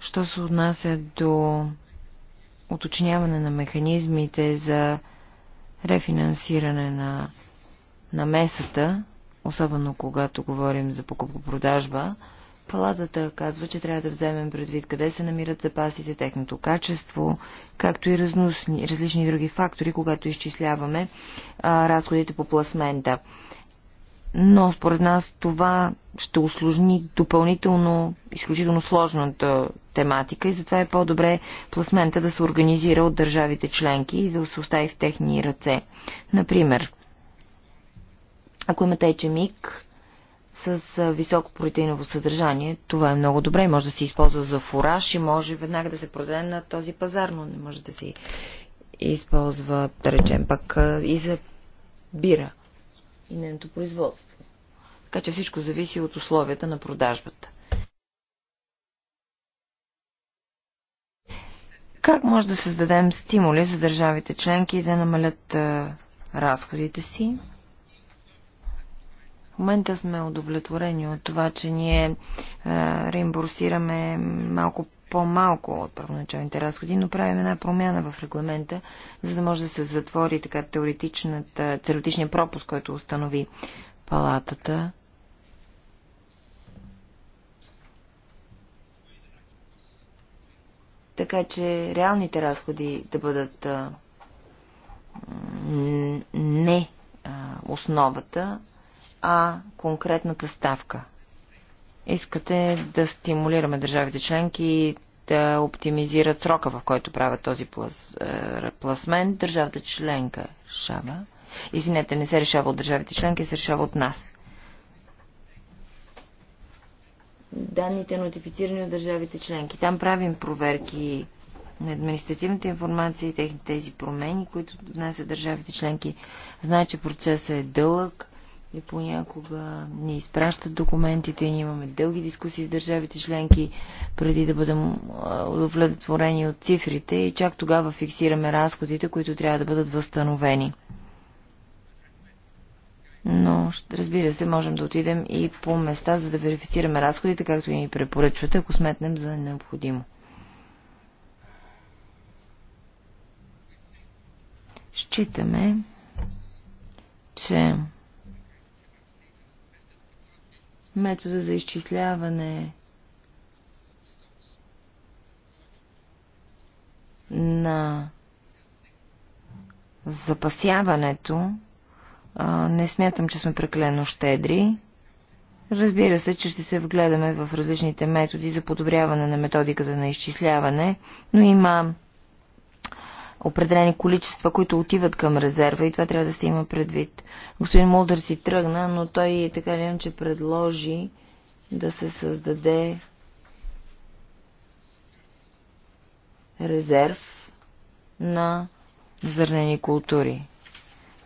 Що се отнася до уточняване на механизмите за рефинансиране на намесата, особено когато говорим за покупко-продажба, палатата казва, че трябва да вземем предвид къде се намират запасите, техното качество, както и разносни, различни други фактори, когато изчисляваме а, разходите по пласмента. Но според нас това ще усложни допълнително изключително сложната тематика и затова е по-добре пласмента да се организира от държавите членки и да се остави в техни ръце. Например, ако имате ечемик с високо протеиново съдържание, това е много добре. Може да се използва за фураж и може веднага да се продаде на този пазар, но не може да се използва, да речем, пък и за бира и нейното производство. Така че всичко зависи от условията на продажбата. Как може да създадем стимули за държавите членки да намалят разходите си? момента сме удовлетворени от това, че ние а, е, реимбурсираме малко по-малко от първоначалните разходи, но правим една промяна в регламента, за да може да се затвори така теоретичния пропуск, който установи палатата. Така че реалните разходи да бъдат е, не е, основата, а конкретната ставка. Искате да стимулираме държавите членки да оптимизират срока, в който правят този плас, е, пласмент. Държавата членка решава. Извинете, не се решава от държавите членки, се решава от нас. Данните нотифицирани от държавите членки. Там правим проверки на административната информация и техните тези промени, които внасят държавите членки. Знае, че процесът е дълъг, и понякога не изпращат документите и ние имаме дълги дискусии с държавите членки, преди да бъдем удовлетворени от цифрите и чак тогава фиксираме разходите, които трябва да бъдат възстановени. Но, разбира се, можем да отидем и по места, за да верифицираме разходите, както и ни препоръчвате, ако сметнем за необходимо. Считаме, че Метода за изчисляване на запасяването не смятам, че сме прекалено щедри. Разбира се, че ще се вгледаме в различните методи за подобряване на методиката на изчисляване, но има определени количества, които отиват към резерва и това трябва да се има предвид. Господин Мулдър си тръгна, но той така или че предложи да се създаде резерв на зърнени култури.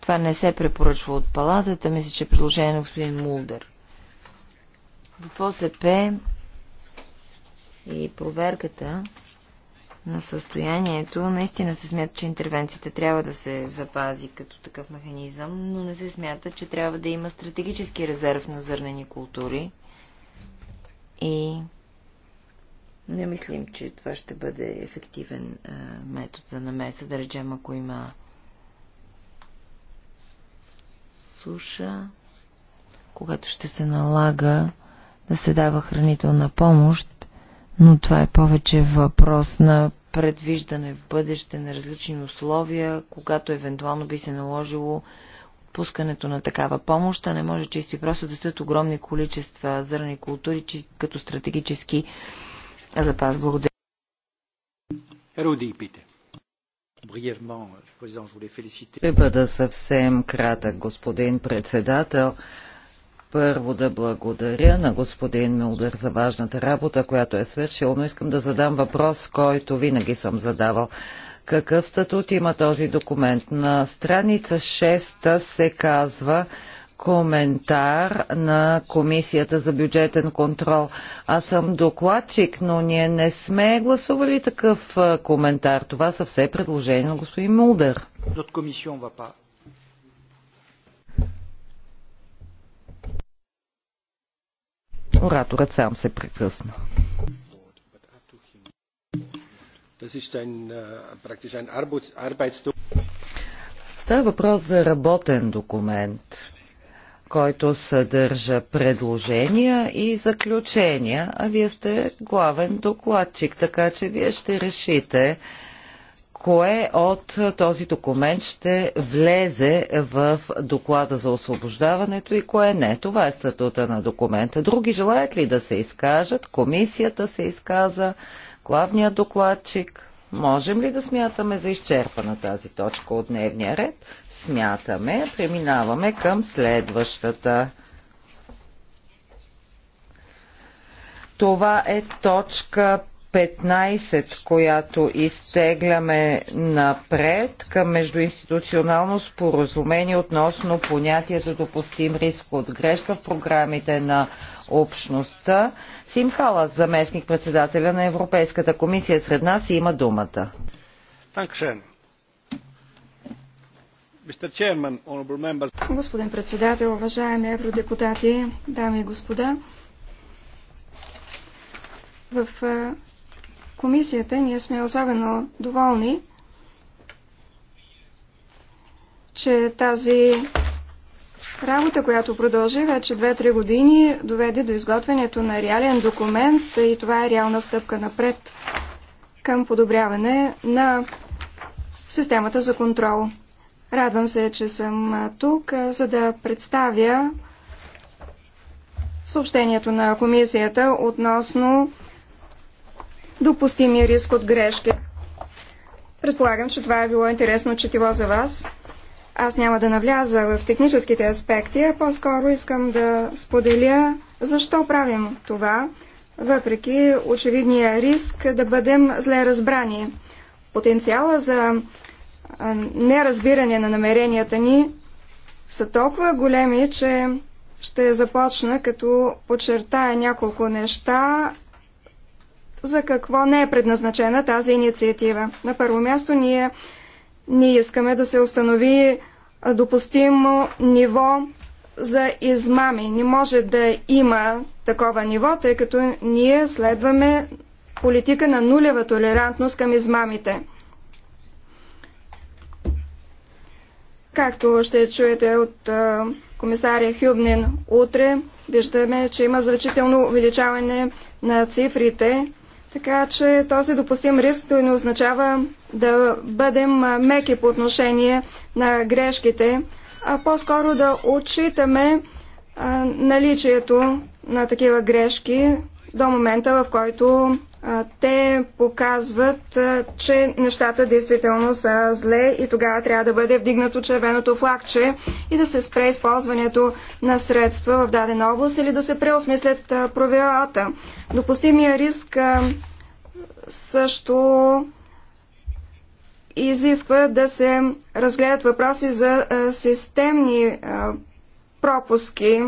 Това не се препоръчва от палатата, мисля, че е предложение на господин Мулдър. В ОСП и проверката на състоянието, наистина се смята, че интервенцията трябва да се запази като такъв механизъм, но не се смята, че трябва да има стратегически резерв на зърнени култури. И не мислим, че това ще бъде ефективен а, метод за намеса, да речем, ако има суша, когато ще се налага да се дава хранителна помощ, но това е повече въпрос на предвиждане в бъдеще на различни условия, когато евентуално би се наложило пускането на такава помощ, а не може чисто и просто да стоят огромни количества зърни култури като стратегически запас. Благодаря. Роди, пите. Ще бъда съвсем кратък, господин председател. Първо да благодаря на господин Милдър за важната работа, която е свършил, но искам да задам въпрос, който винаги съм задавал. Какъв статут има този документ? На страница 6 се казва коментар на Комисията за бюджетен контрол. Аз съм докладчик, но ние не сме гласували такъв коментар. Това са все предложения на господин Мулдър. Нашата комисия не Ораторът сам се прекъсна. Äh, Става въпрос за работен документ, който съдържа предложения и заключения, а вие сте главен докладчик, така че вие ще решите кое от този документ ще влезе в доклада за освобождаването и кое не. Това е статута на документа. Други желаят ли да се изкажат? Комисията се изказа, главният докладчик. Можем ли да смятаме за изчерпана тази точка от дневния ред? Смятаме. Преминаваме към следващата. Това е точка 15, която изтегляме напред към междуинституционално споразумение относно понятието допустим риск от грешка в програмите на общността. Симхала заместник председателя на Европейската комисия, сред нас и има думата. Господин председател, уважаеми евродепутати, дами и господа, в комисията ние сме особено доволни, че тази работа, която продължи вече 2-3 години, доведе до изготвянето на реален документ и това е реална стъпка напред към подобряване на системата за контрол. Радвам се, че съм тук, за да представя съобщението на комисията относно допустимия риск от грешки. Предполагам, че това е било интересно четиво за вас. Аз няма да навляза в техническите аспекти, а по-скоро искам да споделя защо правим това, въпреки очевидния риск да бъдем зле разбрани. Потенциала за неразбиране на намеренията ни са толкова големи, че ще започна като подчертая няколко неща за какво не е предназначена тази инициатива. На първо място ние, ние искаме да се установи допустимо ниво за измами. Не може да има такова ниво, тъй като ние следваме политика на нулева толерантност към измамите. Както ще чуете от комисаря Хюбнин утре, виждаме, че има значително увеличаване на цифрите така че този допустим риск той не означава да бъдем меки по отношение на грешките, а по-скоро да отчитаме наличието на такива грешки до момента, в който те показват, че нещата действително са зле и тогава трябва да бъде вдигнато червеното флагче и да се спре използването на средства в даден област или да се преосмислят правилата. Допустимия риск също изисква да се разгледат въпроси за системни пропуски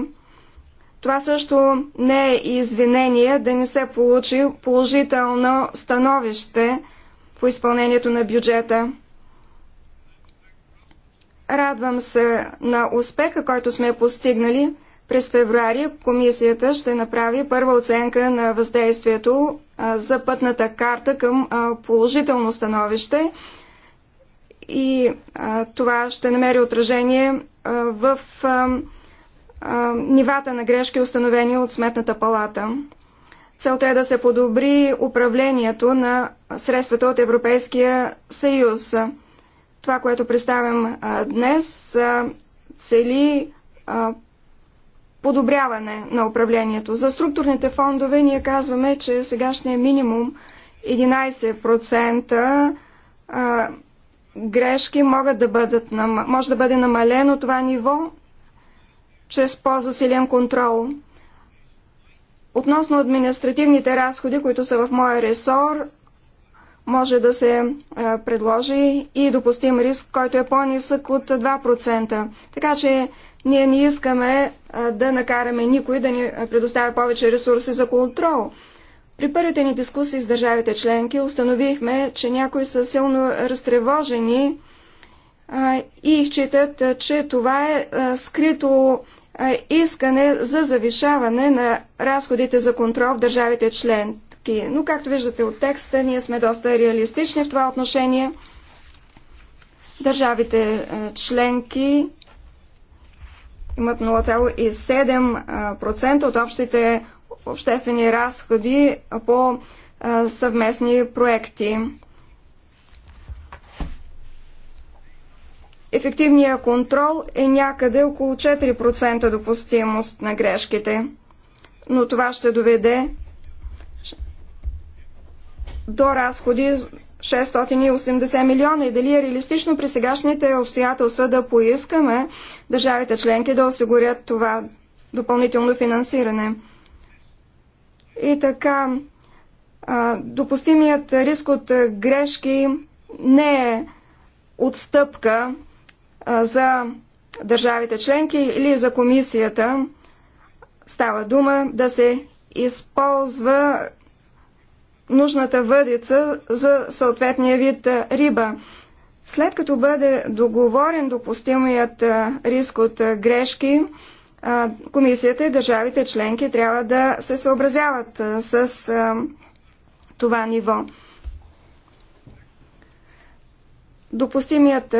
това също не е извинение да не се получи положително становище по изпълнението на бюджета. Радвам се на успеха, който сме постигнали. През февруари комисията ще направи първа оценка на въздействието за пътната карта към положително становище и това ще намери отражение в нивата на грешки, установени от Сметната палата. Целта е да се подобри управлението на средствата от Европейския съюз. Това, което представям а, днес, а, цели а, подобряване на управлението. За структурните фондове ние казваме, че сегашният минимум 11% грешки могат да бъдат, може да бъде намалено това ниво чрез по-засилен контрол. Относно административните разходи, които са в моя ресор, може да се предложи и допустим риск, който е по-нисък от 2%. Така че ние не искаме да накараме никой да ни предоставя повече ресурси за контрол. При първите ни дискусии с държавите членки установихме, че някои са силно разтревожени и считат, че това е скрито искане за завишаване на разходите за контрол в държавите членки. Но както виждате от текста, ние сме доста реалистични в това отношение. Държавите членки имат 0,7% от общите обществени разходи по съвместни проекти. Ефективният контрол е някъде около 4% допустимост на грешките, но това ще доведе до разходи 680 милиона и дали е реалистично при сегашните обстоятелства да поискаме държавите членки да осигурят това допълнително финансиране. И така, допустимият риск от грешки не е отстъпка за държавите членки или за комисията. Става дума да се използва нужната въдица за съответния вид риба. След като бъде договорен допустимият риск от грешки, комисията и държавите членки трябва да се съобразяват с това ниво. Допустимият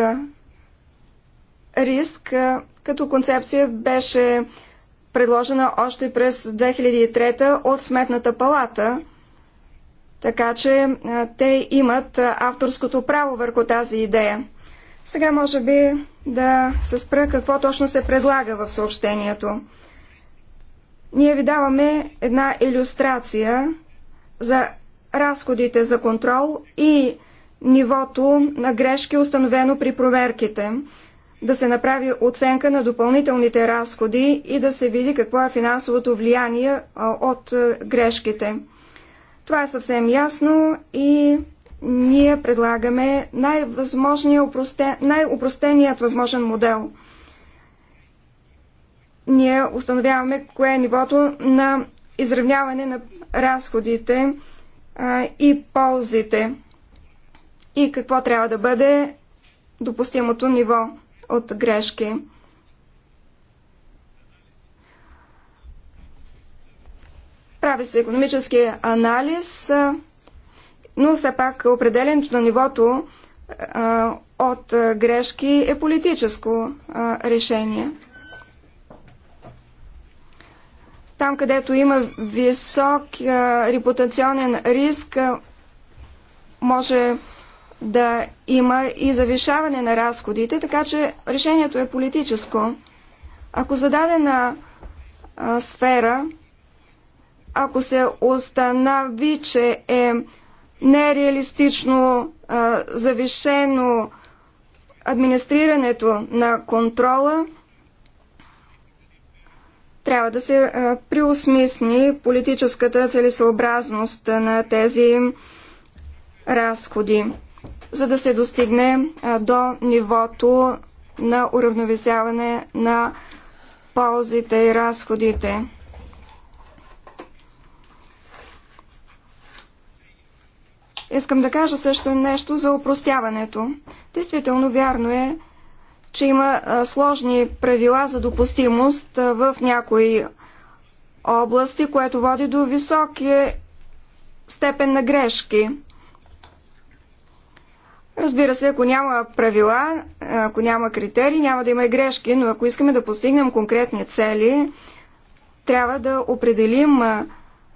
риск като концепция беше предложена още през 2003 от Сметната палата, така че те имат авторското право върху тази идея. Сега може би да се спра какво точно се предлага в съобщението. Ние ви даваме една иллюстрация за разходите за контрол и нивото на грешки, установено при проверките да се направи оценка на допълнителните разходи и да се види какво е финансовото влияние от грешките. Това е съвсем ясно и ние предлагаме най-упростеният най възможен модел. Ние установяваме кое е нивото на изравняване на разходите а, и ползите и какво трябва да бъде допустимото ниво от грешки. Прави се економически анализ, но все пак определенето на нивото от грешки е политическо решение. Там, където има висок репутационен риск, може да има и завишаване на разходите, така че решението е политическо. Ако за дадена а, сфера, ако се установи, че е нереалистично а, завишено администрирането на контрола, трябва да се а, приосмисни политическата целесообразност на тези разходи за да се достигне до нивото на уравновесяване на ползите и разходите. Искам да кажа също нещо за упростяването. Действително вярно е, че има сложни правила за допустимост в някои области, което води до високи степен на грешки. Разбира се, ако няма правила, ако няма критерии, няма да има и грешки, но ако искаме да постигнем конкретни цели, трябва да определим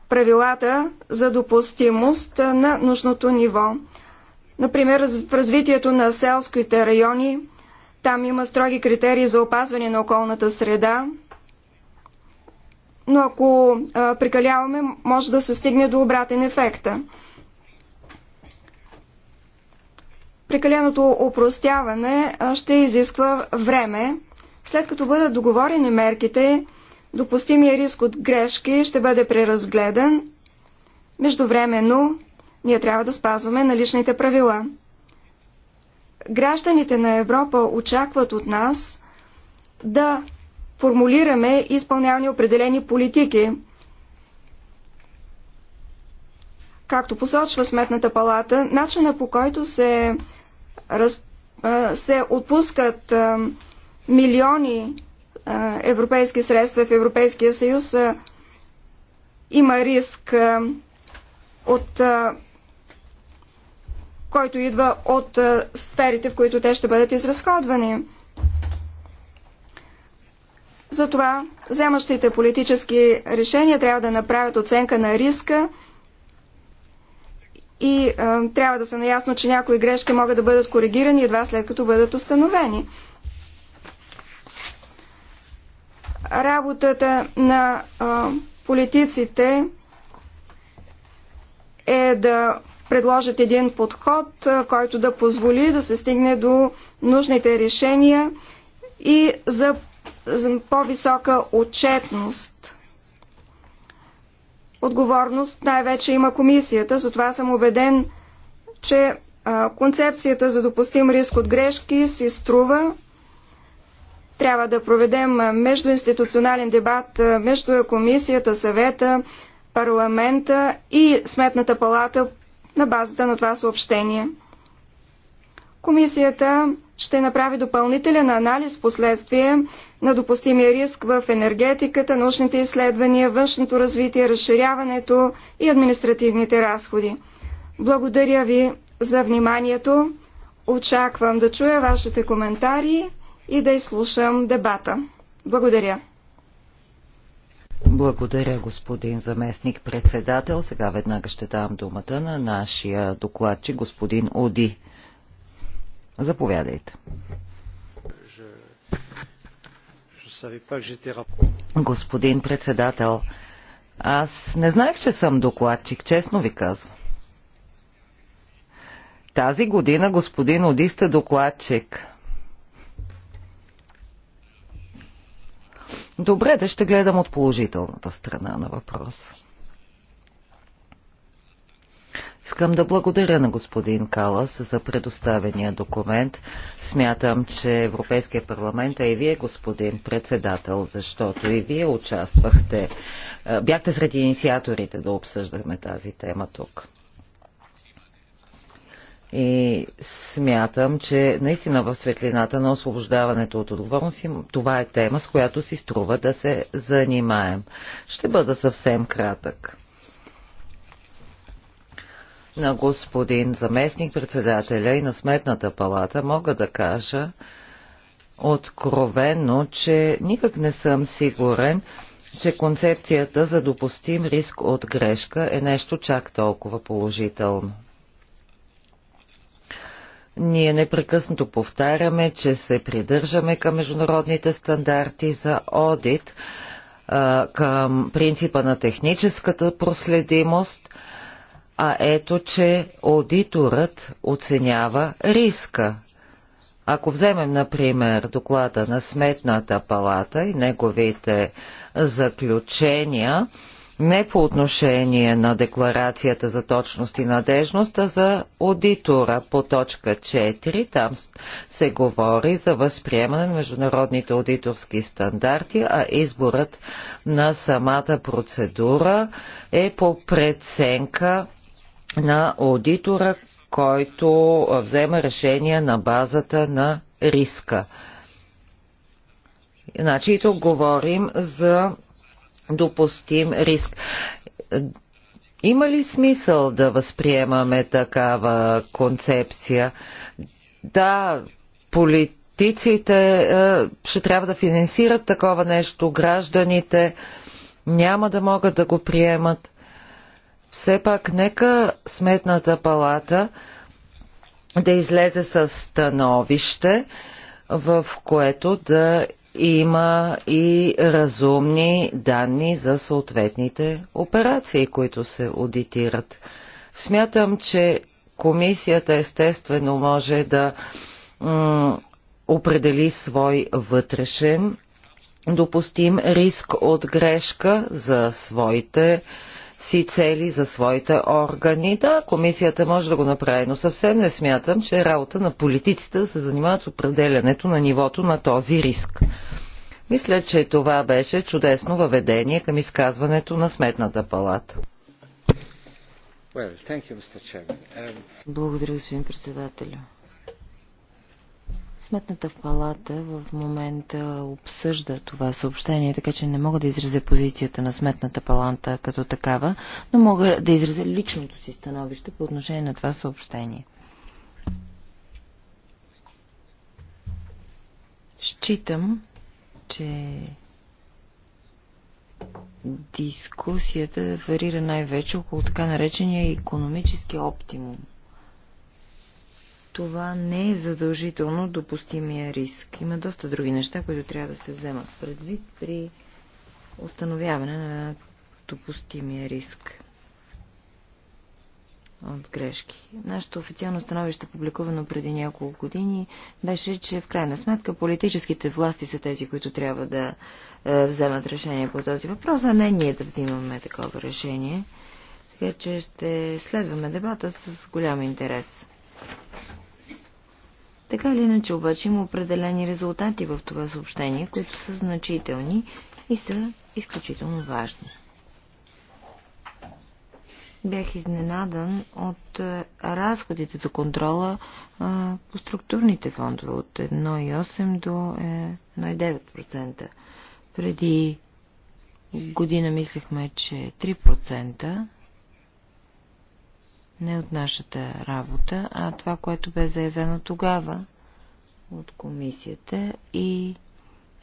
правилата за допустимост на нужното ниво. Например, в развитието на селските райони, там има строги критерии за опазване на околната среда, но ако прикаляваме, може да се стигне до обратен ефекта. Прекаленото упростяване ще изисква време. След като бъдат договорени мерките, допустимия риск от грешки ще бъде преразгледан. Междувременно, ние трябва да спазваме наличните правила. Гражданите на Европа очакват от нас да формулираме и изпълняваме определени политики. Както посочва Сметната палата, начина по който се раз, се отпускат милиони европейски средства в Европейския съюз, има риск от който идва от сферите, в които те ще бъдат изразходвани. Затова вземащите политически решения трябва да направят оценка на риска и е, трябва да са наясно, че някои грешки могат да бъдат коригирани едва след като бъдат установени. Работата на е, политиците е да предложат един подход, който да позволи да се стигне до нужните решения и за, за по-висока отчетност отговорност най-вече има комисията, затова съм убеден, че концепцията за допустим риск от грешки си струва. Трябва да проведем междуинституционален дебат между комисията, съвета, парламента и Сметната палата на базата на това съобщение. Комисията ще направи допълнителен анализ в последствие на допустимия риск в енергетиката, научните изследвания, външното развитие, разширяването и административните разходи. Благодаря ви за вниманието. Очаквам да чуя вашите коментари и да изслушам дебата. Благодаря. Благодаря, господин заместник председател. Сега веднага ще дам думата на нашия докладчик, господин Оди. Заповядайте. Господин председател, аз не знаех, че съм докладчик, честно ви казвам. Тази година господин Одиста докладчик. Добре, да ще гледам от положителната страна на въпроса. Искам да благодаря на господин Калас за предоставения документ. Смятам, че Европейския парламент, а и вие, господин председател, защото и вие участвахте, е, бяхте сред инициаторите да обсъждаме тази тема тук. И смятам, че наистина в светлината на освобождаването от отговорност това е тема, с която си струва да се занимаем. Ще бъда съвсем кратък на господин заместник председателя и на Сметната палата мога да кажа откровенно, че никак не съм сигурен, че концепцията за допустим риск от грешка е нещо чак толкова положително. Ние непрекъснато повтаряме, че се придържаме към международните стандарти за одит, към принципа на техническата проследимост – а ето, че аудиторът оценява риска. Ако вземем, например, доклада на Сметната палата и неговите заключения, не по отношение на декларацията за точност и надежност, а за аудитора по точка 4. Там се говори за възприемане на международните аудиторски стандарти, а изборът на самата процедура е по преценка на аудитора, който взема решение на базата на риска. Значи тук говорим за допустим риск. Има ли смисъл да възприемаме такава концепция? Да, политиците е, ще трябва да финансират такова нещо, гражданите няма да могат да го приемат все пак нека Сметната палата да излезе с становище, в което да има и разумни данни за съответните операции, които се аудитират. Смятам, че комисията естествено може да определи свой вътрешен допустим риск от грешка за своите си цели за своите органи. Да, комисията може да го направи, но съвсем не смятам, че е работа на политиците да се занимават с определянето на нивото на този риск. Мисля, че това беше чудесно въведение към изказването на Сметната палата. Um, Благодаря, господин председателю. Сметната в палата в момента обсъжда това съобщение, така че не мога да изразя позицията на Сметната палата като такава, но мога да изразя личното си становище по отношение на това съобщение. Считам, че дискусията варира най-вече около така наречения економически оптимум – това не е задължително допустимия риск. Има доста други неща, които трябва да се вземат предвид при установяване на допустимия риск от грешки. Нашето официално становище, публикувано преди няколко години, беше, че в крайна сметка политическите власти са тези, които трябва да е, вземат решение по този въпрос, а не ние да взимаме такова решение. Така че ще следваме дебата с голям интерес. Така или иначе обаче има определени резултати в това съобщение, които са значителни и са изключително важни. Бях изненадан от е, разходите за контрола е, по структурните фондове от 1,8 до 1,9%. Е, Преди година мислехме, че 3%, не от нашата работа, а това, което бе заявено тогава от комисията и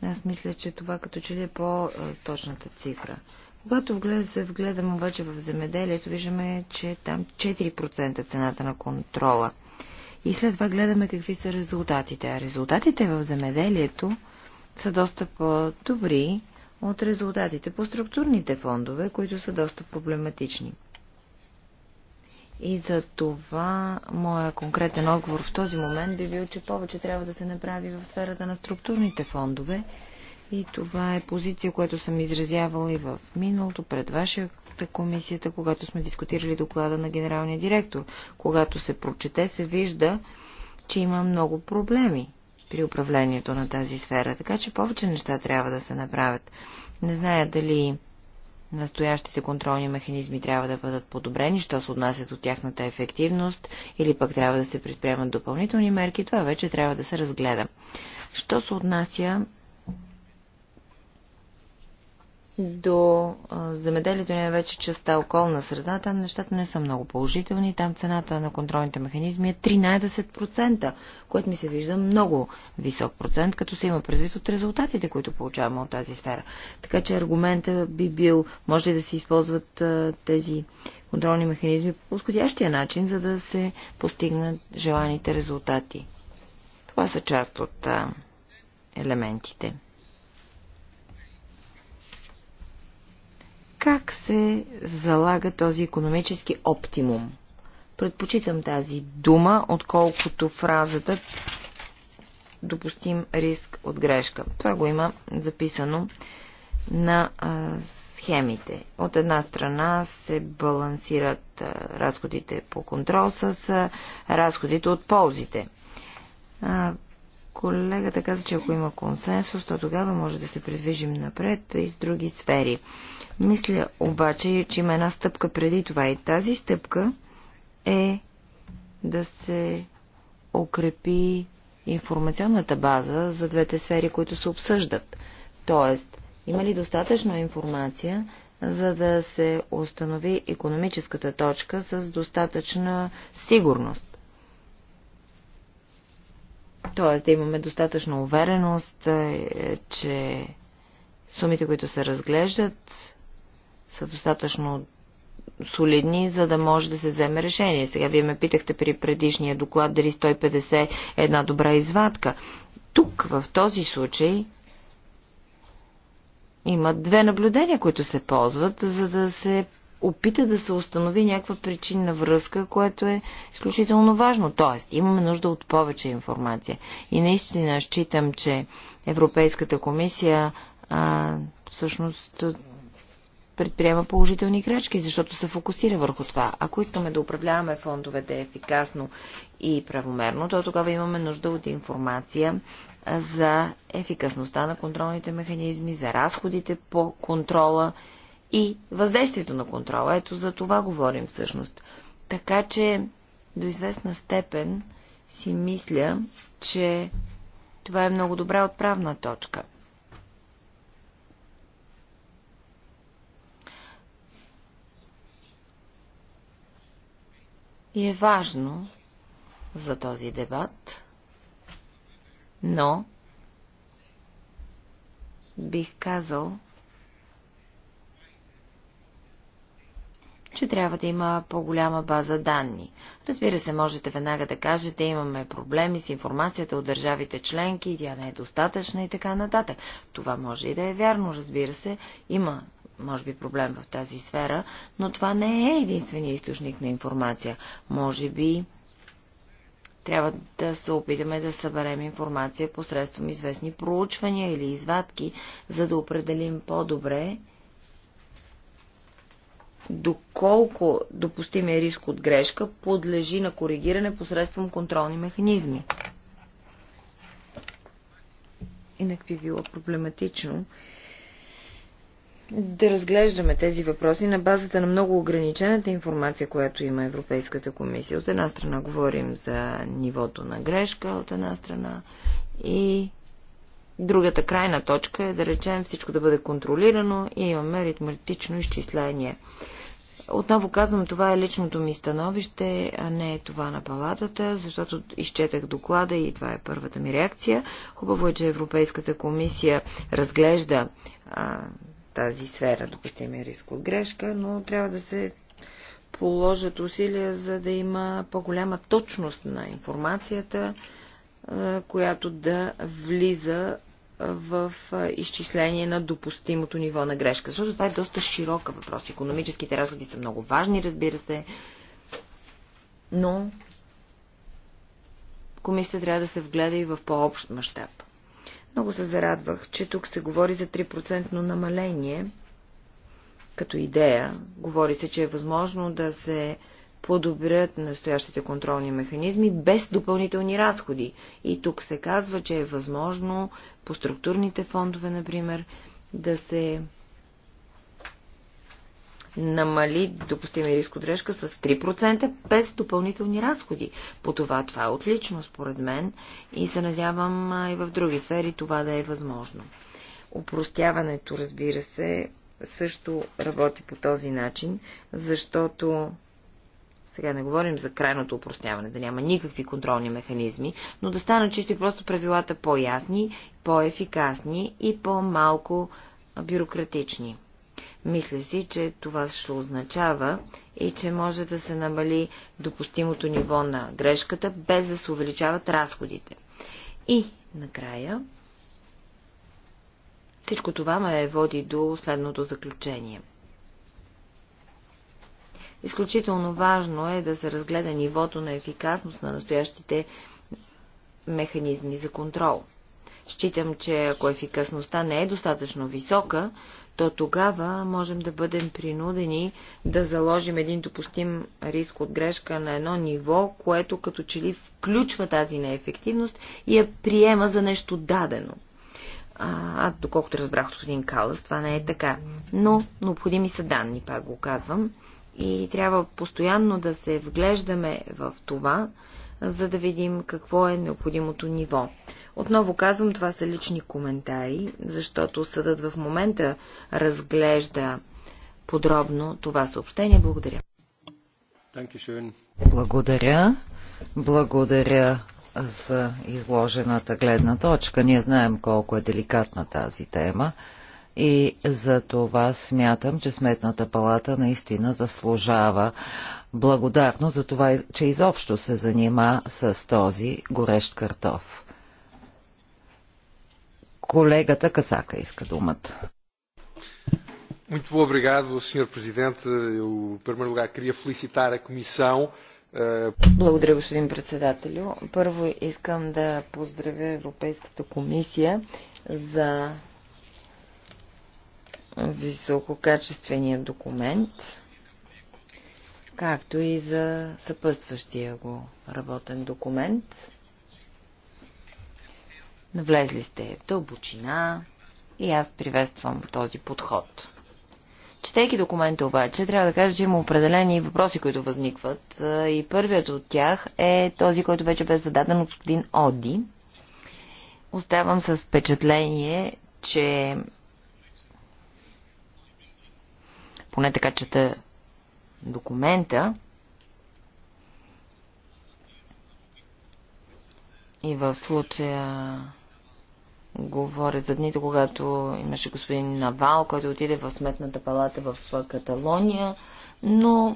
аз мисля, че това като че ли е по-точната цифра. Когато се вгледам обаче в земеделието, виждаме, че там 4% цената на контрола. И след това гледаме какви са резултатите. А резултатите в земеделието са доста по-добри от резултатите по структурните фондове, които са доста проблематични. И за това моя конкретен отговор в този момент би бил, че повече трябва да се направи в сферата на структурните фондове. И това е позиция, която съм изразявала и в миналото, пред вашата комисията, когато сме дискутирали доклада на генералния директор. Когато се прочете, се вижда, че има много проблеми при управлението на тази сфера, така че повече неща трябва да се направят. Не зная дали Настоящите контролни механизми трябва да бъдат подобрени, що се отнасят от тяхната ефективност или пък трябва да се предприемат допълнителни мерки, това вече трябва да се разгледа. Що се отнася до замеделието ни е вече частта околна среда, там нещата не са много положителни, там цената на контролните механизми е 13%, което ми се вижда много висок процент, като се има предвид от резултатите, които получаваме от тази сфера. Така че аргумента би бил, може ли да се използват тези контролни механизми по подходящия начин, за да се постигнат желаните резултати. Това са част от елементите. Как се залага този економически оптимум? Предпочитам тази дума, отколкото фразата допустим риск от грешка. Това го има записано на а, схемите. От една страна се балансират а, разходите по контрол с а, разходите от ползите. А, Колегата каза, че ако има консенсус, то тогава може да се придвижим напред и с други сфери. Мисля обаче, че има една стъпка преди това и тази стъпка е да се укрепи информационната база за двете сфери, които се обсъждат. Тоест, има ли достатъчно информация, за да се установи економическата точка с достатъчна сигурност? Т.е. да имаме достатъчно увереност, е, че сумите, които се разглеждат, са достатъчно солидни, за да може да се вземе решение. Сега вие ме питахте при предишния доклад дали 150 е една добра извадка. Тук, в този случай, има две наблюдения, които се ползват, за да се опита да се установи някаква причинна връзка, което е изключително важно. Тоест, имаме нужда от повече информация. И наистина считам, че Европейската комисия а, всъщност предприема положителни крачки, защото се фокусира върху това. Ако искаме да управляваме фондовете ефикасно и правомерно, то тогава имаме нужда от информация за ефикасността на контролните механизми, за разходите по контрола и въздействието на контрола. Ето за това говорим всъщност. Така че до известна степен си мисля, че това е много добра отправна точка. И е важно за този дебат, но бих казал, че трябва да има по-голяма база данни. Разбира се, можете веднага да кажете, имаме проблеми с информацията от държавите членки, тя не е достатъчна и така нататък. Това може и да е вярно, разбира се. Има може би проблем в тази сфера, но това не е единствения източник на информация. Може би трябва да се опитаме да съберем информация посредством известни проучвания или извадки, за да определим по-добре доколко е риск от грешка подлежи на коригиране посредством контролни механизми. Инак би било проблематично да разглеждаме тези въпроси на базата на много ограничената информация, която има Европейската комисия. От една страна говорим за нивото на грешка, от една страна и Другата крайна точка е да речем всичко да бъде контролирано и имаме аритметично изчисление. Отново казвам, това е личното ми становище, а не е това на палатата, защото изчетах доклада и това е първата ми реакция. Хубаво е, че Европейската комисия разглежда а, тази сфера, има риск от грешка, но трябва да се положат усилия, за да има по-голяма точност на информацията, която да влиза в изчисление на допустимото ниво на грешка. Защото това е доста широка въпрос. Економическите разходи са много важни, разбира се, но комисията трябва да се вгледа и в по-общ мащаб. Много се зарадвах, че тук се говори за 3% намаление като идея. Говори се, че е възможно да се подобрят настоящите контролни механизми без допълнителни разходи. И тук се казва, че е възможно по структурните фондове, например, да се намали допустими риск от грешка с 3% без допълнителни разходи. По това това е отлично според мен и се надявам и в други сфери това да е възможно. Опростяването, разбира се, също работи по този начин, защото сега не говорим за крайното упростяване, да няма никакви контролни механизми, но да станат чисто и просто правилата по-ясни, по-ефикасни и по-малко бюрократични. Мисля си, че това ще означава и че може да се намали допустимото ниво на грешката, без да се увеличават разходите. И накрая всичко това ме води до следното заключение – Изключително важно е да се разгледа нивото на ефикасност на настоящите механизми за контрол. Считам, че ако ефикасността не е достатъчно висока, то тогава можем да бъдем принудени да заложим един допустим риск от грешка на едно ниво, което като че ли включва тази неефективност и я приема за нещо дадено. А, а доколкото разбрах от един Калас, това не е така. Но необходими са данни, пак го казвам. И трябва постоянно да се вглеждаме в това, за да видим какво е необходимото ниво. Отново казвам, това са лични коментари, защото съдът в момента разглежда подробно това съобщение. Благодаря. Благодаря. Благодаря за изложената гледна точка. Ние знаем колко е деликатна тази тема и за това смятам, че Сметната палата наистина заслужава благодарно за това, че изобщо се занима с този горещ картоф. Колегата Касака иска думата. Muito obrigado, Sr. Presidente. Eu, em primeiro lugar, queria felicitar a Comissão. Eh, Благодаря, господин председателю. Първо искам да поздравя Европейската комисия за висококачествения документ, както и за съпътстващия го работен документ. Навлезли сте в дълбочина и аз приветствам този подход. Четейки документа обаче, трябва да кажа, че има определени въпроси, които възникват. И първият от тях е този, който вече бе зададен от господин Оди. Оставам с впечатление, че поне така чета документа. И в случая говоря за дните, когато имаше господин Навал, който отиде в сметната палата в Каталония, но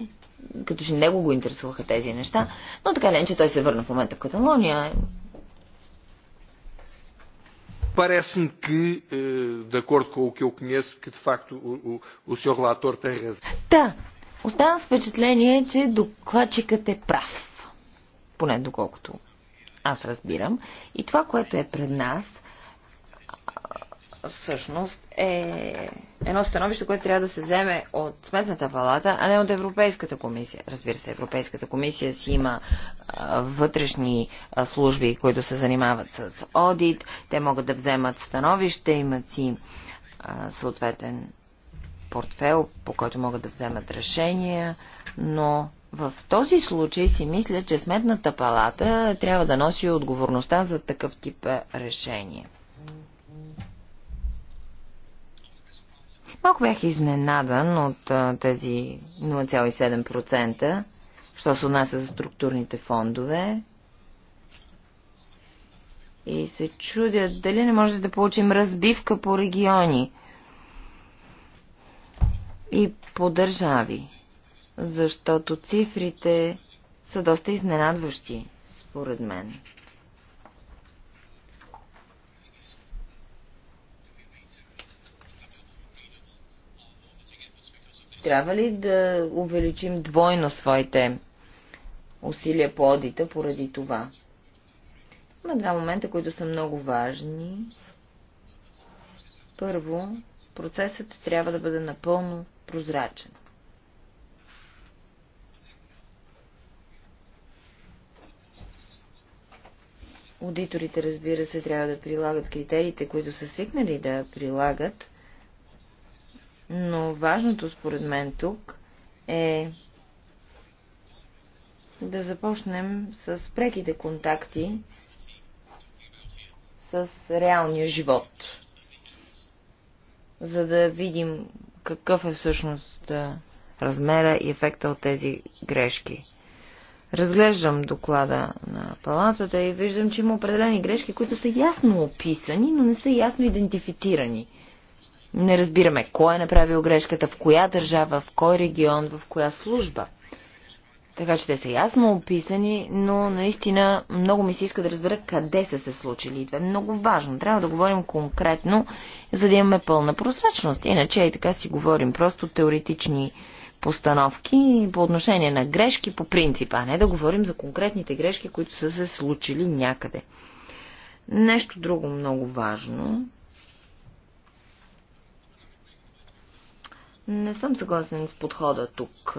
като че него го интересуваха тези неща. Но така ли, че той се върна в момента в Каталония, Parece-me que, eh, de acordo com o que eu conheço, que de facto o, o, o seu relator tem razão. Tá. оставам с впечатление, че докладчикът е прав. Поне доколкото аз разбирам. И това, което е пред нас, всъщност е едно становище, което трябва да се вземе от Сметната палата, а не от Европейската комисия. Разбира се, Европейската комисия си има а, вътрешни а, служби, които се занимават с одит, те могат да вземат становище, имат си а, съответен портфел, по който могат да вземат решения, но в този случай си мисля, че Сметната палата трябва да носи отговорността за такъв тип решение. Малко бях изненадан от а, тези 0,7%, що се отнася за структурните фондове. И се чудя дали не може да получим разбивка по региони и по държави, защото цифрите са доста изненадващи, според мен. Трябва ли да увеличим двойно своите усилия по одита поради това? Има два момента, които са много важни. Първо, процесът трябва да бъде напълно прозрачен. Аудиторите, разбира се, трябва да прилагат критериите, които са свикнали да прилагат, но важното според мен тук е да започнем с преките контакти с реалния живот, за да видим какъв е всъщност размера и ефекта от тези грешки. Разглеждам доклада на палатата и виждам, че има определени грешки, които са ясно описани, но не са ясно идентифицирани – не разбираме кой е направил грешката, в коя държава, в кой регион, в коя служба. Така че те са ясно описани, но наистина много ми се иска да разбера къде са се случили. Това е много важно. Трябва да говорим конкретно, за да имаме пълна прозрачност. Иначе и така си говорим просто теоретични постановки по отношение на грешки по принцип, а не да говорим за конкретните грешки, които са се случили някъде. Нещо друго много важно Не съм съгласен с подхода тук.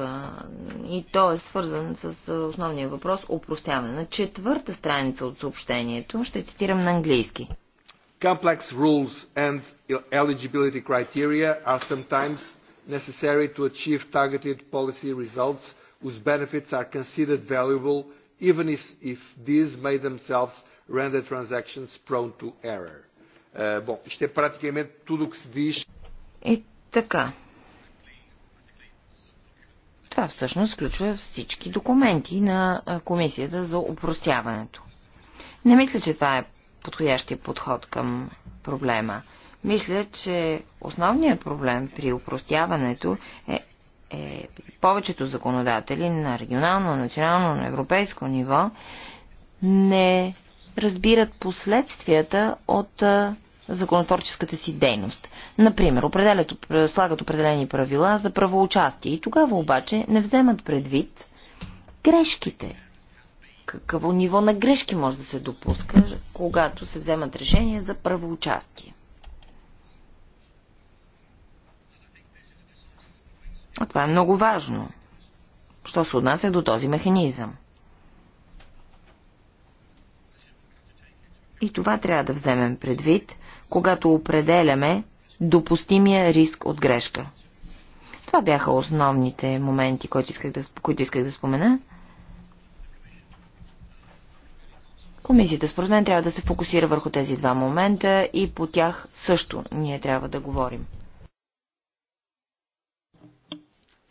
И то е свързан с основния въпрос – упростяване. На четвърта страница от съобщението ще цитирам на английски. Complex rules and eligibility criteria are sometimes necessary to achieve targeted policy results whose benefits are considered valuable even if, if these may themselves render transactions prone to error. Uh, bom, ще é praticamente tudo o que И така, това всъщност включва всички документи на комисията за упростяването. Не мисля, че това е подходящия подход към проблема. Мисля, че основният проблем при упростяването е, е повечето законодатели на регионално, национално, на европейско ниво не разбират последствията от законотворческата си дейност. Например, определят, слагат определени правила за правоучастие и тогава обаче не вземат предвид грешките. Какво ниво на грешки може да се допуска, когато се вземат решения за правоучастие? А това е много важно, що се отнася до този механизъм. И това трябва да вземем предвид, когато определяме допустимия риск от грешка. Това бяха основните моменти, които исках да, които исках да спомена. Комисията, според мен, трябва да се фокусира върху тези два момента и по тях също ние трябва да говорим.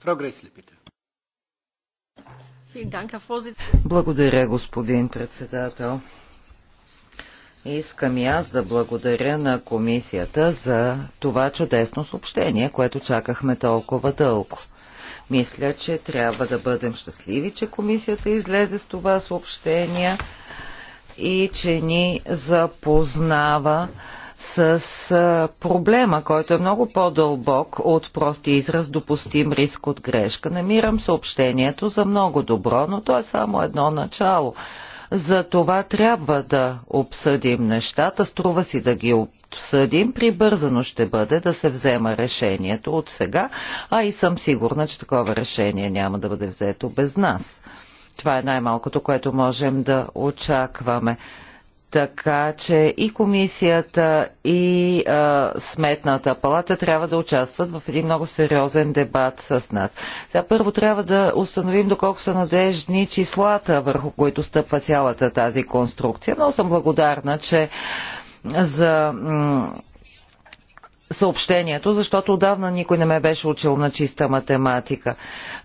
Прогрес ли пита? Благодаря, господин председател. Искам и аз да благодаря на комисията за това чудесно съобщение, което чакахме толкова дълго. Мисля, че трябва да бъдем щастливи, че комисията излезе с това съобщение и че ни запознава с проблема, който е много по-дълбок от прости израз допустим риск от грешка. Намирам съобщението за много добро, но то е само едно начало. За това трябва да обсъдим нещата. Струва си да ги обсъдим. Прибързано ще бъде да се взема решението от сега, а и съм сигурна, че такова решение няма да бъде взето без нас. Това е най-малкото, което можем да очакваме. Така че и комисията, и а, сметната палата трябва да участват в един много сериозен дебат с нас. Сега първо трябва да установим доколко са надежни числата, върху които стъпва цялата тази конструкция. Но съм благодарна, че за съобщението, защото отдавна никой не ме беше учил на чиста математика.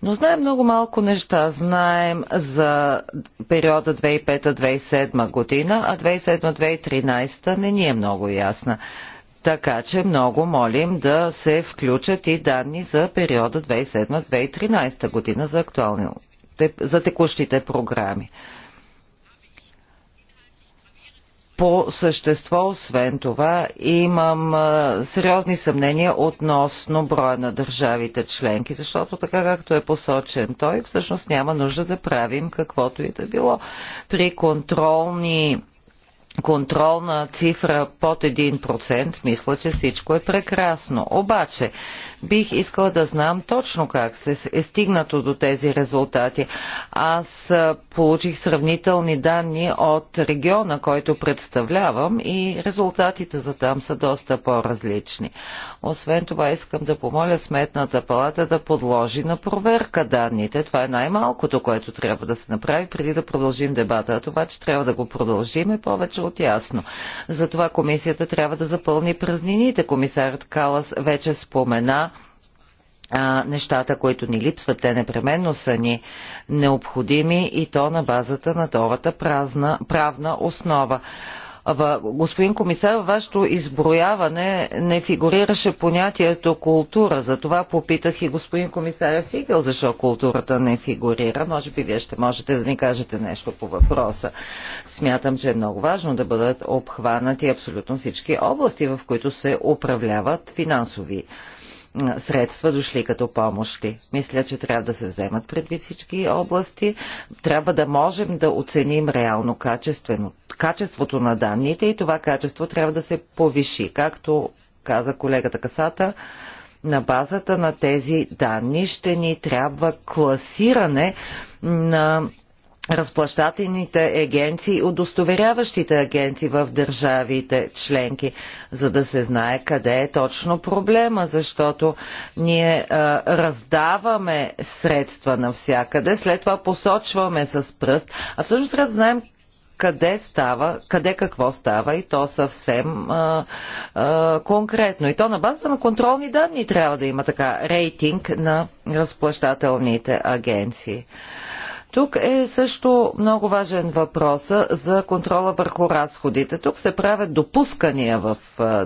Но знаем много малко неща. Знаем за периода 2005-2007 година, а 2007-2013 не ни е много ясна. Така че много молим да се включат и данни за периода 2007-2013 година за, актуални, за текущите програми по същество, освен това, имам сериозни съмнения относно броя на държавите членки, защото така както е посочен той, всъщност няма нужда да правим каквото и да било. При контролни контролна цифра под 1%, мисля, че всичко е прекрасно. Обаче, бих искала да знам точно как се е стигнато до тези резултати. Аз получих сравнителни данни от региона, който представлявам и резултатите за там са доста по-различни. Освен това, искам да помоля Сметната палата да подложи на проверка данните. Това е най-малкото, което трябва да се направи преди да продължим дебата. А това, че трябва да го продължим е повече от ясно. Затова комисията трябва да запълни празнините. Комисарът Калас вече спомена а, нещата, които ни липсват, те непременно са ни необходими и то на базата на новата празна, правна основа. Господин комисар, вашето изброяване не фигурираше понятието култура. За това попитах и господин комисаря Фигел, защо културата не фигурира. Може би вие ще можете да ни кажете нещо по въпроса. Смятам, че е много важно да бъдат обхванати абсолютно всички области, в които се управляват финансови средства дошли като помощи. Мисля, че трябва да се вземат предвид всички области. Трябва да можем да оценим реално качеството на данните и това качество трябва да се повиши. Както каза колегата Касата, на базата на тези данни ще ни трябва класиране на разплащателните агенции, удостоверяващите агенции в държавите членки, за да се знае къде е точно проблема, защото ние а, раздаваме средства навсякъде, след това посочваме с пръст, а всъщност трябва да знаем къде става, къде какво става и то съвсем а, а, конкретно. И то на базата на контролни данни трябва да има така рейтинг на разплащателните агенции. Тук е също много важен въпрос за контрола върху разходите. Тук се правят допускания в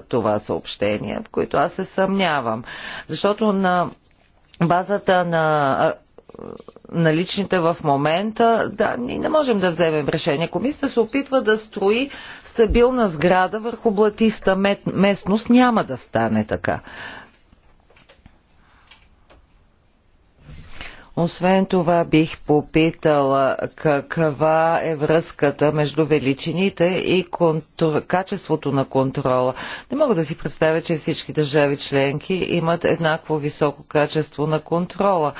това съобщение, в които аз се съмнявам. Защото на базата на наличните в момента, да, ние не можем да вземем решение. Комисията се опитва да строи стабилна сграда върху блатиста местност. Няма да стане така. Освен това бих попитала каква е връзката между величините и контр... качеството на контрола. Не мога да си представя, че всички държави членки имат еднакво високо качество на контрола.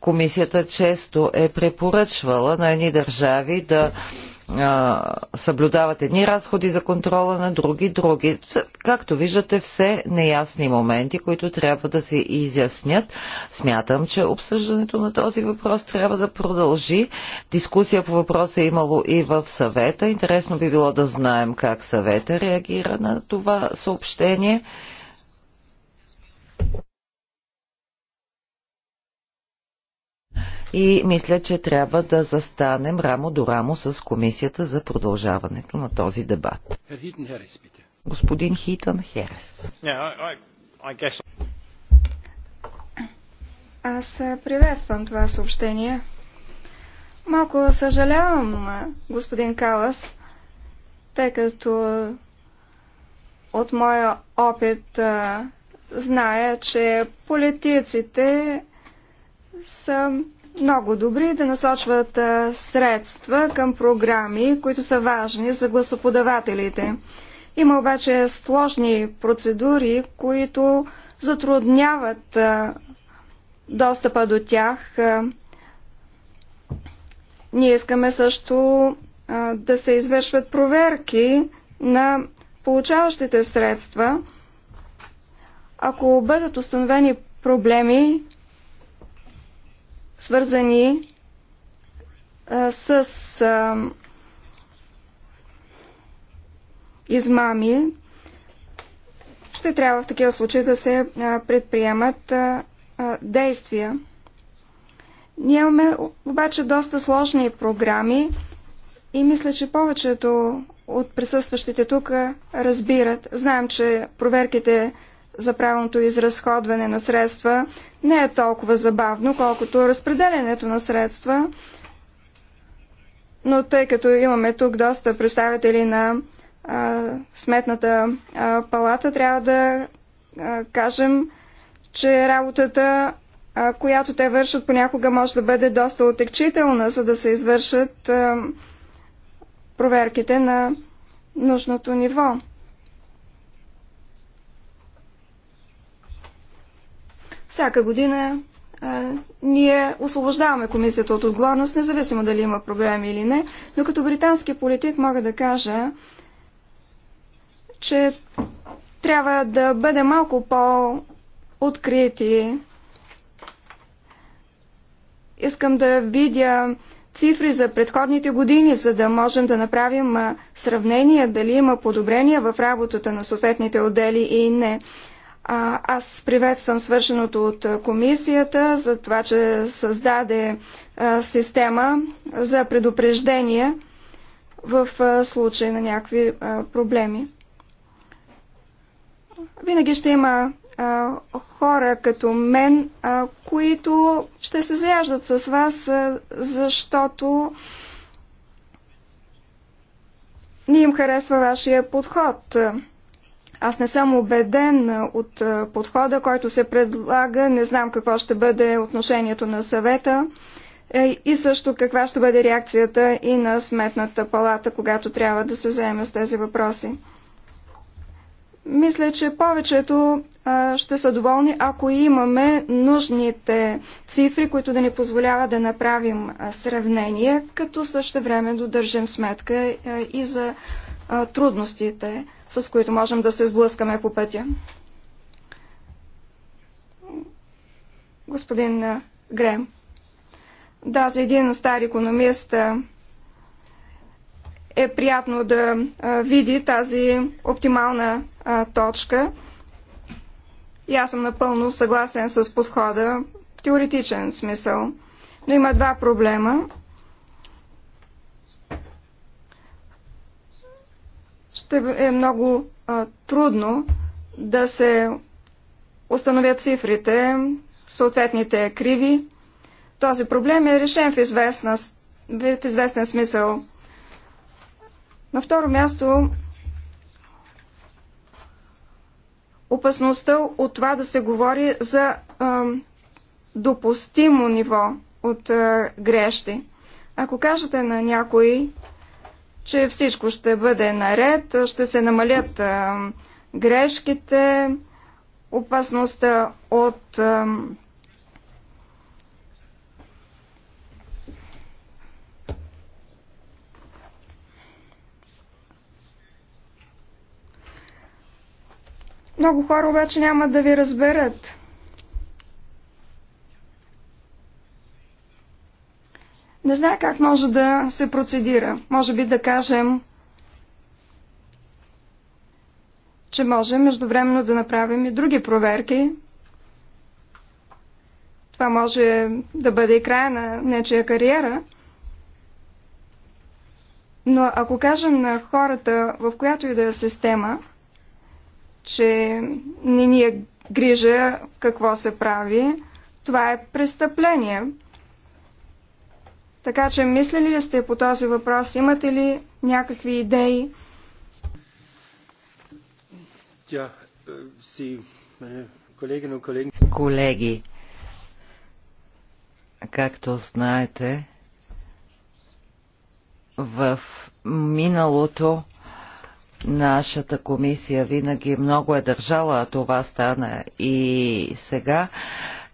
Комисията често е препоръчвала на едни държави да съблюдават едни разходи за контрола на други, други. Както виждате, все неясни моменти, които трябва да се изяснят. Смятам, че обсъждането на този въпрос трябва да продължи. Дискусия по въпроса е имало и в съвета. Интересно би било да знаем как съвета реагира на това съобщение. и мисля, че трябва да застанем рамо до рамо с комисията за продължаването на този дебат. Господин Хитън Херес. Аз приветствам това съобщение. Малко съжалявам, господин Калас, тъй като от моя опит зная, че политиците са много добри да насочват средства към програми, които са важни за гласоподавателите. Има обаче сложни процедури, които затрудняват достъпа до тях. Ние искаме също да се извършват проверки на получаващите средства. Ако бъдат установени проблеми, свързани а, с а, измами, ще трябва в такива случаи да се а, предприемат а, а, действия. Ние имаме обаче доста сложни програми и мисля, че повечето от присъстващите тук разбират. Знаем, че проверките за правилното изразходване на средства не е толкова забавно, колкото разпределянето на средства. Но тъй като имаме тук доста представители на а, сметната а, палата, трябва да а, кажем, че работата, а, която те вършат, понякога може да бъде доста отекчителна, за да се извършат а, проверките на нужното ниво. Всяка година а, ние освобождаваме комисията от отговорност, независимо дали има проблеми или не, но като британски политик мога да кажа, че трябва да бъде малко по-открити. Искам да видя цифри за предходните години, за да можем да направим сравнение дали има подобрения в работата на съответните отдели и не. Аз приветствам свършеното от комисията за това, че създаде система за предупреждение в случай на някакви проблеми. Винаги ще има хора като мен, които ще се заяждат с вас, защото не им харесва вашия подход. Аз не съм убеден от подхода, който се предлага. Не знам какво ще бъде отношението на съвета е, и също каква ще бъде реакцията и на сметната палата, когато трябва да се заеме с тези въпроси. Мисля, че повечето ще са доволни, ако имаме нужните цифри, които да ни позволява да направим сравнение, като също време държим сметка и за трудностите с които можем да се сблъскаме по пътя. Господин Грем. Да, за един стар економист е приятно да види тази оптимална точка. И аз съм напълно съгласен с подхода в теоретичен смисъл. Но има два проблема. ще е много а, трудно да се установят цифрите, съответните криви. Този проблем е решен в, известна, в известен смисъл. На второ място, опасността от това да се говори за а, допустимо ниво от а, грешки. Ако кажете на някой, че всичко ще бъде наред, ще се намалят грешките, опасността от Много хора обаче няма да ви разберат. Не знае как може да се процедира. Може би да кажем, че може междувременно да направим и други проверки. Това може да бъде и края на нечия кариера. Но ако кажем на хората, в която и да е система, че не ни е грижа какво се прави, това е престъпление. Така че мислили ли сте по този въпрос? Имате ли някакви идеи? Тя, е, си, е, колеги, но колеги... Колеги, както знаете, в миналото нашата комисия винаги много е държала, а това стана и сега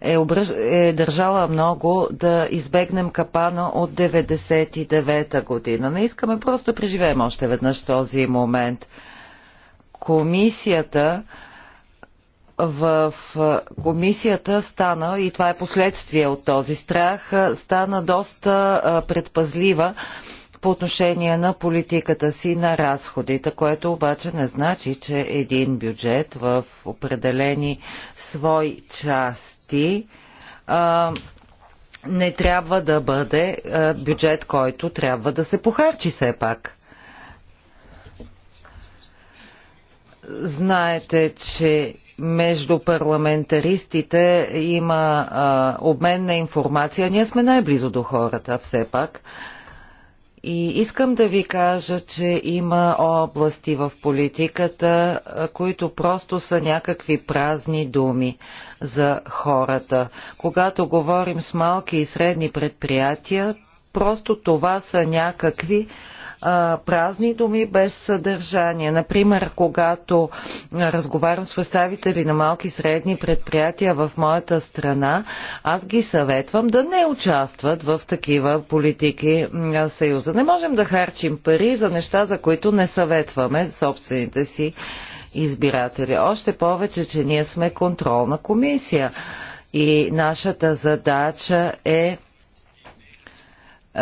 е, обръж... е държала много да избегнем капана от 99-та година. Не искаме просто да преживеем още веднъж този момент. Комисията в комисията стана, и това е последствие от този страх, стана доста предпазлива по отношение на политиката си на разходите, което обаче не значи, че един бюджет в определени свои части части а, не трябва да бъде а, бюджет, който трябва да се похарчи все пак. Знаете, че между парламентаристите има а, обмен на информация. Ние сме най-близо до хората все пак. А, и искам да ви кажа, че има области в политиката, които просто са някакви празни думи за хората. Когато говорим с малки и средни предприятия, просто това са някакви а, празни думи без съдържание. Например, когато разговарям с представители на малки и средни предприятия в моята страна, аз ги съветвам да не участват в такива политики на Съюза. Не можем да харчим пари за неща, за които не съветваме собствените си избиратели. Още повече, че ние сме контролна комисия и нашата задача е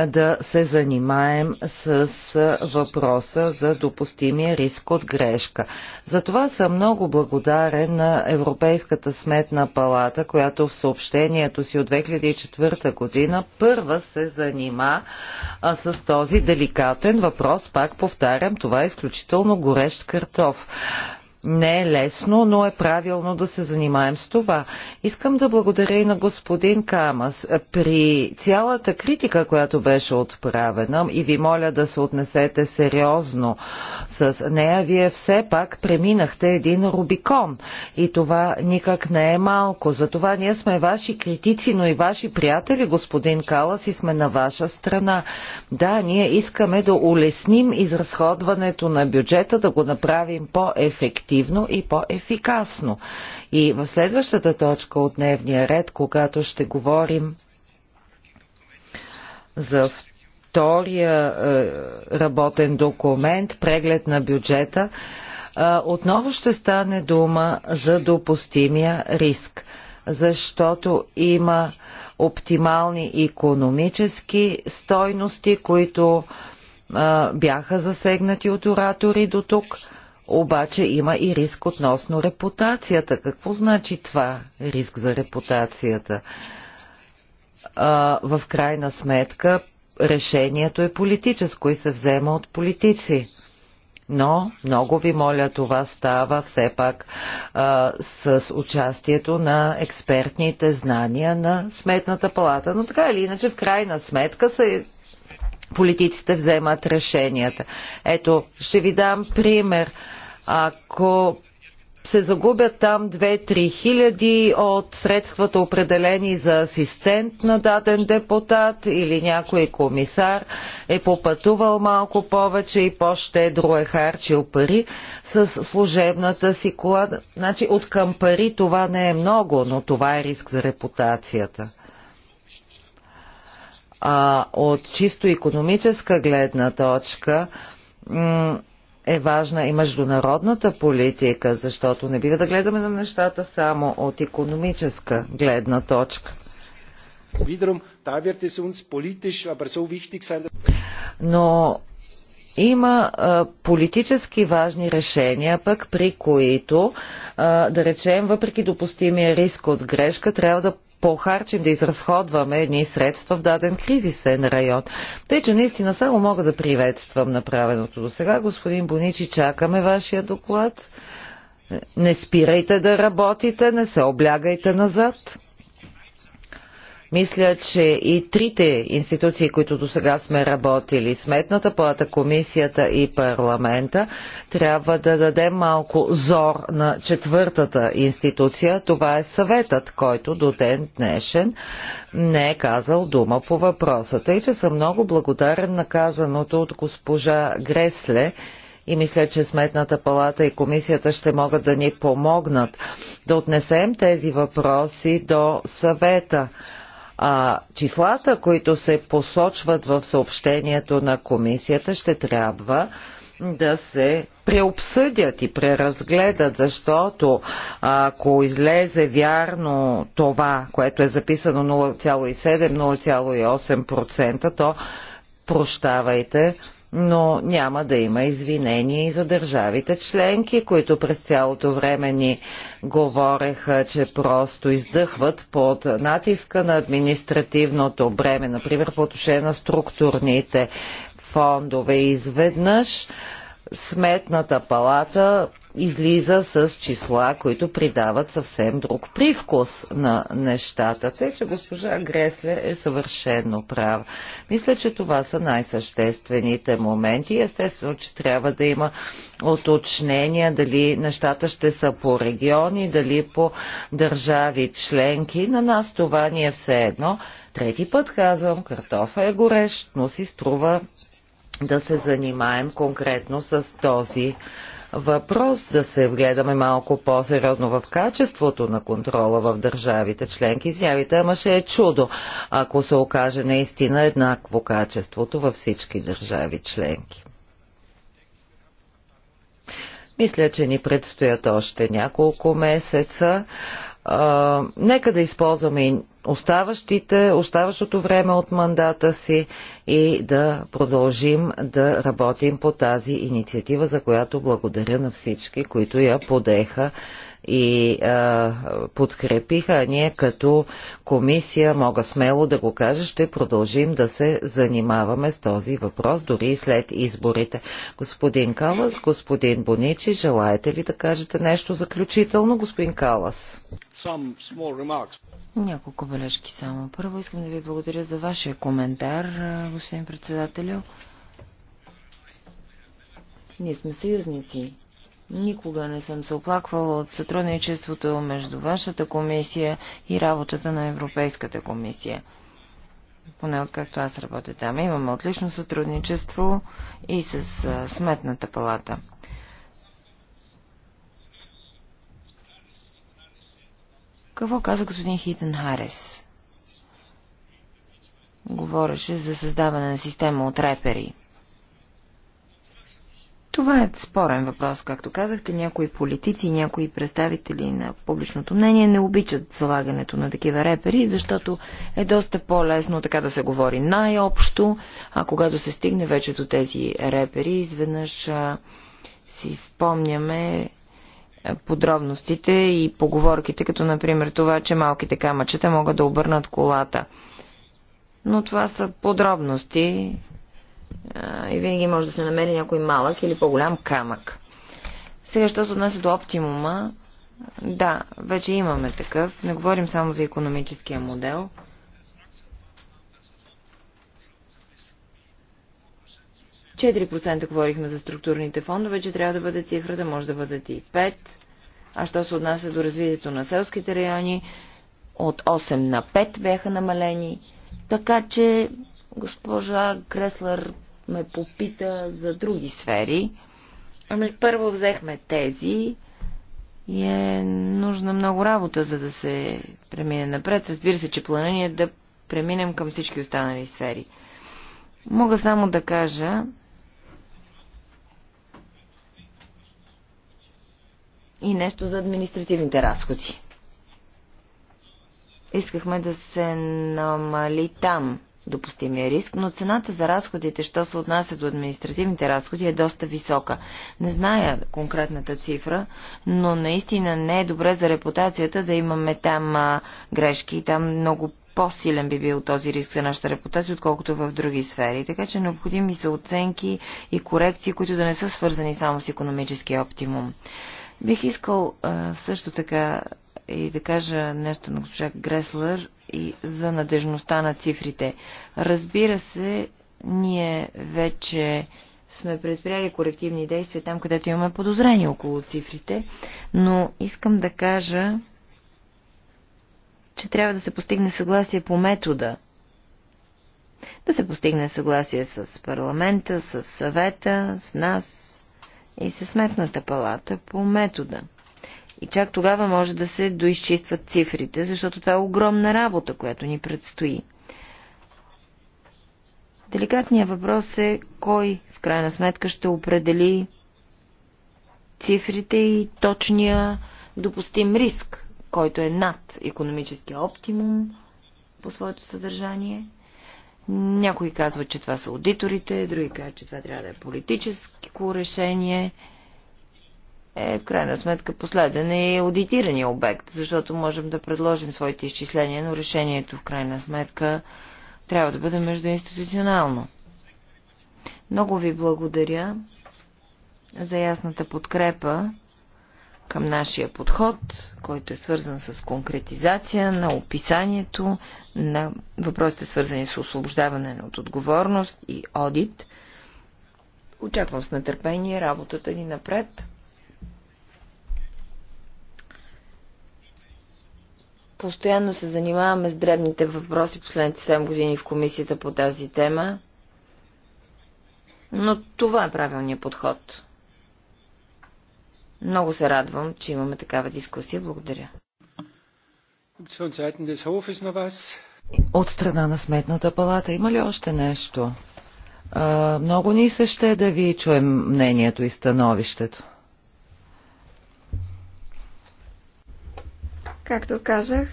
да се занимаем с въпроса за допустимия риск от грешка. Затова съм много благодарен на Европейската сметна палата, която в съобщението си от 2004 година първа се занима с този деликатен въпрос. Пак повтарям, това е изключително горещ картоф. Не е лесно, но е правилно да се занимаем с това. Искам да благодаря и на господин Камас. При цялата критика, която беше отправена, и ви моля да се отнесете сериозно с нея, вие все пак преминахте един Рубикон. И това никак не е малко. Затова ние сме ваши критици, но и ваши приятели, господин Калас, и сме на ваша страна. Да, ние искаме да улесним изразходването на бюджета, да го направим по-ефективно по-ефективно и по-ефикасно. И в следващата точка от дневния ред, когато ще говорим за втория е, работен документ, преглед на бюджета, е, отново ще стане дума за допустимия риск, защото има оптимални економически стойности, които е, бяха засегнати от оратори до тук обаче има и риск относно репутацията. Какво значи това риск за репутацията? А, в крайна сметка решението е политическо и се взема от политици. Но, много ви моля, това става все пак а, с участието на експертните знания на Сметната палата. Но така или иначе, в крайна сметка се политиците вземат решенията. Ето, ще ви дам пример. Ако се загубят там 2-3 хиляди от средствата определени за асистент на даден депутат или някой комисар е попътувал малко повече и по-щедро е, е харчил пари с служебната си кола. Значи от към пари това не е много, но това е риск за репутацията. А от чисто економическа гледна точка е важна и международната политика, защото не бива да гледаме на нещата само от економическа гледна точка. Но има а, политически важни решения, пък при които, а, да речем, въпреки допустимия риск от грешка, трябва да похарчим, да изразходваме едни средства в даден кризисен район. Тъй, че наистина само мога да приветствам направеното до сега. Господин Боничи, чакаме вашия доклад. Не спирайте да работите, не се облягайте назад. Мисля, че и трите институции, които до сега сме работили, Сметната палата, Комисията и парламента, трябва да дадем малко зор на четвъртата институция. Това е съветът, който до ден днешен не е казал дума по въпросата. И че съм много благодарен на казаното от госпожа Гресле, и мисля, че Сметната палата и комисията ще могат да ни помогнат да отнесем тези въпроси до съвета. А числата, които се посочват в съобщението на комисията, ще трябва да се преобсъдят и преразгледат, защото ако излезе вярно това, което е записано 0,7-0,8%, то прощавайте, но няма да има извинения и за държавите членки, които през цялото време ни говореха, че просто издъхват под натиска на административното бреме, например по отношение на структурните фондове. Изведнъж Сметната палата излиза с числа, които придават съвсем друг привкус на нещата. Тъй, че госпожа Гресле е съвършено права. Мисля, че това са най-съществените моменти. Естествено, че трябва да има оточнения дали нещата ще са по региони, дали по държави членки. На нас това ни е все едно. Трети път казвам, картофа е горещ, но си струва да се занимаем конкретно с този въпрос, да се вгледаме малко по-сериозно в качеството на контрола в държавите членки. Извинявайте, ама ще е чудо, ако се окаже наистина еднакво качеството във всички държави членки. Мисля, че ни предстоят още няколко месеца. А, нека да използваме оставащите, оставащото време от мандата си и да продължим да работим по тази инициатива, за която благодаря на всички, които я подеха и а, подкрепиха, а ние като комисия, мога смело да го кажа, ще продължим да се занимаваме с този въпрос, дори и след изборите. Господин Калас, господин Боничи, желаете ли да кажете нещо заключително, господин Калас? Няколко бележки само. Първо искам да ви благодаря за вашия коментар, господин председателю. Ние сме съюзници Никога не съм се оплаквала от сътрудничеството между вашата комисия и работата на Европейската комисия. Поне откакто аз работя там. Имаме отлично сътрудничество и с Сметната палата. Какво каза господин Хитън Харес? Говореше за създаване на система от репери. Това е спорен въпрос, както казахте. Някои политици, някои представители на публичното мнение не обичат залагането на такива репери, защото е доста по-лесно така да се говори най-общо, а когато се стигне вече до тези репери, изведнъж а, си спомняме подробностите и поговорките, като например това, че малките камъчета могат да обърнат колата. Но това са подробности, и винаги може да се намери някой малък или по-голям камък. Сега, що се отнася до оптимума, да, вече имаме такъв. Не говорим само за економическия модел. Четири процента говорихме за структурните фондове, че трябва да бъде цифрата, може да бъдат и 5. А що се отнася до развитието на селските райони, от 8 на 5 бяха намалени. Така че Госпожа Креслер ме попита за други сфери. Ами първо взехме тези и е нужна много работа, за да се премине напред. Разбира се, че плана ни е да преминем към всички останали сфери. Мога само да кажа, и нещо за административните разходи. Искахме да се намали там допустимия риск, но цената за разходите, що се отнася до административните разходи, е доста висока. Не зная конкретната цифра, но наистина не е добре за репутацията да имаме там а, грешки там много по-силен би бил този риск за нашата репутация, отколкото в други сфери. Така че необходими са оценки и корекции, които да не са свързани само с економическия оптимум. Бих искал а, също така и да кажа нещо на госпожа Греслер и за надежността на цифрите. Разбира се, ние вече сме предприяли корективни действия там, където имаме подозрение около цифрите, но искам да кажа, че трябва да се постигне съгласие по метода. Да се постигне съгласие с парламента, с съвета, с нас и с сметната палата по метода – и чак тогава може да се доизчистват цифрите, защото това е огромна работа, която ни предстои. Деликатният въпрос е кой в крайна сметка ще определи цифрите и точния допустим риск, който е над економическия оптимум по своето съдържание. Някои казват, че това са аудиторите, други казват, че това трябва да е политическо решение е в крайна сметка последен и аудитирания обект, защото можем да предложим своите изчисления, но решението в крайна сметка трябва да бъде междуинституционално. Много ви благодаря за ясната подкрепа към нашия подход, който е свързан с конкретизация на описанието на въпросите свързани с освобождаване от отговорност и одит. Очаквам с нетърпение работата ни напред. Постоянно се занимаваме с дребните въпроси последните 7 години в комисията по тази тема. Но това е правилният подход. Много се радвам, че имаме такава дискусия. Благодаря. От страна на Сметната палата има ли още нещо? А, много ни се ще да ви чуем мнението и становището. Както казах,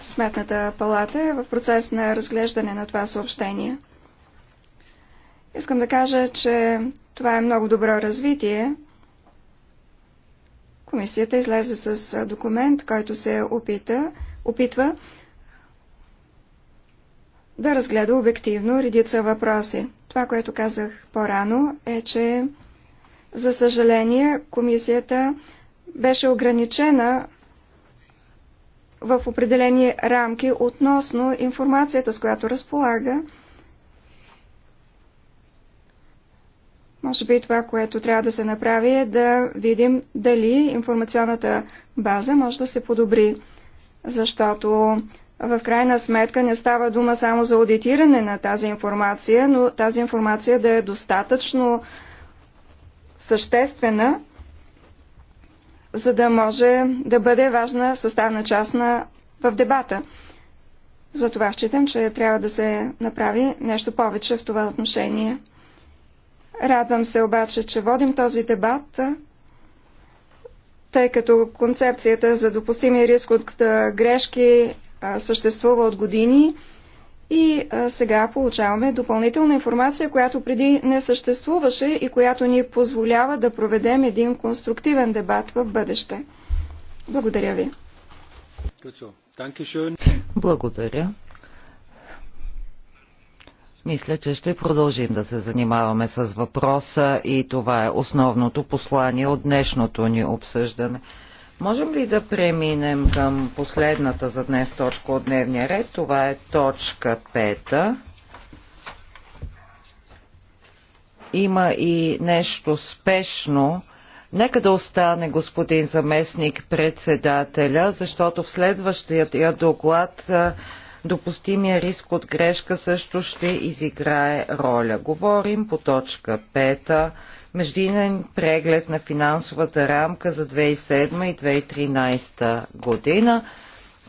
Сметната палата е в процес на разглеждане на това съобщение. Искам да кажа, че това е много добро развитие. Комисията излезе с документ, който се опита, опитва да разгледа обективно редица въпроси. Това, което казах по-рано, е, че за съжаление комисията беше ограничена в определени рамки относно информацията, с която разполага. Може би това, което трябва да се направи е да видим дали информационната база може да се подобри, защото в крайна сметка не става дума само за аудитиране на тази информация, но тази информация да е достатъчно съществена, за да може да бъде важна съставна част на, в дебата. Затова считам, че трябва да се направи нещо повече в това отношение. Радвам се обаче, че водим този дебат, тъй като концепцията за допустими риск от грешки съществува от години – и а, сега получаваме допълнителна информация, която преди не съществуваше и която ни позволява да проведем един конструктивен дебат в бъдеще. Благодаря ви. Благодаря. Мисля, че ще продължим да се занимаваме с въпроса и това е основното послание от днешното ни обсъждане. Можем ли да преминем към последната за днес точка от дневния ред? Това е точка пета. Има и нещо спешно. Нека да остане господин заместник председателя, защото в следващия доклад допустимия риск от грешка също ще изиграе роля. Говорим по точка пета междинен преглед на финансовата рамка за 2007 и 2013 година.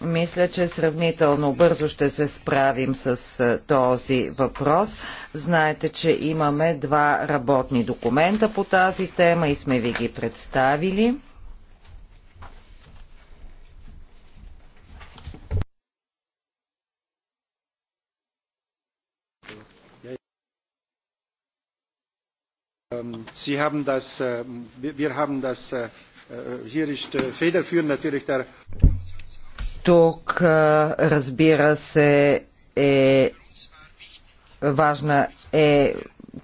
Мисля, че сравнително бързо ще се справим с е, този въпрос. Знаете, че имаме два работни документа по тази тема и сме ви ги представили. Ähm, Sie haben das, äh, wir haben das, äh, äh, hier ist federführend natürlich der... Тук, э, разбира се, е важна е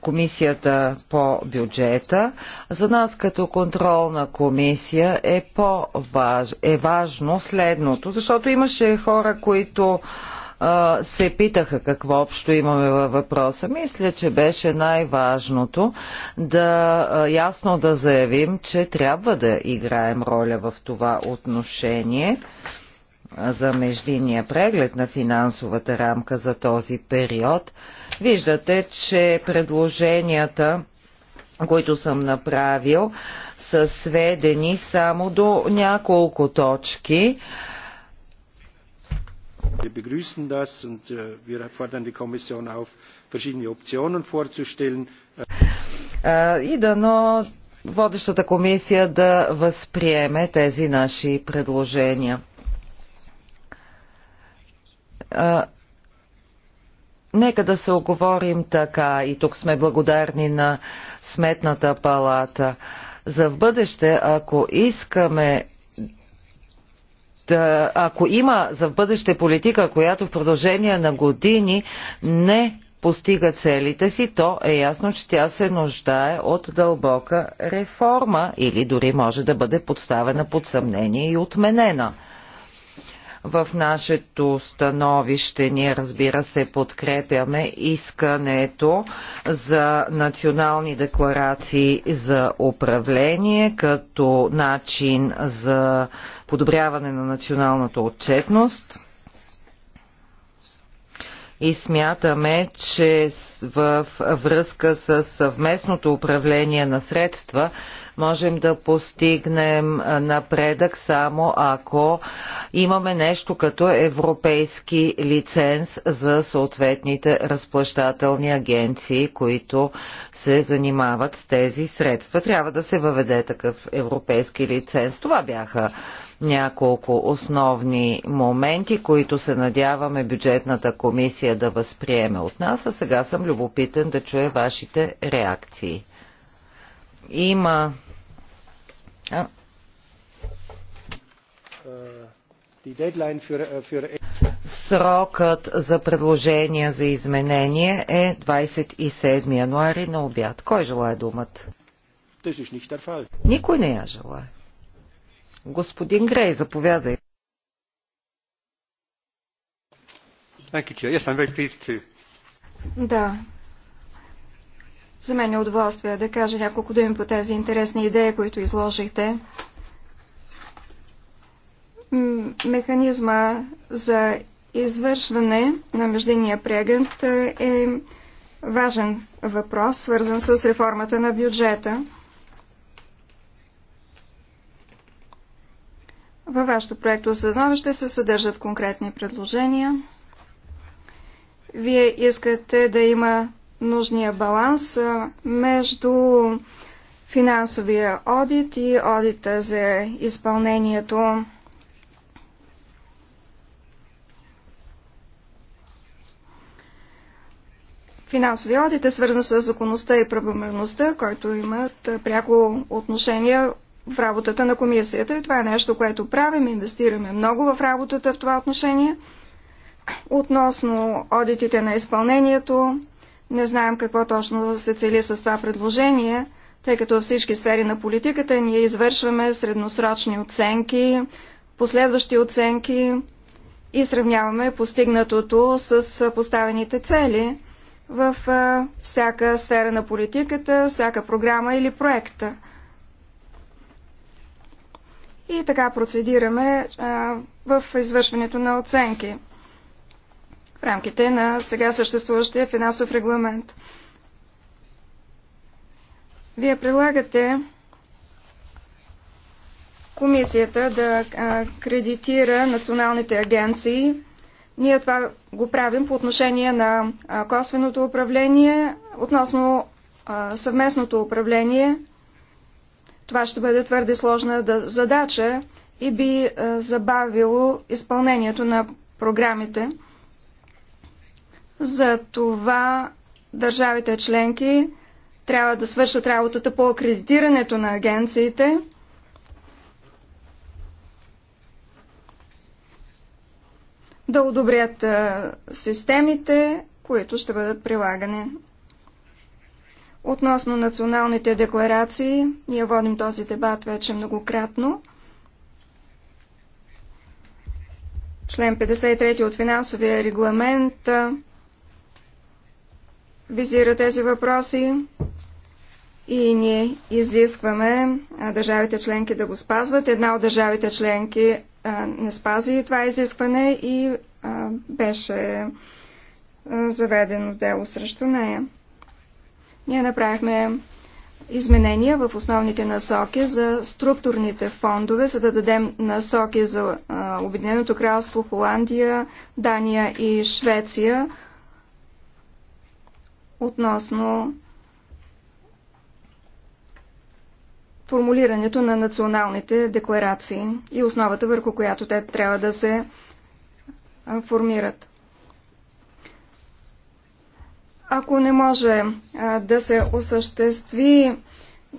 комисията по бюджета. За нас като контролна комисия е, по-важ, е важно следното, защото имаше хора, които а, се питаха какво общо имаме във въпроса. Мисля, че беше най-важното да а, ясно да заявим, че трябва да играем роля в това отношение за междинния преглед на финансовата рамка за този период. Виждате, че предложенията, които съм направил, са сведени само до няколко точки wir begrüßen das und äh, wir fordern die Kommission auf, verschiedene Optionen vorzustellen. Е, и дано водещата комисия да възприеме тези наши предложения. Е, нека да се оговорим така и тук сме благодарни на Сметната палата. За в бъдеще, ако искаме ако има за в бъдеще политика, която в продължение на години не постига целите си, то е ясно, че тя се нуждае от дълбока реформа или дори може да бъде подставена под съмнение и отменена. В нашето становище ние, разбира се, подкрепяме искането за национални декларации за управление като начин за подобряване на националната отчетност и смятаме, че в връзка с съвместното управление на средства Можем да постигнем напредък само ако имаме нещо като европейски лиценз за съответните разплащателни агенции, които се занимават с тези средства. Трябва да се въведе такъв европейски лиценз. Това бяха няколко основни моменти, които се надяваме бюджетната комисия да възприеме от нас, а сега съм любопитен да чуя вашите реакции. Има е, uh, Срокът за предложения за изменение е 27 януари на обяд. Кой желая думата? Никой не я желая. Господин Грей, заповядай. Да, за мен е удоволствие да кажа няколко думи по тези интересни идеи, които изложихте. Механизма за извършване на междинния прегънт е, е важен въпрос, свързан с реформата на бюджета. Във вашето проекто становище се съдържат конкретни предложения. Вие искате да има нужния баланс между финансовия одит и одита за изпълнението. Финансовия одит е свързан с законността и правомерността, който имат пряко отношение в работата на комисията. И това е нещо, което правим, инвестираме много в работата в това отношение. Относно одитите на изпълнението, не знаем какво точно се цели с това предложение, тъй като във всички сфери на политиката ние извършваме средносрочни оценки, последващи оценки и сравняваме постигнатото с поставените цели в всяка сфера на политиката, всяка програма или проекта. И така процедираме а, в извършването на оценки в рамките на сега съществуващия финансов регламент. Вие предлагате комисията да кредитира националните агенции. Ние това го правим по отношение на косвеното управление, относно съвместното управление. Това ще бъде твърде сложна задача и би забавило изпълнението на програмите. За това държавите членки трябва да свършат работата по акредитирането на агенциите. да одобрят системите, които ще бъдат прилагани. Относно националните декларации, ние водим този дебат вече многократно. Член 53 от финансовия регламент визира тези въпроси и ние изискваме държавите членки да го спазват. Една от държавите членки не спази това изискване и беше заведено дело срещу нея. Ние направихме изменения в основните насоки за структурните фондове, за да дадем насоки за Обединеното кралство, Холандия, Дания и Швеция относно формулирането на националните декларации и основата върху която те трябва да се формират. Ако не може да се осъществи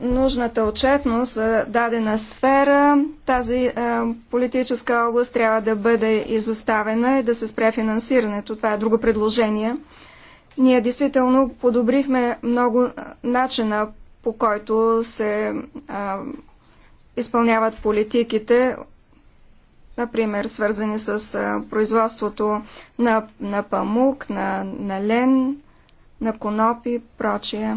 нужната отчетност за дадена сфера, тази политическа област трябва да бъде изоставена и да се спре финансирането. Това е друго предложение. Ние действително подобрихме много начина по който се а, изпълняват политиките, например, свързани с а, производството на, на памук, на, на лен, на конопи, прочие.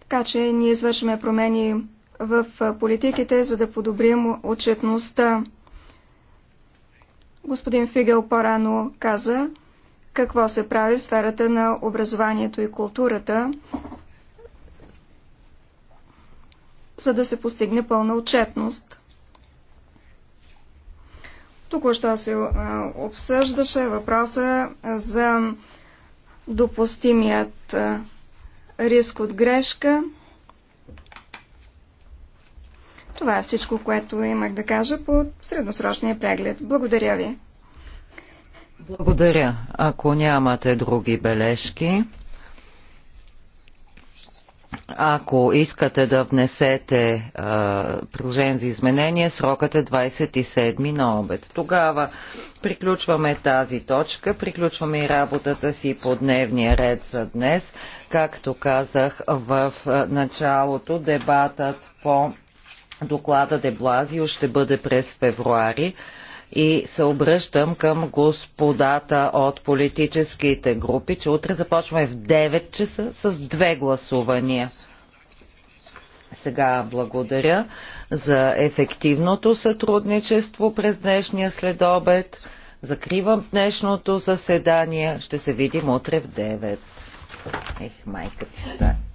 Така че ние извършваме промени в политиките, за да подобрим отчетността. Господин Фигел по-рано каза, какво се прави в сферата на образованието и културата, за да се постигне пълна отчетност. Току-що се обсъждаше въпроса за допустимият риск от грешка. Това е всичко, което имах да кажа по средносрочния преглед. Благодаря ви. Благодаря. Ако нямате други бележки, ако искате да внесете приложение за изменение, срокът е 27 на обед. Тогава приключваме тази точка, приключваме и работата си по дневния ред за днес. Както казах в началото, дебатът по доклада Деблазио ще бъде през февруари и се обръщам към господата от политическите групи, че утре започваме в 9 часа с две гласувания. Сега благодаря за ефективното сътрудничество през днешния следобед. Закривам днешното заседание. Ще се видим утре в 9. Ех, майка ти стая.